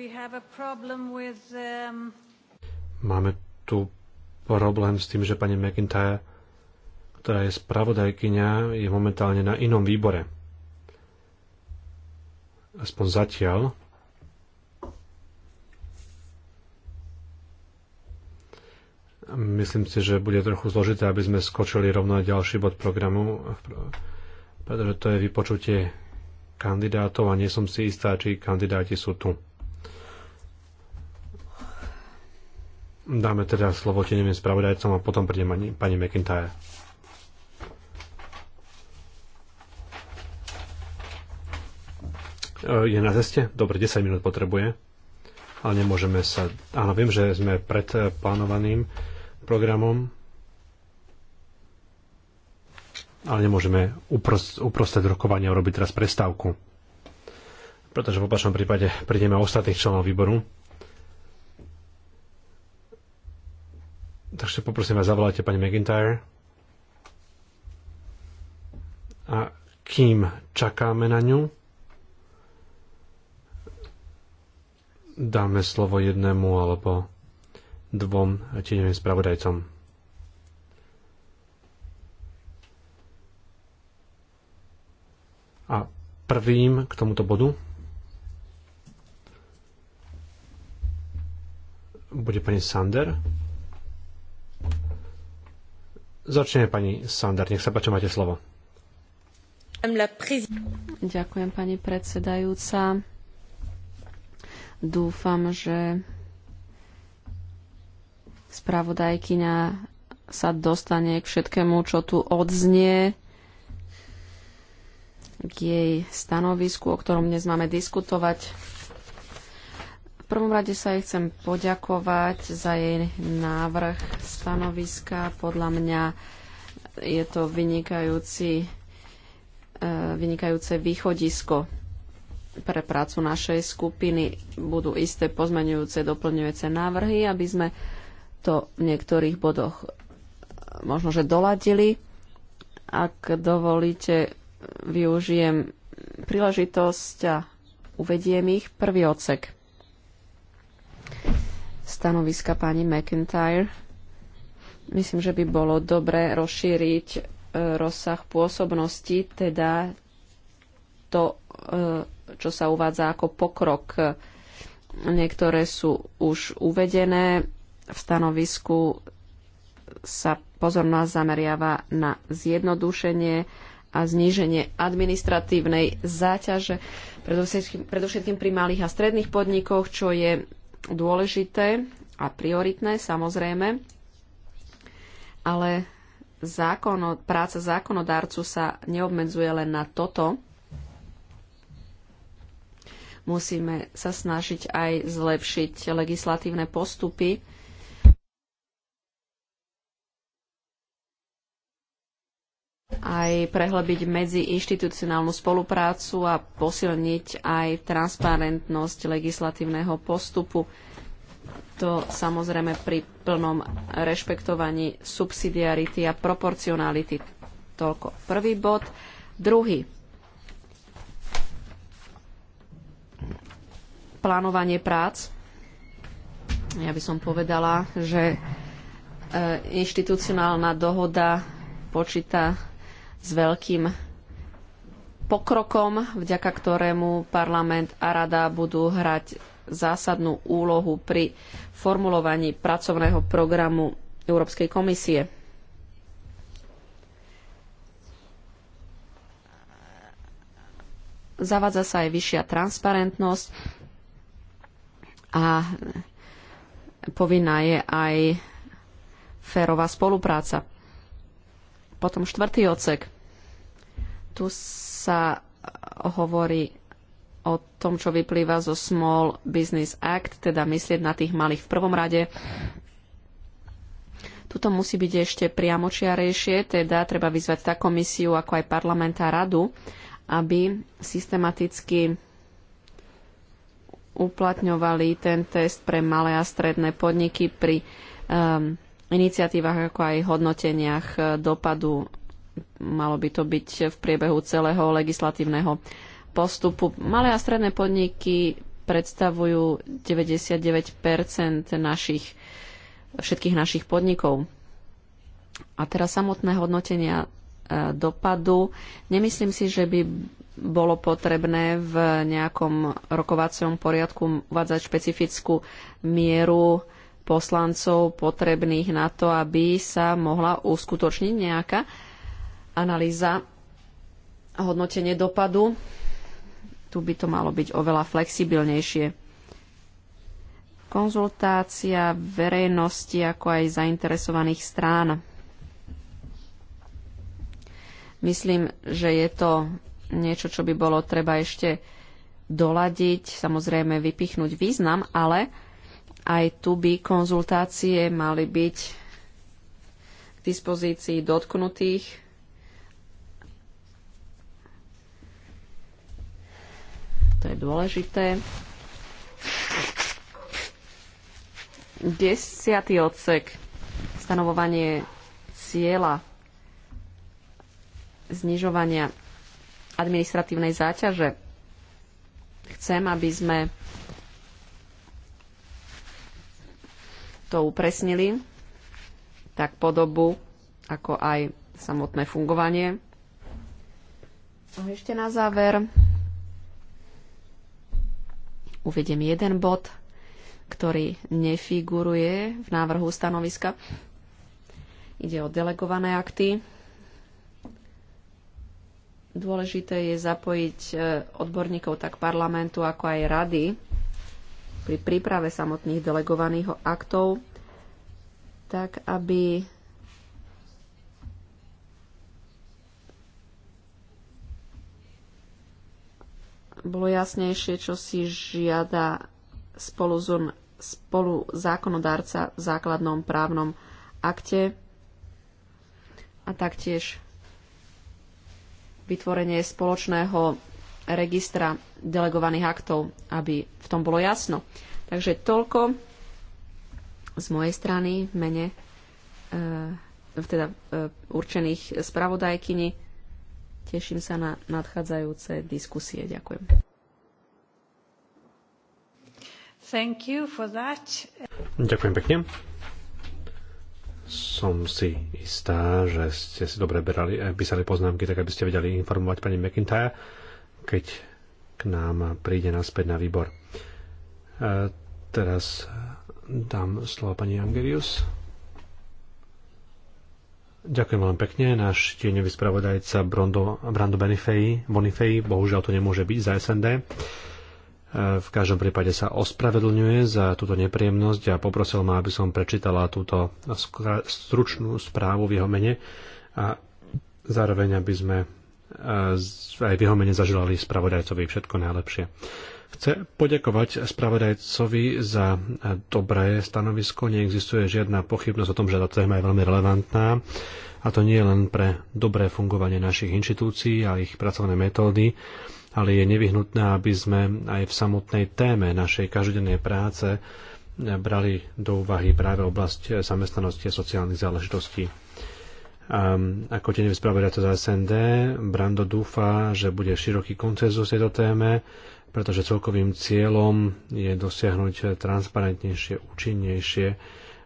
Um, Máme tu problém s tým, že pani McIntyre, ktorá je spravodajkyňa, je momentálne na inom výbore. Aspoň zatiaľ. Myslím si, že bude trochu zložité, aby sme skočili rovno na ďalší bod programu, pretože to je vypočutie kandidátov a nie som si istá, či kandidáti sú tu. Dáme teda slovo tenevým spravodajcom a potom príde pani McIntyre. E, je na ceste? Dobre, 10 minút potrebuje. Ale nemôžeme sa... Áno, viem, že sme pred e, plánovaným programom, ale nemôžeme uprostred rokovania urobiť teraz prestávku. Pretože v opačnom prípade prídeme ostatných členov výboru Takže poprosím vás, zavolajte pani McIntyre. A kým čakáme na ňu, dáme slovo jednému alebo dvom tieňovým spravodajcom. A prvým k tomuto bodu bude pani Sander. Začne pani Sander, nech sa páči, máte slovo. Ďakujem, pani predsedajúca. Dúfam, že spravodajkyňa sa dostane k všetkému, čo tu odznie, k jej stanovisku, o ktorom dnes máme diskutovať prvom rade sa jej chcem poďakovať za jej návrh stanoviska. Podľa mňa je to vynikajúci, e, vynikajúce východisko pre prácu našej skupiny. Budú isté pozmenujúce, doplňujúce návrhy, aby sme to v niektorých bodoch e, možno, že doladili. Ak dovolíte, využijem príležitosť a uvediem ich. Prvý odsek stanoviska pani McIntyre. Myslím, že by bolo dobre rozšíriť e, rozsah pôsobnosti, teda to, e, čo sa uvádza ako pokrok. Niektoré sú už uvedené v stanovisku sa pozornosť zameriava na zjednodušenie a zníženie administratívnej záťaže, predovšetkým pri malých a stredných podnikoch, čo je dôležité a prioritné samozrejme, ale zákon, práca zákonodárcu sa neobmedzuje len na toto. Musíme sa snažiť aj zlepšiť legislatívne postupy, prehlbiť inštitucionálnu spoluprácu a posilniť aj transparentnosť legislatívneho postupu. To samozrejme pri plnom rešpektovaní subsidiarity a proporcionality. Toľko prvý bod. Druhý. Plánovanie prác. Ja by som povedala, že e, inštitucionálna dohoda počíta s veľkým pokrokom, vďaka ktorému parlament a rada budú hrať zásadnú úlohu pri formulovaní pracovného programu Európskej komisie. Zavádza sa aj vyššia transparentnosť a povinná je aj férová spolupráca. Potom štvrtý odsek. Tu sa e, hovorí o tom, čo vyplýva zo Small Business Act, teda myslieť na tých malých v prvom rade. Tuto musí byť ešte priamočiarejšie, teda treba vyzvať tak komisiu, ako aj parlament a radu, aby systematicky uplatňovali ten test pre malé a stredné podniky pri um, iniciatívach, ako aj hodnoteniach e, dopadu. Malo by to byť v priebehu celého legislatívneho postupu. Malé a stredné podniky predstavujú 99 našich, všetkých našich podnikov. A teraz samotné hodnotenia e, dopadu. Nemyslím si, že by bolo potrebné v nejakom rokovacom poriadku uvádzať špecifickú mieru poslancov potrebných na to, aby sa mohla uskutočniť nejaká analýza a hodnotenie dopadu. Tu by to malo byť oveľa flexibilnejšie. Konzultácia verejnosti ako aj zainteresovaných strán. Myslím, že je to niečo, čo by bolo treba ešte doladiť, samozrejme vypichnúť význam, ale aj tu by konzultácie mali byť k dispozícii dotknutých to je dôležité. Desiatý odsek. Stanovovanie cieľa znižovania administratívnej záťaže. Chcem, aby sme to upresnili, tak podobu, ako aj samotné fungovanie. A no, ešte na záver uvediem jeden bod, ktorý nefiguruje v návrhu stanoviska. Ide o delegované akty. Dôležité je zapojiť e, odborníkov tak parlamentu, ako aj rady pri príprave samotných delegovaných aktov, tak aby bolo jasnejšie, čo si žiada spolu, zon, spolu zákonodárca v základnom právnom akte a taktiež vytvorenie spoločného registra delegovaných aktov, aby v tom bolo jasno. Takže toľko z mojej strany v mene e, teda, e, určených spravodajkyni. Teším sa na nadchádzajúce diskusie. Ďakujem. Thank you for that. Ďakujem pekne som si istá, že ste si dobre berali, e, písali poznámky, tak aby ste vedeli informovať pani McIntyre keď k nám príde naspäť na výbor. E, teraz dám slovo pani Angerius. Ďakujem veľmi pekne. Náš tieňový spravodajca Brando, Brando Benifei, Bonifei, bohužiaľ to nemôže byť za SND. E, v každom prípade sa ospravedlňuje za túto nepríjemnosť a poprosil ma, aby som prečítala túto stručnú správu v jeho mene a zároveň, aby sme aj v jeho mene zaželali spravodajcovi všetko najlepšie. Chce poďakovať spravodajcovi za e, dobré stanovisko. Neexistuje žiadna pochybnosť o tom, že tá téma je veľmi relevantná. A to nie len pre dobré fungovanie našich inštitúcií a ich pracovné metódy, ale je nevyhnutné, aby sme aj v samotnej téme našej každodennej práce brali do úvahy práve oblasť zamestnanosti a sociálnych záležitostí. Um, ako tenevý spravodajca za SND, Brando dúfa, že bude široký koncenzus tejto téme, pretože celkovým cieľom je dosiahnuť transparentnejšie, účinnejšie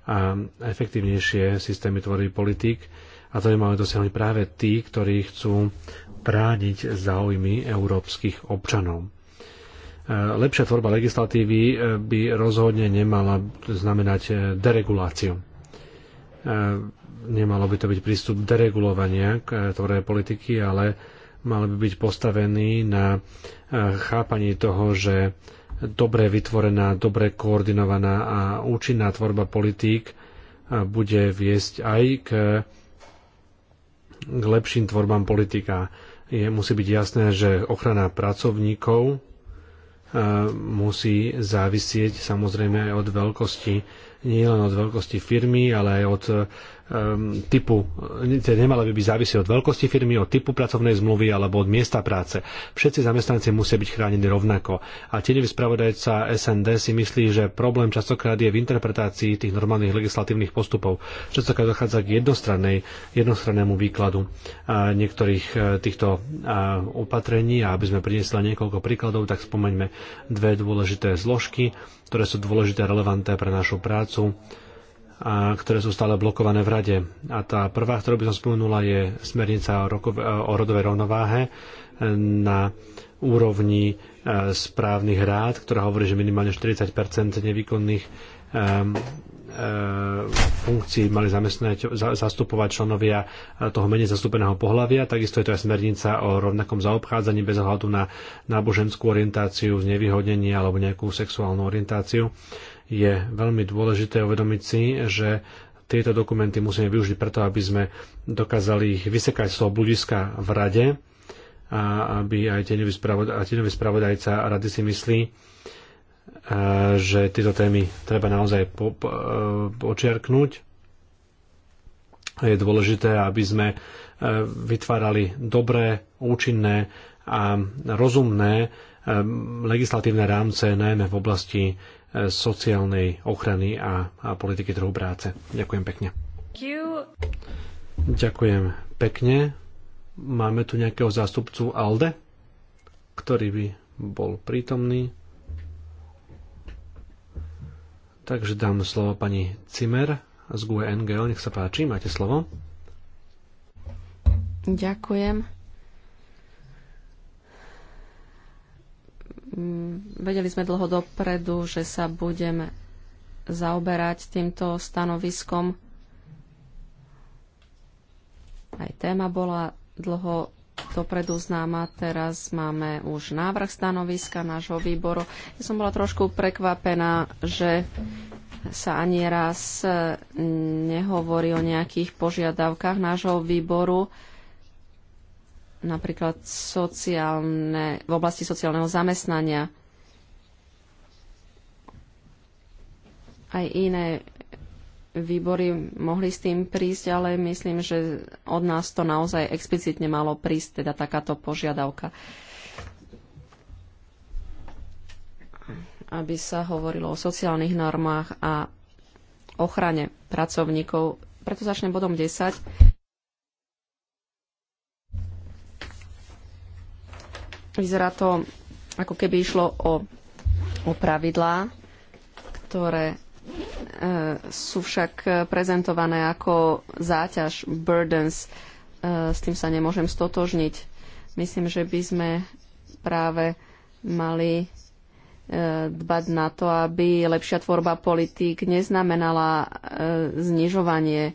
a efektívnejšie systémy tvorby politik, a to by mali dosiahnuť práve tí, ktorí chcú brániť záujmy európskych občanov. Uh, lepšia tvorba legislatívy uh, by rozhodne nemala znamenať uh, dereguláciu nemalo by to byť prístup deregulovania eh, tvorej politiky, ale mal by byť postavený na eh, chápaní toho, že dobre vytvorená, dobre koordinovaná a účinná tvorba politík eh, bude viesť aj k, k lepším tvorbám politika. Je, musí byť jasné, že ochrana pracovníkov musí závisieť samozrejme aj od veľkosti, nielen od veľkosti firmy, ale aj od Ehm, typu, nemala by byť závisí od veľkosti firmy, od typu pracovnej zmluvy alebo od miesta práce. Všetci zamestnanci musia byť chránení rovnako. A tenevý spravodajca SND si myslí, že problém častokrát je v interpretácii tých normálnych legislatívnych postupov. Častokrát dochádza k jednostrannej, jednostrannému výkladu eh, niektorých eh, týchto eh, opatrení a aby sme priniesli niekoľko príkladov, tak spomeňme dve dôležité zložky, ktoré sú dôležité a relevantné pre našu prácu a ktoré sú stále blokované v Rade. A tá prvá, ktorú by som spomenula, je smernica o, rokov, o rodovej rovnováhe e, na úrovni e, správnych rád, ktorá hovorí, že minimálne 40 nevýkonných e, funkcií mali zamestnať, zastupovať členovia toho menej zastúpeného pohľavia. Takisto je to aj smernica o rovnakom zaobchádzaní bez ohľadu na náboženskú orientáciu, znevýhodnenie alebo nejakú sexuálnu orientáciu je veľmi dôležité uvedomiť si, že tieto dokumenty musíme využiť preto, aby sme dokázali ich vysekať z toho bludiska v rade a aby aj tenový spravodajca rady si myslí, e, že tieto témy treba naozaj po, po, e, počiarknúť. Je dôležité, aby sme e, vytvárali dobré, účinné a rozumné legislatívne rámce, najmä v oblasti sociálnej ochrany a, a politiky trhu práce. Ďakujem pekne. Ďakujem pekne. Máme tu nejakého zástupcu ALDE, ktorý by bol prítomný. Takže dám slovo pani Cimer z GUE NGL. Nech sa páči, máte slovo. Ďakujem. Mm, vedeli sme dlho dopredu, že sa budeme zaoberať týmto stanoviskom. Aj téma bola dlho dopredu známa. Teraz máme už návrh stanoviska nášho výboru. Ja som bola trošku prekvapená, že sa ani raz nehovorí o nejakých požiadavkách nášho výboru napríklad sociálne, v oblasti sociálneho zamestnania. Aj iné výbory mohli s tým prísť, ale myslím, že od nás to naozaj explicitne malo prísť, teda takáto požiadavka. Aby sa hovorilo o sociálnych normách a ochrane pracovníkov. Preto začnem bodom 10 Vyzerá to, ako keby išlo o, o pravidlá, ktoré e, sú však prezentované ako záťaž, burdens. E, s tým sa nemôžem stotožniť. Myslím, že by sme práve mali e, dbať na to, aby lepšia tvorba politík neznamenala e, znižovanie e,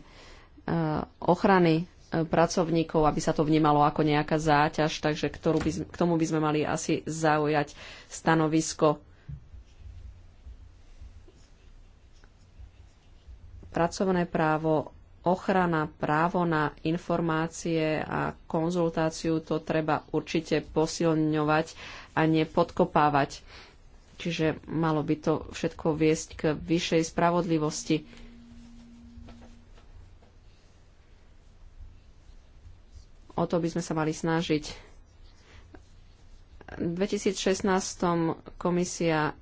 ochrany pracovníkov, aby sa to vnímalo ako nejaká záťaž, takže ktorú by, k tomu by sme mali asi zaujať stanovisko. Pracovné právo, ochrana, právo na informácie a konzultáciu to treba určite posilňovať a nepodkopávať. Čiže malo by to všetko viesť k vyššej spravodlivosti o to by sme sa mali snažiť. V 2016 komisia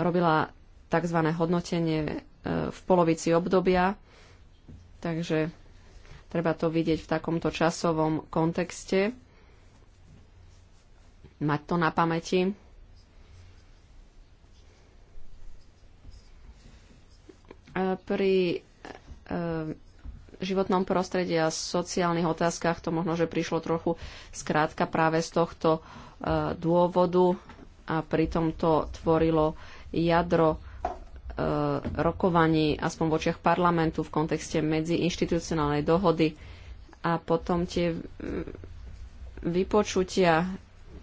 robila tzv. hodnotenie e, v polovici obdobia, takže treba to vidieť v takomto časovom kontexte, mať to na pamäti. E, pri e, životnom prostredí a sociálnych otázkach to možno, že prišlo trochu skrátka práve z tohto e, dôvodu a pritom to tvorilo jadro e, rokovaní aspoň v očiach parlamentu v kontexte medziinstitucionálnej dohody a potom tie vypočutia.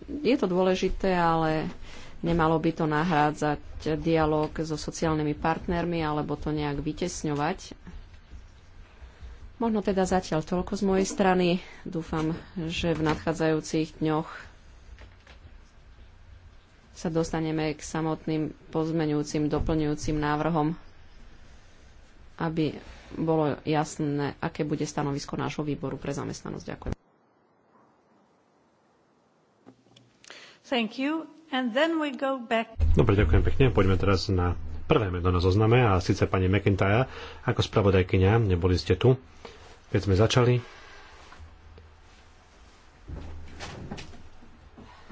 Je to dôležité, ale nemalo by to nahrádzať dialog so sociálnymi partnermi alebo to nejak vytesňovať. Možno teda zatiaľ toľko z mojej strany. Dúfam, že v nadchádzajúcich dňoch sa dostaneme k samotným pozmeňujúcim, doplňujúcim návrhom, aby bolo jasné, aké bude stanovisko nášho výboru pre zamestnanosť. Ďakujem. Thank you. And then we go back. Dobre, ďakujem pekne. Poďme teraz na prvé meno na zozname a síce pani McIntyre ako spravodajkynia, neboli ste tu, keď sme začali.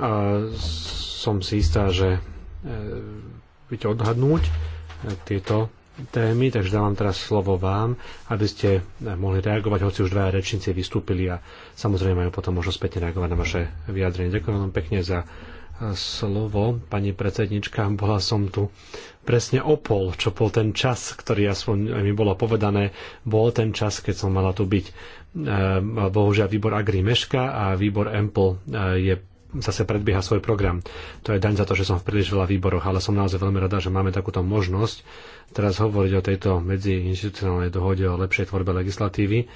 A som si istá, že viete odhadnúť e, tieto témy, takže dávam teraz slovo vám, aby ste e, mohli reagovať, hoci už dvaja rečníci vystúpili a samozrejme majú potom možnosť spätne reagovať na vaše vyjadrenie. Ďakujem vám pekne za slovo, pani predsednička. Bola som tu presne o pol, čo bol ten čas, ktorý aspoň mi bolo povedané, bol ten čas, keď som mala tu byť. Eh, bohužiaľ, výbor Agri meška a výbor Empl eh, je zase predbieha svoj program. To je daň za to, že som v príliš veľa výboroch, ale som naozaj veľmi rada, že máme takúto možnosť teraz hovoriť o tejto medziinstitucionálnej dohode o lepšej tvorbe legislatívy.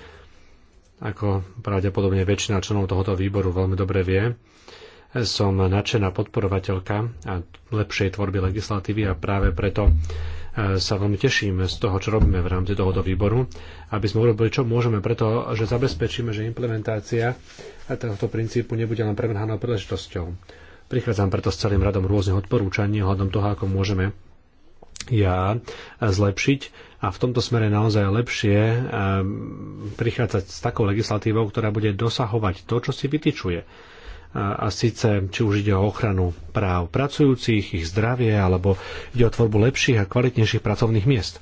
Ako pravdepodobne väčšina členov tohoto výboru veľmi dobre vie, som nadšená podporovateľka a lepšej tvorby legislatívy a práve preto e, sa veľmi teším z toho, čo robíme v rámci tohoto výboru, aby sme urobili, čo môžeme, preto, že zabezpečíme, že implementácia tohto princípu nebude len premrhanou príležitosťou. Prichádzam preto s celým radom rôznych odporúčaní hľadom toho, ako môžeme ja zlepšiť a v tomto smere naozaj lepšie e, prichádzať s takou legislatívou, ktorá bude dosahovať to, čo si vytýčuje a síce či už ide o ochranu práv pracujúcich, ich zdravie alebo ide o tvorbu lepších a kvalitnejších pracovných miest.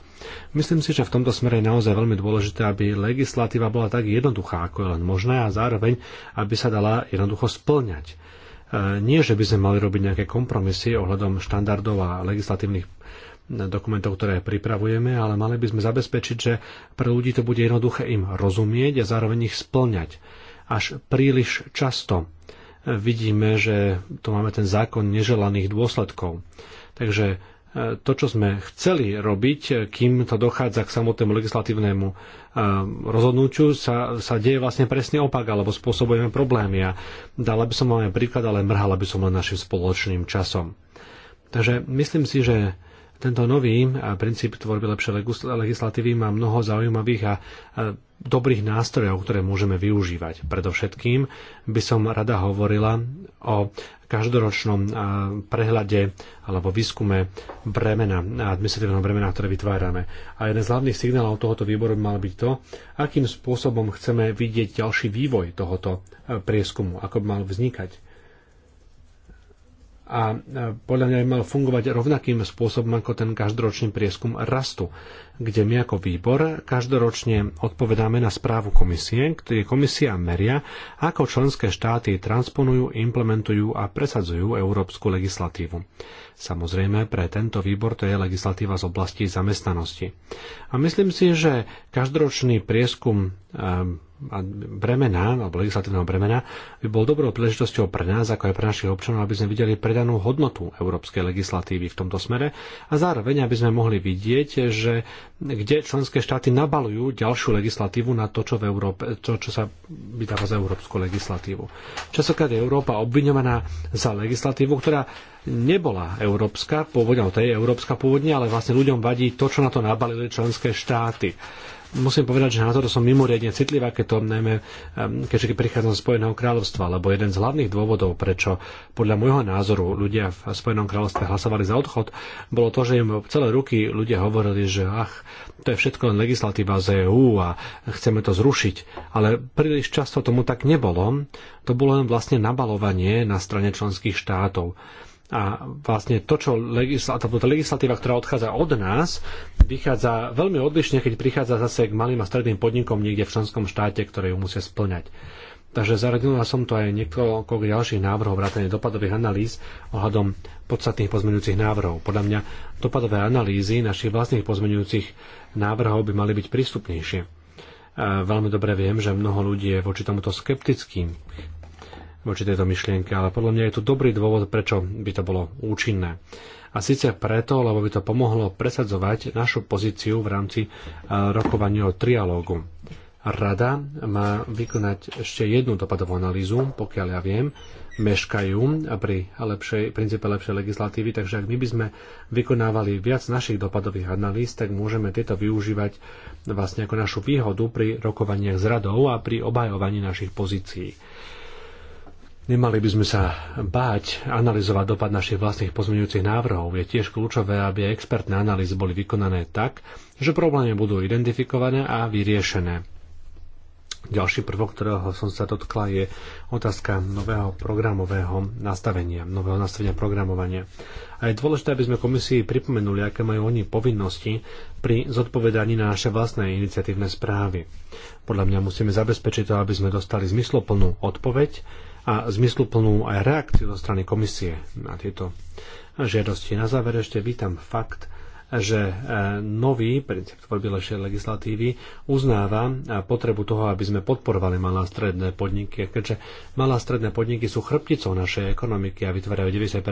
Myslím si, že v tomto smere je naozaj veľmi dôležité, aby legislatíva bola tak jednoduchá, ako je len možné a zároveň, aby sa dala jednoducho splňať. E, nie, že by sme mali robiť nejaké kompromisy ohľadom štandardov a legislatívnych dokumentov, ktoré pripravujeme, ale mali by sme zabezpečiť, že pre ľudí to bude jednoduché im rozumieť a zároveň ich splňať. Až príliš často vidíme, že tu máme ten zákon neželaných dôsledkov. Takže e, to, čo sme chceli robiť, e, kým to dochádza k samotnému legislatívnemu e, rozhodnutiu, sa, sa deje vlastne presne opak, alebo spôsobujeme problémy. A dala by som vám aj príklad, ale mrhala by som len našim spoločným časom. Takže myslím si, že tento nový princíp tvorby lepšej legislatívy má mnoho zaujímavých a dobrých nástrojov, ktoré môžeme využívať. Predovšetkým by som rada hovorila o každoročnom prehľade alebo výskume bremena, administratívneho bremena, ktoré vytvárame. A jeden z hlavných signálov tohoto výboru by mal byť to, akým spôsobom chceme vidieť ďalší vývoj tohoto e, prieskumu, ako by mal vznikať a e, podľa mňa by mal fungovať rovnakým spôsobom ako ten každoročný prieskum rastu, kde my ako výbor každoročne odpovedáme na správu komisie, ktoré komisia meria, ako členské štáty transponujú, implementujú a presadzujú európsku legislatívu. Samozrejme, pre tento výbor to je legislatíva z oblasti zamestnanosti. A myslím si, že každoročný prieskum eh, bremena, alebo legislatívneho bremena, by bol dobrou príležitosťou pre nás, ako aj pre našich občanov, aby sme videli predanú hodnotu európskej legislatívy v tomto smere a zároveň, aby sme mohli vidieť, že kde členské štáty nabalujú ďalšiu legislatívu na to, čo, v Európe, to, čo sa vydáva za európsku legislatívu. Časokrát je Európa obviňovaná za legislatívu, ktorá nebola európska pôvodne, ale to je európska pôvodne, ale vlastne ľuďom vadí to, čo na to nabalili členské štáty. Musím povedať, že na toto som mimoriadne citlivá, keď to najmä, keďže prichádzam z Spojeného kráľovstva, lebo jeden z hlavných dôvodov, prečo podľa môjho názoru ľudia v Spojenom kráľovstve hlasovali za odchod, bolo to, že im celé ruky ľudia hovorili, že ach, to je všetko len legislatíva z EÚ a chceme to zrušiť. Ale príliš často tomu tak nebolo. To bolo len vlastne nabalovanie na strane členských štátov. A vlastne to, čo tá legislatíva, ktorá odchádza od nás, vychádza veľmi odlišne, keď prichádza zase k malým a stredným podnikom niekde v členskom štáte, ktoré ju musia splňať. Takže zaradila som to aj niekoľko ďalších návrhov vrátane dopadových analýz ohľadom podstatných pozmeňujúcich návrhov. Podľa mňa dopadové analýzy našich vlastných pozmeňujúcich návrhov by mali byť prístupnejšie. Veľmi dobre viem, že mnoho ľudí je voči tomuto skeptickým voči tejto myšlienke, ale podľa mňa je tu dobrý dôvod, prečo by to bolo účinné. A síce preto, lebo by to pomohlo presadzovať našu pozíciu v rámci e, rokovania o trialógu. Rada má vykonať ešte jednu dopadovú analýzu, pokiaľ ja viem, meškajú pri lepšej, princípe lepšej legislatívy, takže ak my by sme vykonávali viac našich dopadových analýz, tak môžeme tieto využívať vlastne ako našu výhodu pri rokovaniach s radou a pri obhajovaní našich pozícií. Nemali by sme sa báť analyzovať dopad našich vlastných pozmeňujúcich návrhov. Je tiež kľúčové, aby expertné analýzy boli vykonané tak, že problémy budú identifikované a vyriešené. Ďalší prvok, ktorého som sa dotkla, je otázka nového programového nastavenia, nového nastavenia programovania. A je dôležité, aby sme komisii pripomenuli, aké majú oni povinnosti pri zodpovedaní na naše vlastné iniciatívne správy. Podľa mňa musíme zabezpečiť to, aby sme dostali zmysloplnú odpoveď, a zmysluplnú aj reakciu zo strany komisie na tieto žiadosti. Na záver ešte vítam fakt, že e, nový princíp tvorby lepšej legislatívy uznáva e, potrebu toho, aby sme podporovali malé a stredné podniky. A keďže malé a stredné podniky sú chrbticou našej ekonomiky a vytvárajú 90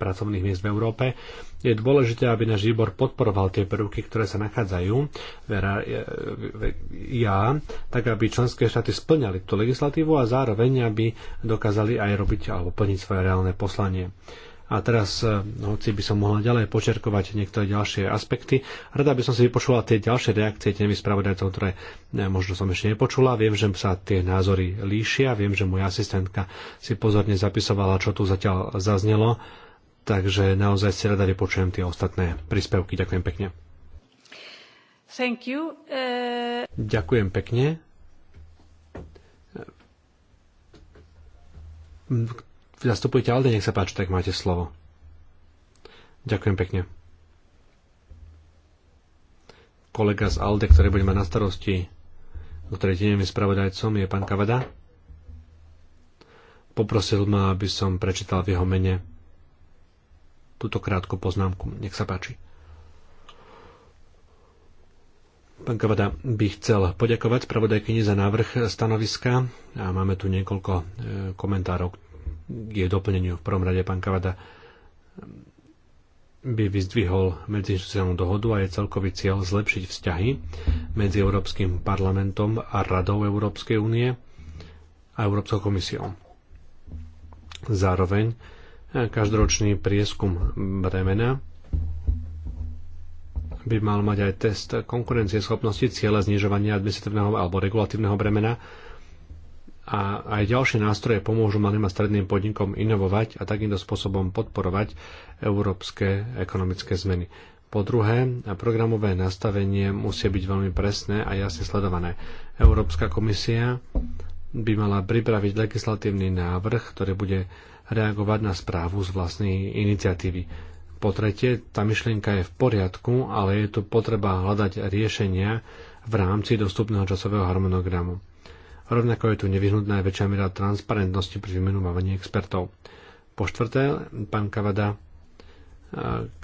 pracovných miest v Európe, je dôležité, aby náš výbor podporoval tie prvky, ktoré sa nachádzajú vera, ja, e, tak aby členské štáty splňali tú legislatívu a zároveň, aby dokázali aj robiť alebo plniť svoje reálne poslanie. A teraz, e, hoci by som mohla ďalej počerkovať niektoré ďalšie aspekty, rada by som si vypočula tie ďalšie reakcie tými spravodajcov, ktoré e, možno som ešte nepočula. Viem, že sa tie názory líšia, viem, že moja asistentka si pozorne zapisovala, čo tu zatiaľ zaznelo Takže naozaj si rada vypočujem tie ostatné príspevky. Ďakujem pekne. Thank you. Uh... Ďakujem pekne. Zastupujte Alde, nech sa páči, tak máte slovo. Ďakujem pekne. Kolega z Alde, ktorý bude mať na starosti, ktorý tým je spravodajcom, je pán Kavada. Poprosil ma, aby som prečítal v jeho mene túto krátku poznámku. Nech sa páči. Pán Kavada by chcel poďakovať spravodajkyni za návrh stanoviska a máme tu niekoľko e, komentárov k jej doplneniu. V prvom rade pán Kavada by vyzdvihol medziinstitucionálnu dohodu a je celkový cieľ zlepšiť vzťahy medzi Európskym parlamentom a Radou Európskej únie a Európskou komisiou. Zároveň Každoročný prieskum bremena by mal mať aj test konkurencie schopnosti, cieľa znižovania administratívneho alebo regulatívneho bremena a aj ďalšie nástroje pomôžu malým a stredným podnikom inovovať a takýmto spôsobom podporovať európske ekonomické zmeny. Po druhé, programové nastavenie musí byť veľmi presné a jasne sledované. Európska komisia by mala pripraviť legislatívny návrh, ktorý bude reagovať na správu z vlastnej iniciatívy. Po tretie, tá myšlienka je v poriadku, ale je tu potreba hľadať riešenia v rámci dostupného časového harmonogramu. Rovnako je tu nevyhnutná väčšia miera transparentnosti pri vymenúvaní expertov. Po štvrté, pán Kavada e,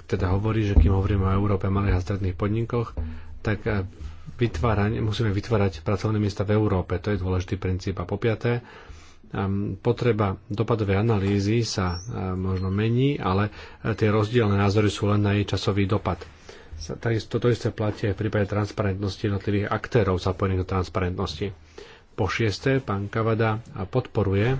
teda hovorí, že kým hovoríme o Európe malých a stredných podnikoch, tak e, vytvárať, musíme vytvárať pracovné miesta v Európe. To je dôležitý princíp. A po piaté, potreba dopadovej analýzy sa e, možno mení, ale e, tie rozdielne názory sú len na jej časový dopad. Toto isté platí aj v prípade transparentnosti jednotlivých aktérov zapojených do transparentnosti. Po šiesté, pán Kavada podporuje e,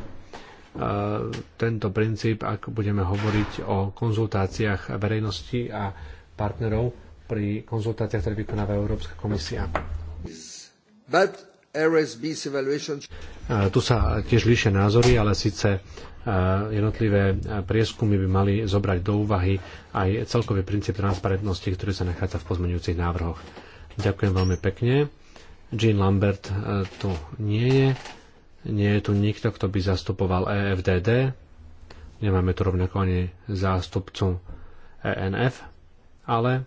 tento princíp, ak budeme hovoriť o konzultáciách verejnosti a partnerov pri konzultáciách, ktoré vykonáva Európska komisia. But RSB's evaluation. Tu sa tiež líšia názory, ale síce e, jednotlivé e, prieskumy by mali zobrať do úvahy aj celkový princíp transparentnosti, ktorý sa nachádza v pozmeňujúcich návrhoch. Ďakujem veľmi pekne. Jean Lambert e, tu nie je. Nie je tu nikto, kto by zastupoval EFDD. Nemáme tu rovnako ani zástupcu ENF, ale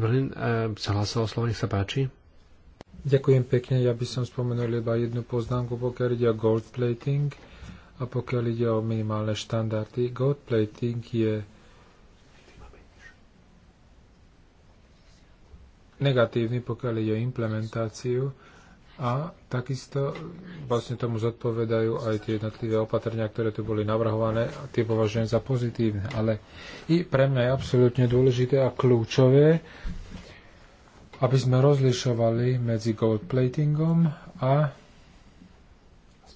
Vrlin eh, sa hlasoval slovo, nech sa páči. Ďakujem pekne. Ja by som spomenul iba jednu poznámku, pokiaľ ide o gold plating a pokiaľ ide o minimálne štandardy. Gold plating je negatívny, pokiaľ ide o implementáciu a takisto vlastne tomu zodpovedajú aj tie jednotlivé opatrenia, ktoré tu boli navrhované a tie považujem za pozitívne. Ale i pre mňa je absolútne dôležité a kľúčové, aby sme rozlišovali medzi gold platingom a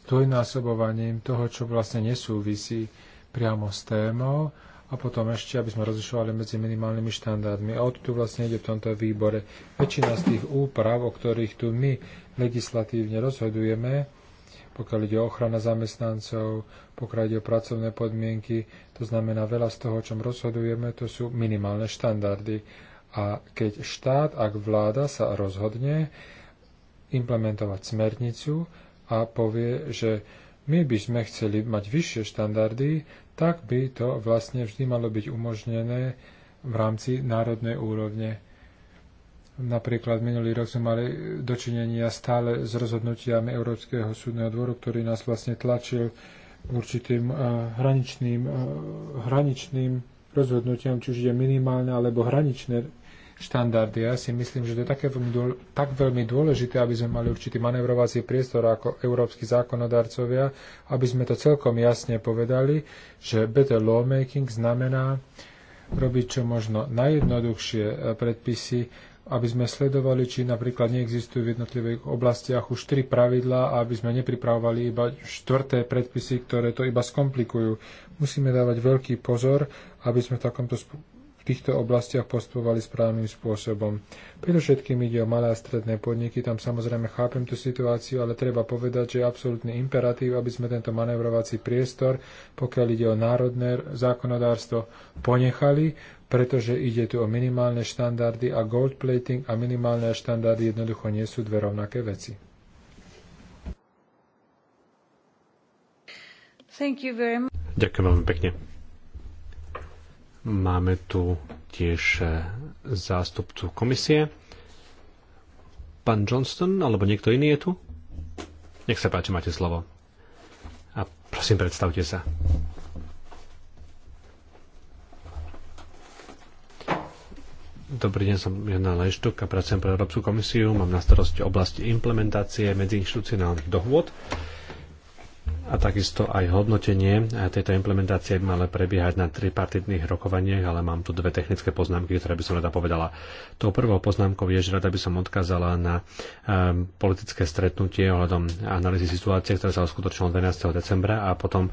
dvojnásobovaním toho, čo vlastne nesúvisí priamo s témou a potom ešte, aby sme rozlišovali medzi minimálnymi štandardmi. A od tu vlastne ide v tomto výbore. Väčšina z tých úprav, o ktorých tu my legislatívne rozhodujeme, pokiaľ ide o ochrana zamestnancov, pokiaľ ide o pracovné podmienky, to znamená veľa z toho, o čom rozhodujeme, to sú minimálne štandardy. A keď štát, ak vláda sa rozhodne implementovať smernicu a povie, že my by sme chceli mať vyššie štandardy, tak by to vlastne vždy malo byť umožnené v rámci národnej úrovne. Napríklad minulý rok sme mali dočinenia stále s rozhodnutiami Európskeho súdneho dvoru, ktorý nás vlastne tlačil určitým eh, hraničným, eh, hraničným rozhodnutiam, či už je minimálne alebo hraničné štandardy. Ja si myslím, že to je také veľmi dôle, tak veľmi dôležité, aby sme mali určitý manevrovací priestor ako európsky zákonodarcovia, aby sme to celkom jasne povedali, že better lawmaking znamená robiť čo možno najjednoduchšie eh, predpisy, aby sme sledovali, či napríklad neexistujú v jednotlivých oblastiach už tri pravidlá a aby sme nepripravovali iba štvrté predpisy, ktoré to iba skomplikujú. Musíme dávať veľký pozor, aby sme v, takomto, v týchto oblastiach postupovali správnym spôsobom. Predovšetkým ide o malé a stredné podniky, tam samozrejme chápem tú situáciu, ale treba povedať, že je absolútny imperatív, aby sme tento manevrovací priestor, pokiaľ ide o národné zákonodárstvo, ponechali, pretože ide tu o minimálne štandardy a gold plating a minimálne štandardy jednoducho nie sú dve rovnaké veci. Thank you very much. Ďakujem veľmi pekne. Máme tu tiež e, zástupcu komisie. Pán Johnston alebo niekto iný je tu? Nech sa páči, máte slovo. A prosím, predstavte sa. Dobrý deň, som Jana Leštuk a pracujem pre Európsku komisiu. Mám na starosti oblasti implementácie medziinštitucionálnych dohôd a takisto aj hodnotenie tejto implementácie by malo prebiehať na tripartitných rokovaniach, ale mám tu dve technické poznámky, ktoré by som rada povedala. Tou prvou poznámkou je, že rada by som odkázala na um, politické stretnutie ohľadom analýzy situácie, ktoré sa uskutočnilo 12. decembra a potom e,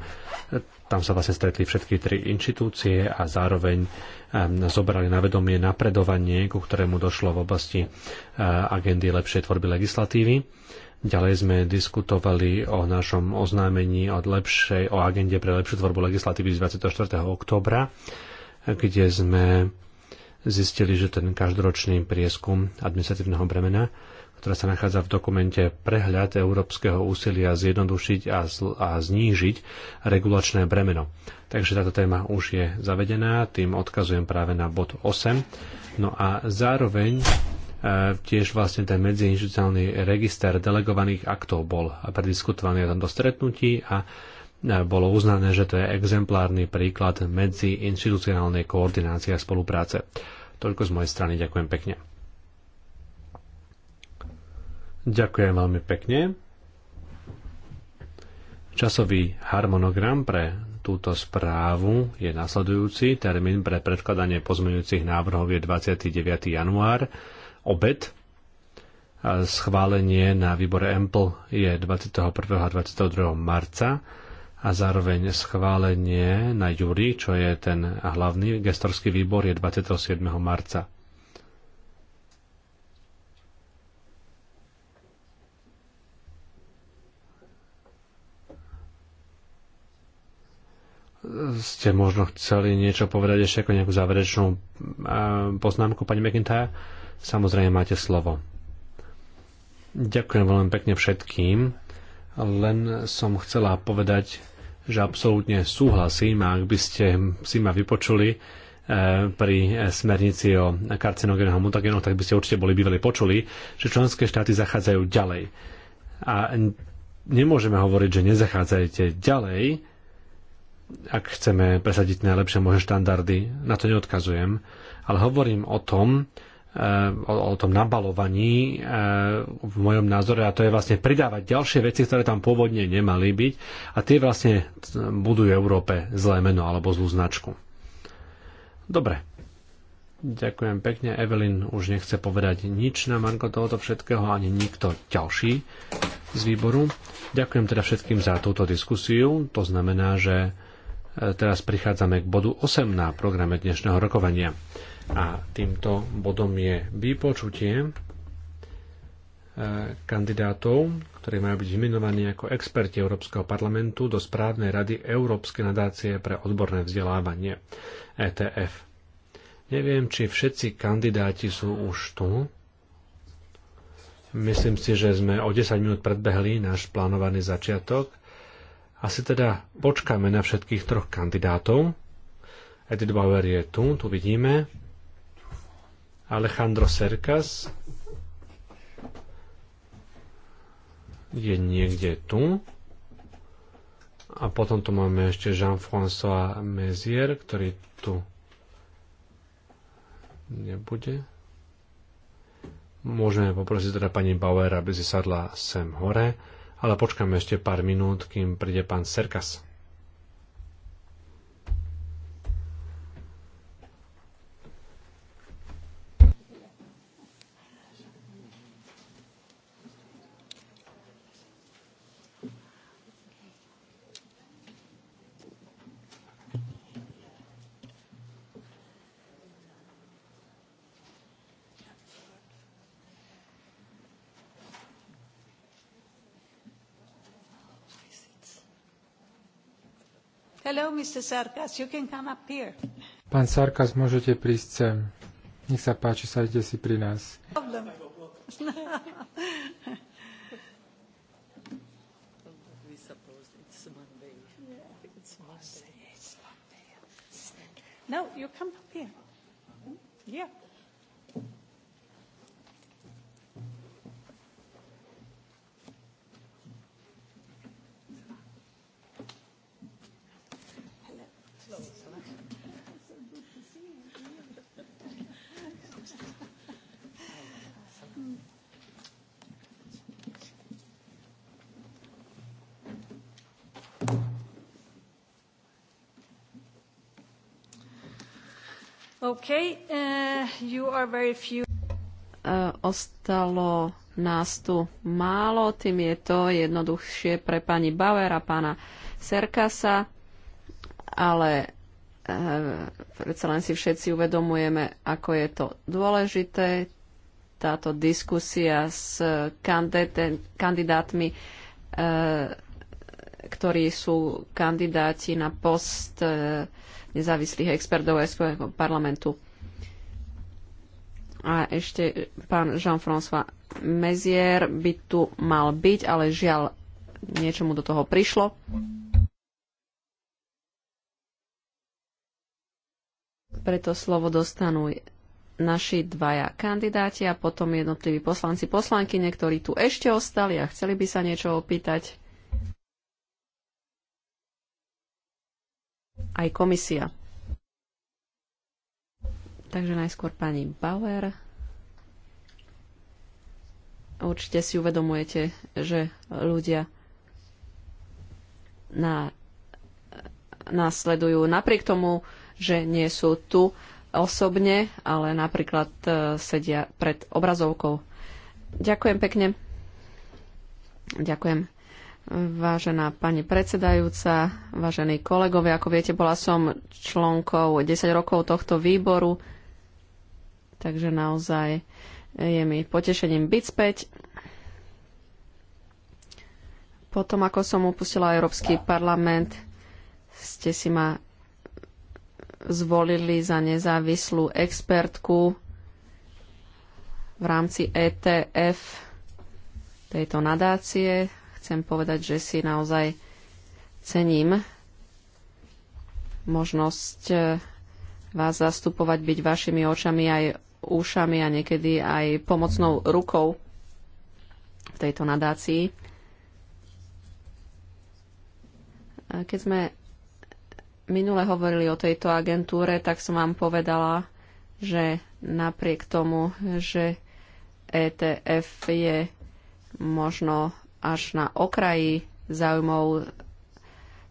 tam sa vlastne stretli všetky tri inštitúcie a zároveň ehm, zobrali na vedomie napredovanie, ku ktorému došlo v oblasti e, agendy lepšej tvorby legislatívy Ďalej sme diskutovali o našom oznámení od lepšej, o agende pre lepšiu tvorbu legislatívy z 24. oktobra, kde sme zistili, že ten každoročný prieskum administratívneho bremena ktorá sa nachádza v dokumente Prehľad európskeho úsilia zjednodušiť a, zl- a znížiť regulačné bremeno. Takže táto téma už je zavedená, tým odkazujem práve na bod 8. No a zároveň E, tiež vlastne ten medziinstitucionálny register delegovaných aktov bol prediskutovaný na tomto stretnutí a e, bolo uznané, že to je exemplárny príklad medziinstitucionálnej koordinácie a spolupráce. Toľko z mojej strany, ďakujem pekne. Ďakujem veľmi pekne. Časový harmonogram pre túto správu je nasledujúci. Termín pre predkladanie pozmeňujúcich návrhov je 29. január obed. A schválenie na výbore Ample je 21. a 22. marca a zároveň schválenie na Júri, čo je ten hlavný gestorský výbor, je 27. marca. ste možno chceli niečo povedať ešte ako nejakú záverečnú poznámku, pani McIntyre? Samozrejme máte slovo. Ďakujem veľmi pekne všetkým. Len som chcela povedať, že absolútne súhlasím, a ak by ste si ma vypočuli, eh, pri smernici o karcinogénoch a mutagénoch, tak by ste určite boli bývali počuli, že členské štáty zachádzajú ďalej. A nemôžeme hovoriť, že nezachádzajte ďalej, ak chceme presadiť najlepšie možné štandardy, na to neodkazujem, ale hovorím o tom, Eh, o, o tom nabalovaní eh, v mojom názore a to je vlastne pridávať ďalšie veci, ktoré tam pôvodne nemali byť a tie vlastne budujú Európe zlé meno alebo zlú značku. Dobre. Ďakujem pekne. Evelyn už nechce povedať nič na Marko tohoto všetkého, ani nikto ďalší z výboru. Ďakujem teda všetkým za túto diskusiu. To znamená, že eh, teraz prichádzame k bodu 8 na programe dnešného rokovania. A týmto bodom je vypočutie e, kandidátov, ktorí majú byť vymenovaní ako experti Európskeho parlamentu do správnej rady Európskej nadácie pre odborné vzdelávanie ETF. Neviem, či všetci kandidáti sú už tu. Myslím si, že sme o 10 minút predbehli náš plánovaný začiatok. Asi teda počkáme na všetkých troch kandidátov. Edith Bauer je tu, tu vidíme. Alejandro Serkas je niekde tu. A potom tu máme ešte Jean-François Mezier, ktorý tu nebude. Môžeme poprosiť teda pani Bauer, aby si sadla sem hore, ale počkáme ešte pár minút, kým príde pán Serkas. Mr. Sarkas, you can come up here. Pán Sarkas, môžete prísť sem. Nech sa páči, sajte si pri nás. No, you come up here. Yeah. Okay, uh, you are very few. Uh, ostalo nás tu málo, tým je to jednoduchšie pre pani Bauer a pána Serkasa, ale e, predsa len si všetci uvedomujeme, ako je to dôležité. Táto diskusia s kandidátmi uh, ktorí sú kandidáti na post e, nezávislých expertov Európskeho parlamentu. A ešte pán Jean-François Mezier by tu mal byť, ale žiaľ niečomu do toho prišlo. Preto slovo dostanú naši dvaja kandidáti a potom jednotliví poslanci, poslanky, niektorí tu ešte ostali a chceli by sa niečo opýtať. aj komisia. Takže najskôr pani Bauer. Určite si uvedomujete, že ľudia na, následujú napriek tomu, že nie sú tu osobne, ale napríklad e, sedia pred obrazovkou. Ďakujem pekne. Ďakujem Vážená pani predsedajúca, vážení kolegovia, ako viete, bola som členkou 10 rokov tohto výboru, takže naozaj je mi potešením byť späť. Potom, ako som opustila Európsky parlament, ste si ma zvolili za nezávislú expertku v rámci ETF tejto nadácie chcem povedať, že si naozaj cením možnosť eh, vás zastupovať, byť vašimi očami aj ušami a niekedy aj pomocnou rukou v tejto nadácii. Keď sme minule hovorili o tejto agentúre, tak som vám povedala, že napriek tomu, že ETF je možno až na okraji záujmov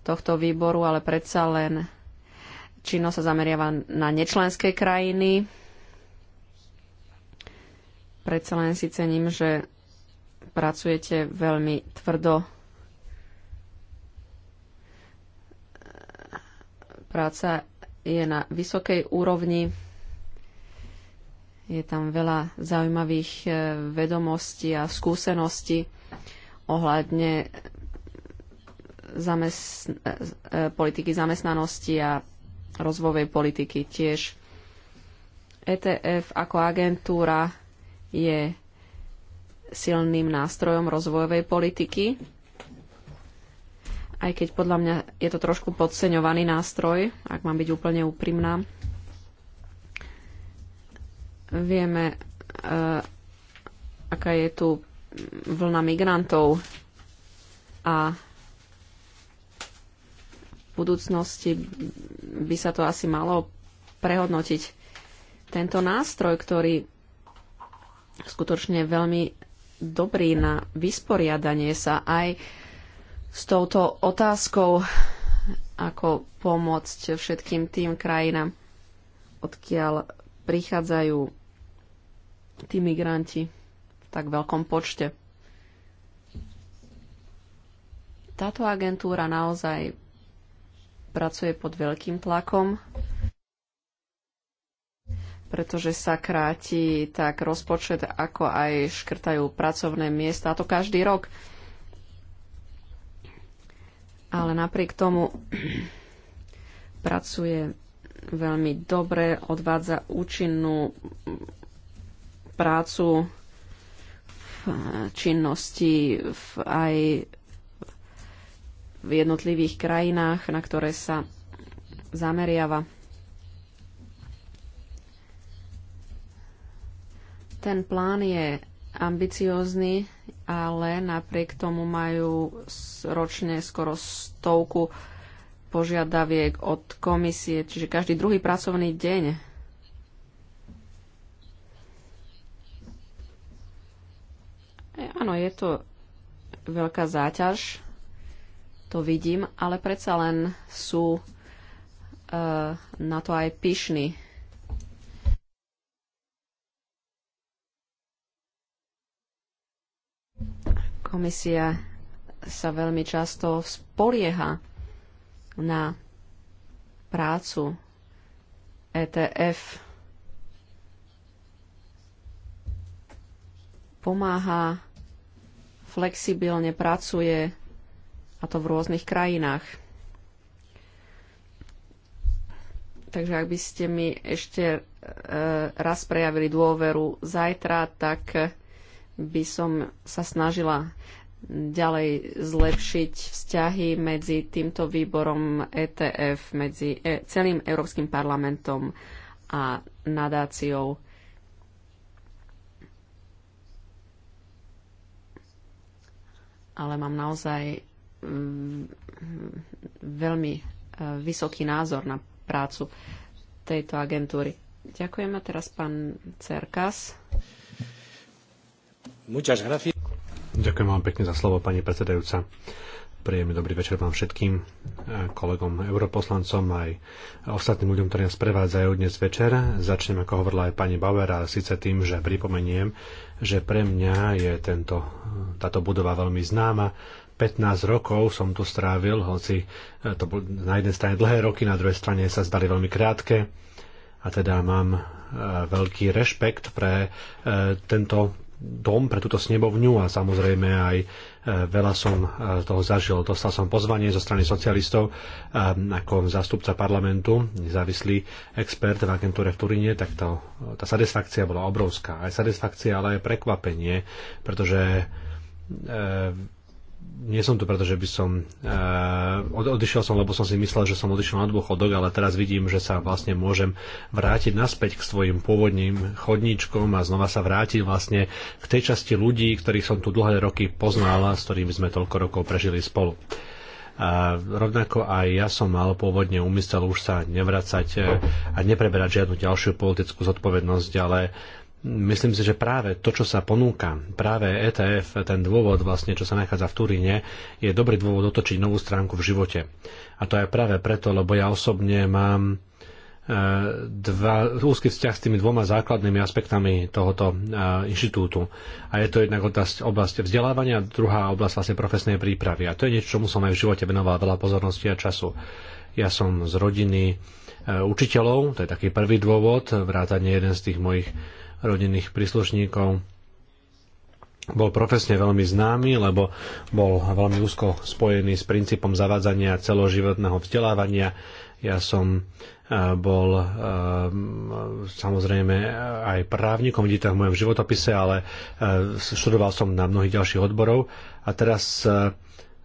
tohto výboru, ale predsa len čino sa zameriava na nečlenské krajiny. Predsa len si cením, že pracujete veľmi tvrdo. Práca je na vysokej úrovni. Je tam veľa zaujímavých eh, vedomostí a skúseností ohľadne zamestn- eh, eh, politiky zamestnanosti a rozvojovej politiky tiež. ETF ako agentúra je silným nástrojom rozvojovej politiky, aj keď podľa mňa je to trošku podceňovaný nástroj, ak mám byť úplne úprimná. Vieme, eh, aká je tu vlna migrantov a v budúcnosti by sa to asi malo prehodnotiť. Tento nástroj, ktorý skutočne veľmi dobrý na vysporiadanie sa aj s touto otázkou, ako pomôcť všetkým tým krajinám, odkiaľ prichádzajú tí migranti tak veľkom počte. Táto agentúra naozaj pracuje pod veľkým tlakom, pretože sa kráti tak rozpočet, ako aj škrtajú pracovné miesta, a to každý rok. Ale napriek tomu pracuje veľmi dobre, odvádza účinnú prácu činnosti v aj v jednotlivých krajinách, na ktoré sa zameriava. Ten plán je ambiciózny, ale napriek tomu majú ročne skoro stovku požiadaviek od komisie, čiže každý druhý pracovný deň E, áno, je to veľká záťaž, to vidím, ale predsa len sú e, na to aj pyšní. Komisia sa veľmi často spolieha na prácu ETF pomáha, flexibilne pracuje a to v rôznych krajinách. Takže ak by ste mi ešte e, raz prejavili dôveru zajtra, tak by som sa snažila ďalej zlepšiť vzťahy medzi týmto výborom ETF, medzi e, celým Európskym parlamentom a nadáciou ale mám naozaj mm, veľmi e, vysoký názor na prácu tejto agentúry. Ďakujem a teraz pán Cerkas. Ďakujem vám pekne za slovo, pani predsedajúca. Príjemný dobrý večer vám všetkým e, kolegom europoslancom aj ostatným ľuďom, ktorí nás prevádzajú dnes večer. Začnem, ako hovorila aj pani Bauer, a síce tým, že pripomeniem, že pre mňa je tento, táto budova veľmi známa. 15 rokov som tu strávil, hoci e, to bol na jednej strane dlhé roky, na druhej strane sa zdali veľmi krátke. A teda mám e, veľký rešpekt pre tento dom, pre túto snebovňu a samozrejme aj e, veľa som e, toho zažil. Dostal som pozvanie zo strany socialistov e, ako zástupca parlamentu, nezávislý expert v agentúre v Turíne, tak to, tá satisfakcia bola obrovská. Aj satisfakcia, ale aj prekvapenie, pretože e, nie som tu, pretože by som... Uh, odišiel som, lebo som si myslel, že som odišiel na dôchodok, ale teraz vidím, že sa vlastne môžem vrátiť naspäť k svojim pôvodným chodníčkom a znova sa vrátiť vlastne k tej časti ľudí, ktorých som tu dlhé roky poznala, s ktorými sme toľko rokov prežili spolu. A rovnako aj ja som mal pôvodne úmysel už sa nevracať eh, a nepreberať žiadnu ďalšiu politickú zodpovednosť, ale Myslím si, že práve to, čo sa ponúka, práve ETF, ten dôvod vlastne, čo sa nachádza v Turíne, je dobrý dôvod otočiť novú stránku v živote. A to aj práve preto, lebo ja osobne mám e, dva, úzky vzťah s tými dvoma základnými aspektami tohoto e, inštitútu. A je to jednak oblasť, oblasť vzdelávania, druhá oblasť vlastne profesnej prípravy. A to je niečo, čomu som aj v živote venoval veľa pozornosti a času. Ja som z rodiny e, učiteľov, to je taký prvý dôvod, vrátanie jeden z tých mojich rodinných príslušníkov. Bol profesne veľmi známy, lebo bol veľmi úzko spojený s princípom zavádzania celoživotného vzdelávania. Ja som e, bol e, samozrejme aj právnikom, vidíte v mojom životopise, ale e, študoval som na mnohých ďalších odborov a teraz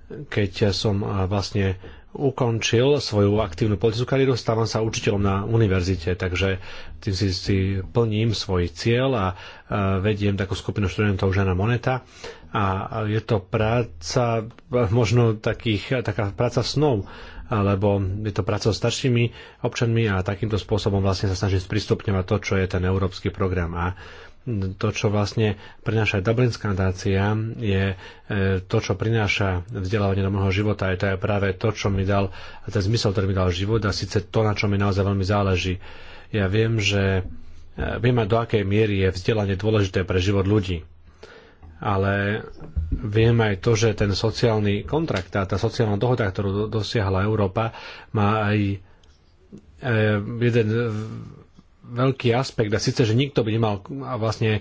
keď som vlastne ukončil svoju aktívnu politickú kariéru, stávam sa učiteľom na univerzite, takže tým si, si plním svoj cieľ a vediem takú skupinu študentov Žena Moneta a je to práca možno takých, taká práca snov, lebo je to práca s staršími občanmi a takýmto spôsobom vlastne sa snažím sprístupňovať to, čo je ten európsky program. A to, čo vlastne prináša Dublinská nadácia, je e, to, čo prináša vzdelávanie do môjho života. Je to je práve to, čo mi dal, ten zmysel, ktorý mi dal život a síce to, na čo mi naozaj veľmi záleží. Ja viem, že e, viem aj do akej miery je vzdelanie dôležité pre život ľudí. Ale viem aj to, že ten sociálny kontrakt a tá sociálna dohoda, ktorú dosiahla Európa, má aj e, jeden veľký aspekt a síce, že nikto by nemal vlastne e,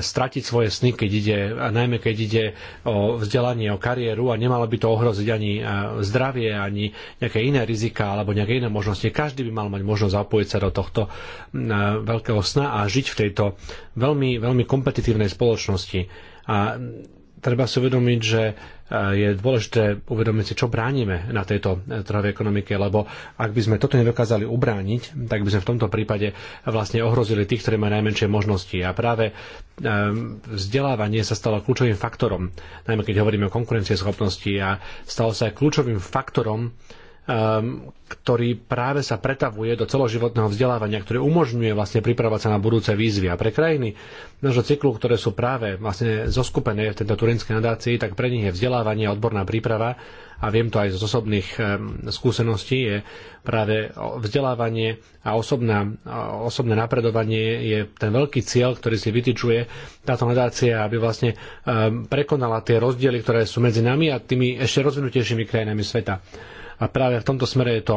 stratiť svoje sny, keď ide, a najmä keď ide o vzdelanie, o kariéru a nemalo by to ohroziť ani e, zdravie, ani nejaké iné rizika alebo nejaké iné možnosti. Každý by mal mať možnosť zapojiť sa do tohto e, veľkého sna a žiť v tejto veľmi, veľmi kompetitívnej spoločnosti. A treba si uvedomiť, že je dôležité uvedomiť si, čo bránime na tejto eh, trhovej ekonomike, lebo ak by sme toto nedokázali ubrániť, tak by sme v tomto prípade vlastne ohrozili tých, ktorí majú najmenšie možnosti. A práve eh, vzdelávanie sa stalo kľúčovým faktorom, najmä keď hovoríme o konkurencieschopnosti a stalo sa aj kľúčovým faktorom, Um, ktorý práve sa pretavuje do celoživotného vzdelávania, ktoré umožňuje vlastne pripravovať sa na budúce výzvy. A pre krajiny nášho cyklu, ktoré sú práve vlastne zoskupené v tejto turinskej nadácii, tak pre nich je vzdelávanie a odborná príprava a viem to aj z osobných um, skúseností, je práve vzdelávanie a osobná, osobné napredovanie je ten veľký cieľ, ktorý si vytýčuje táto nadácia, aby vlastne um, prekonala tie rozdiely, ktoré sú medzi nami a tými ešte rozvinutejšími krajinami sveta. A práve v tomto smere je to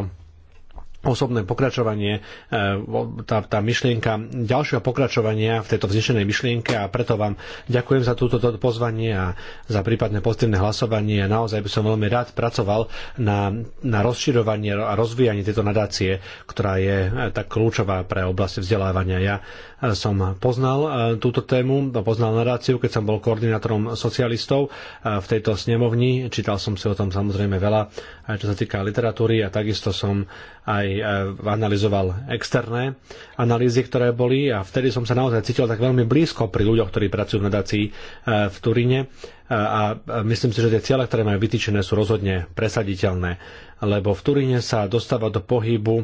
osobné pokračovanie, e, tá, tá myšlienka, ďalšieho pokračovania v tejto vznešenej myšlienke a preto vám ďakujem za túto pozvanie a za prípadné pozitívne hlasovanie a naozaj by som veľmi rád pracoval na, na rozširovanie a rozvíjanie tejto nadácie, ktorá je e, tak kľúčová pre oblasť vzdelávania. Ja e, som poznal túto tému, poznal nadáciu, keď som bol koordinátorom socialistov v tejto snemovni, čítal som si o tom samozrejme veľa, čo sa týka literatúry a takisto som aj naozaj eh, analyzoval externé analýzy, ktoré boli a vtedy som sa naozaj cítil tak veľmi blízko pri ľuďoch, ktorí pracujú v nadácii eh, v Turíne eh, a myslím si, že tie ciele, ktoré majú vytýčené, sú rozhodne presaditeľné, lebo v Turíne sa dostáva do pohybu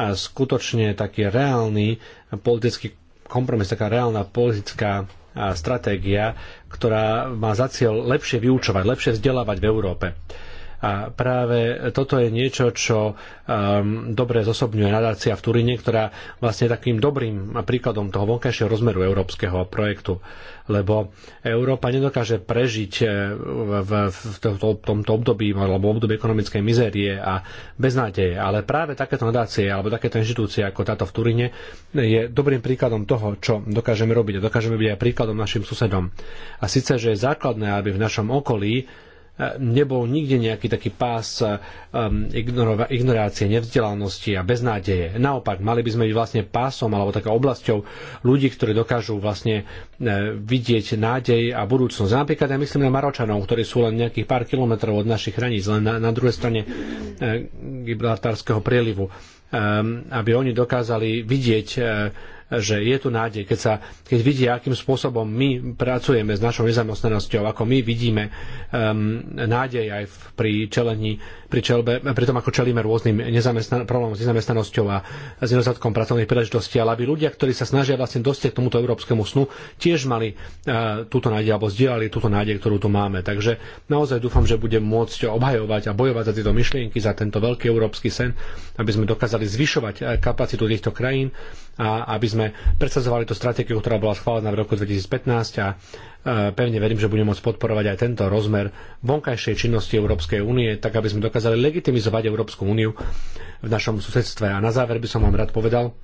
skutočne taký reálny politický kompromis, taká reálna politická stratégia, ktorá má za cieľ lepšie vyučovať, lepšie vzdelávať v Európe. A práve toto je niečo, čo um, dobre zosobňuje nadácia v Turíne, ktorá vlastne takým dobrým príkladom toho vonkajšieho rozmeru európskeho projektu. Lebo Európa nedokáže prežiť e, v, v, tohto, tomto období alebo období ekonomickej mizérie a beznádeje. Ale práve takéto nadácie alebo takéto inštitúcie ako táto v Turíne je dobrým príkladom toho, čo dokážeme robiť a dokážeme byť aj príkladom našim susedom. A síce, že je základné, aby v našom okolí nebol nikde nejaký taký pás um, ignorácie, nevzdelanosti a beznádeje. Naopak, mali by sme byť vlastne pásom alebo takou oblasťou ľudí, ktorí dokážu vlastne e, vidieť nádej a budúcnosť. Napríklad ja myslím na Maročanov, ktorí sú len nejakých pár kilometrov od našich hraníc, len na, na druhej strane e, Gibraltárskeho prielivu ehm, aby oni dokázali vidieť e, že je tu nádej, keď, sa, keď vidia, akým spôsobom my pracujeme s našou nezamestnanosťou, ako my vidíme um, nádej aj v, pri čelení, pri, čelbe, pri tom, ako čelíme rôznym nezamestnan- problémom s nezamestnanosťou a s nedostatkom pracovných príležitostí, ale aby ľudia, ktorí sa snažia vlastne dostať k tomuto európskemu snu, tiež mali uh, túto nádej alebo zdieľali túto nádej, ktorú tu máme. Takže naozaj dúfam, že budem môcť obhajovať a bojovať za tieto myšlienky, za tento veľký európsky sen, aby sme dokázali zvyšovať eh, kapacitu týchto krajín a aby sme sme predsazovali tú stratégiu, ktorá bola schválená v roku 2015 a e, pevne verím, že budeme môcť podporovať aj tento rozmer vonkajšej činnosti Európskej únie, tak aby sme dokázali legitimizovať Európsku úniu v našom susedstve. A na záver by som vám rád povedal,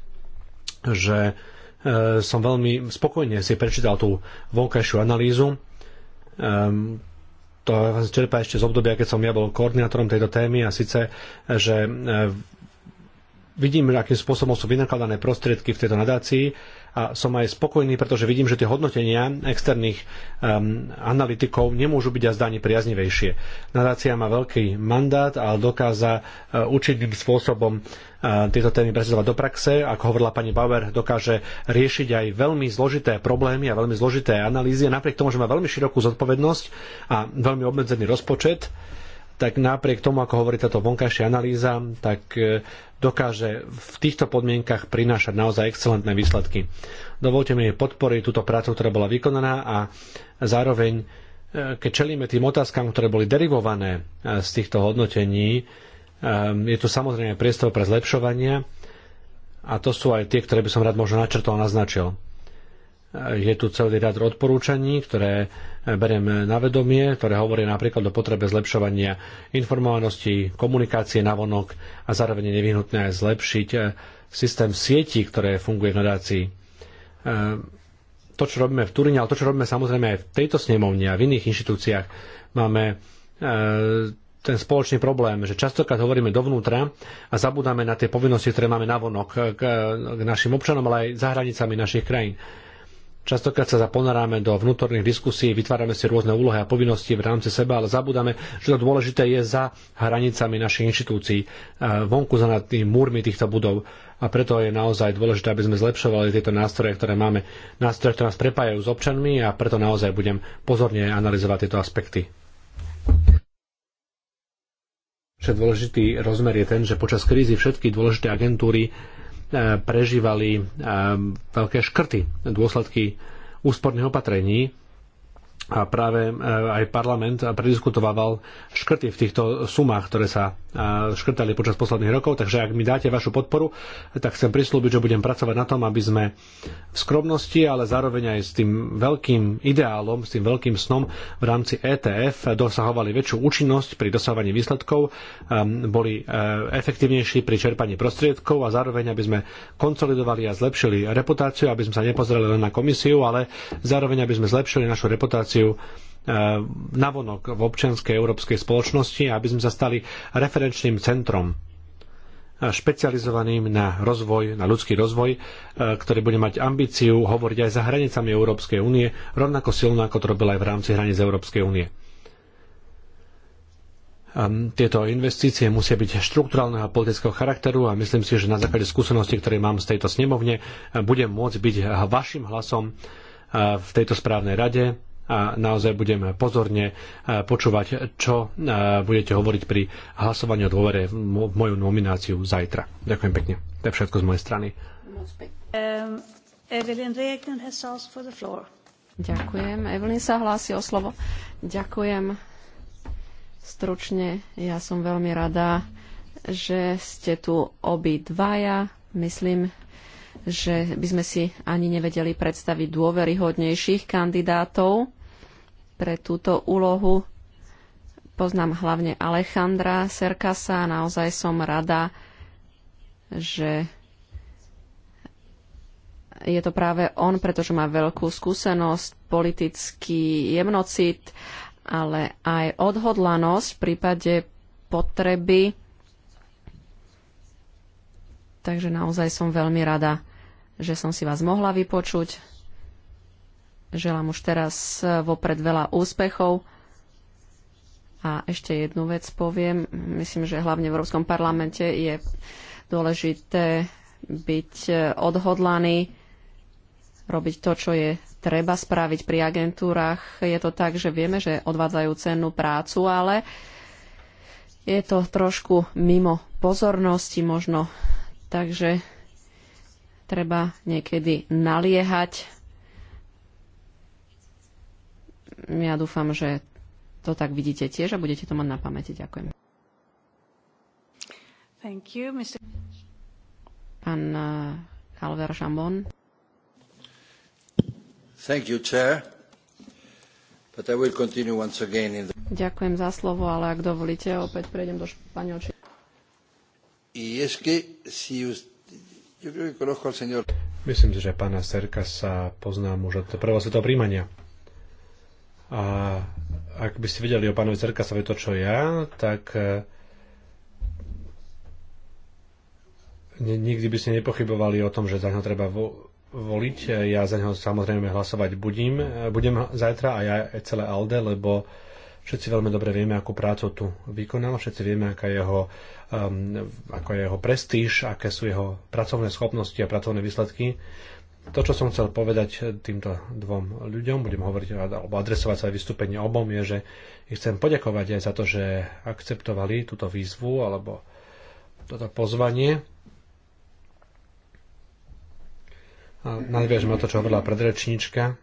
že e, som veľmi spokojne si prečítal tú vonkajšiu analýzu ehm, to čerpá ešte z obdobia, keď som ja bol koordinátorom tejto témy a síce, že e, vidím, akým spôsobom sú vynakladané prostriedky v tejto nadácii a som aj spokojný, pretože vidím, že tie hodnotenia externých um, analytikov nemôžu byť a zdáni priaznivejšie. Nadácia má veľký mandát, ale dokáza uh, určitým spôsobom uh, tieto témy presadovať do praxe. Ako hovorila pani Bauer, dokáže riešiť aj veľmi zložité problémy a veľmi zložité analýzy. Napriek tomu, že má veľmi širokú zodpovednosť a veľmi obmedzený rozpočet, uh, tak napriek tomu, ako hovorí táto vonkajšia analýza, tak e, dokáže v týchto podmienkach prinášať naozaj excelentné výsledky. Dovolte mi podporiť túto prácu, ktorá bola vykonaná a zároveň, e, keď čelíme tým otázkam, ktoré boli derivované e, z týchto hodnotení, je tu samozrejme priestor pre zlepšovania a to sú aj tie, ktoré by som rád možno načrtol a naznačil. Je tu celý rad odporúčaní, ktoré beriem na vedomie, ktoré hovoria napríklad o potrebe zlepšovania informovanosti, komunikácie na vonok a zároveň je nevyhnutné aj zlepšiť eh, systém sietí, ktoré funguje v nadácii eh, to, čo robíme v Turíne, ale to, čo robíme samozrejme aj v tejto snemovni a v iných inštitúciách, máme eh, ten spoločný problém, že častokrát hovoríme dovnútra a zabudáme na tie povinnosti, ktoré máme navonok k, k našim občanom, ale aj za hranicami našich krajín. Častokrát sa zaponaráme do vnútorných diskusí, vytvárame si rôzne úlohy a povinnosti v rámci seba, ale zabudáme, že to dôležité je za hranicami našich inštitúcií, e, vonku za nad tým múrmi týchto budov. A preto je naozaj dôležité, aby sme zlepšovali tieto nástroje, ktoré máme, nástroje, ktoré nás prepájajú s občanmi a preto naozaj budem pozorne analyzovať tieto aspekty. Čo dôležitý rozmer je ten, že počas krízy všetky dôležité agentúry E, prežívali e, veľké škrty, dôsledky úsporných opatrení a práve e, aj parlament prediskutovával škrty v týchto sumách, ktoré sa škrtali počas posledných rokov, takže ak mi dáte vašu podporu, tak chcem prislúbiť, že budem pracovať na tom, aby sme v skromnosti, ale zároveň aj s tým veľkým ideálom, s tým veľkým snom v rámci ETF dosahovali väčšiu účinnosť pri dosahovaní výsledkov, ehm, boli ehm, efektívnejší pri čerpaní prostriedkov a zároveň, aby sme konsolidovali a zlepšili reputáciu, aby sme sa nepozreli len na komisiu, ale zároveň, aby sme zlepšili našu reputáciu Eh, navonok v občianskej európskej spoločnosti, aby sme sa stali referenčným centrom eh, špecializovaným na rozvoj, na ľudský rozvoj, eh, ktorý bude mať ambíciu hovoriť aj za hranicami Európskej únie, rovnako silno, ako to robil aj v rámci hraníc Európskej únie. Ehm, tieto investície musia byť štruktúrálneho a politického charakteru a myslím si, že na základe skúsenosti, ktoré mám z tejto snemovne, budem môcť byť vašim hlasom v tejto správnej rade, a naozaj budeme pozorne e, počúvať, čo e, budete hovoriť pri hlasovaní o dôvere v moju nomináciu zajtra. Ďakujem pekne. To je všetko z mojej strany. Um, Ďakujem. Evelyn sa hlási o slovo. Ďakujem. Stručne, ja som veľmi rada, že ste tu obi dvaja. Myslím, že by sme si ani nevedeli predstaviť dôveryhodnejších kandidátov pre túto úlohu. Poznám hlavne Alejandra Serkasa a naozaj som rada, že je to práve on, pretože má veľkú skúsenosť, politický jemnocit, ale aj odhodlanosť v prípade potreby Takže naozaj som veľmi rada, že som si vás mohla vypočuť. Želám už teraz eh, vopred veľa úspechov. A ešte jednu vec poviem. Myslím, že hlavne v Európskom parlamente je dôležité byť eh, odhodlaný, robiť to, čo je treba spraviť pri agentúrach. Je to tak, že vieme, že odvádzajú cennú prácu, ale je to trošku mimo pozornosti, možno Takže treba niekedy naliehať. Ja dúfam, že to tak vidíte tiež a budete to mať na pamäti. Ďakujem. Thank you, Mr. Pán eh, Calver Chambon. Thank you, Chair. But I will continue once again in the... Ďakujem za slovo, ale ak dovolíte, opäť prejdem do španielčiny. Y es que si usted, yo creo que conozco al señor. Myslím si, že pána Serka sa poznám už od prvého svetového príjmania. A ak by ste vedeli o pánovi Serka sa vie to, čo ja, tak e, nikdy by ste nepochybovali o tom, že za ňo treba vo, voliť. Ja za ňo samozrejme hlasovať budím, e, budem zajtra a ja celé ALDE, lebo uh, Všetci veľmi dobre vieme, akú prácu tu vykonal, všetci vieme, aká jeho, um, ako je jeho prestíž, aké sú jeho pracovné schopnosti a pracovné výsledky. To, čo som chcel povedať týmto dvom ľuďom, budem hovoriť alebo adresovať sa aj vystúpenie obom, je, že ich chcem poďakovať aj za to, že akceptovali túto výzvu alebo toto pozvanie. A nadviažem na to, čo hovorila predrečníčka.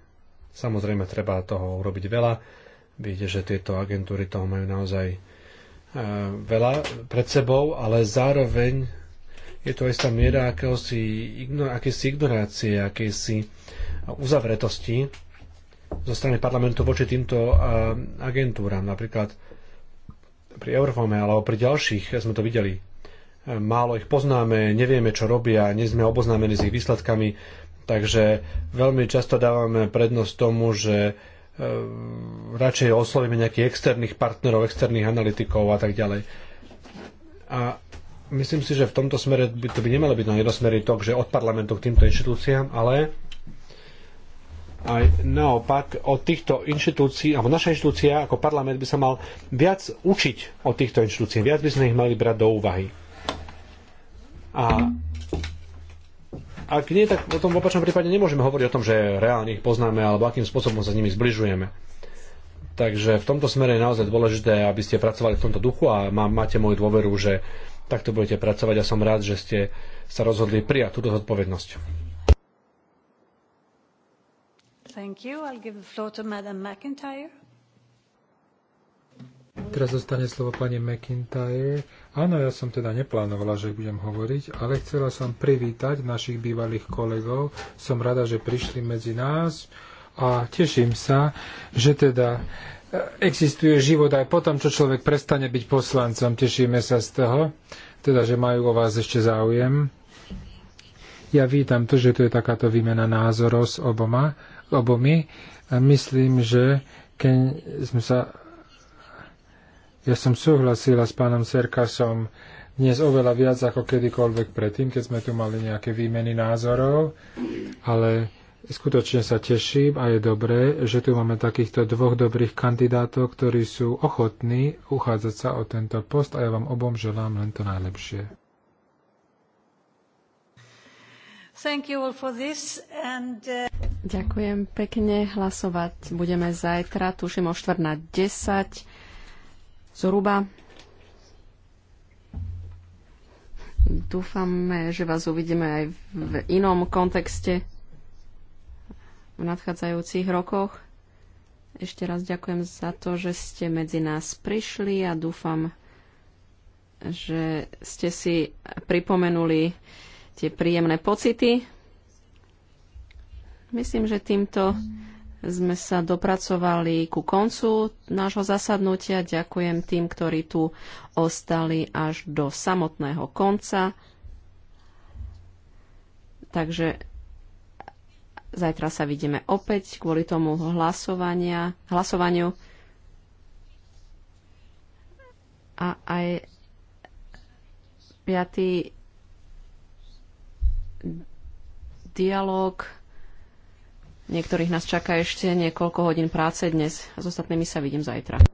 Samozrejme, treba toho urobiť veľa Viete, že tieto agentúry toho majú naozaj e, veľa pred sebou, ale zároveň je to istá miera akéhosi, akési ignorácie, akési uzavretosti zo strany parlamentu voči týmto e, agentúram. Napríklad pri Eurofome alebo pri ďalších sme to videli. E, málo ich poznáme, nevieme, čo robia, nie sme oboznámení s ich výsledkami, takže veľmi často dávame prednosť tomu, že Ehm, radšej oslovíme nejakých externých partnerov, externých analytikov a tak ďalej. A myslím si, že v tomto smere by, to by nemalo byť na jednosmerný tok, že od parlamentu k týmto inštitúciám, ale aj naopak od týchto inštitúcií, alebo naša inštitúcia ako parlament by sa mal viac učiť od týchto inštitúcií, viac by sme ich mali brať do úvahy. A ak nie, tak o tom v opačnom prípade nemôžeme hovoriť o tom, že reálne ich poznáme alebo akým spôsobom sa s nimi zbližujeme. Takže v tomto smere je naozaj dôležité, aby ste pracovali v tomto duchu a má, máte moju dôveru, že takto budete pracovať a som rád, že ste sa rozhodli prijať túto zodpovednosť. Thank you. I'll give the floor to Madam McIntyre. Teraz zostane slovo pani McIntyre. Áno, ja som teda neplánovala, že budem hovoriť, ale chcela som privítať našich bývalých kolegov. Som rada, že prišli medzi nás a teším sa, že teda eh, existuje život aj potom, čo človek prestane byť poslancom. Tešíme sa z toho, teda, že majú o vás ešte záujem. Ja vítam to, že tu je takáto výmena názorov s oboma, obomi. A myslím, že keď sme sa ja som súhlasila s pánom Serkasom dnes oveľa viac ako kedykoľvek predtým, keď sme tu mali nejaké výmeny názorov, ale skutočne sa teším a je dobré, že tu máme takýchto dvoch dobrých kandidátov, ktorí sú ochotní uchádzať sa o tento post a ja vám obom želám len to najlepšie. And, uh... Ďakujem pekne. Hlasovať budeme zajtra, tuším o 14.10 zhruba. Dúfame, že vás uvidíme aj v inom kontexte v nadchádzajúcich rokoch. Ešte raz ďakujem za to, že ste medzi nás prišli a dúfam, že ste si pripomenuli tie príjemné pocity. Myslím, že týmto sme sa dopracovali ku koncu nášho zasadnutia. Ďakujem tým, ktorí tu ostali až do samotného konca. Takže zajtra sa vidíme opäť kvôli tomu hlasovania, hlasovaniu. A aj 5. dialog Niektorých nás čaká ešte niekoľko hodín práce dnes a s ostatnými sa vidím zajtra.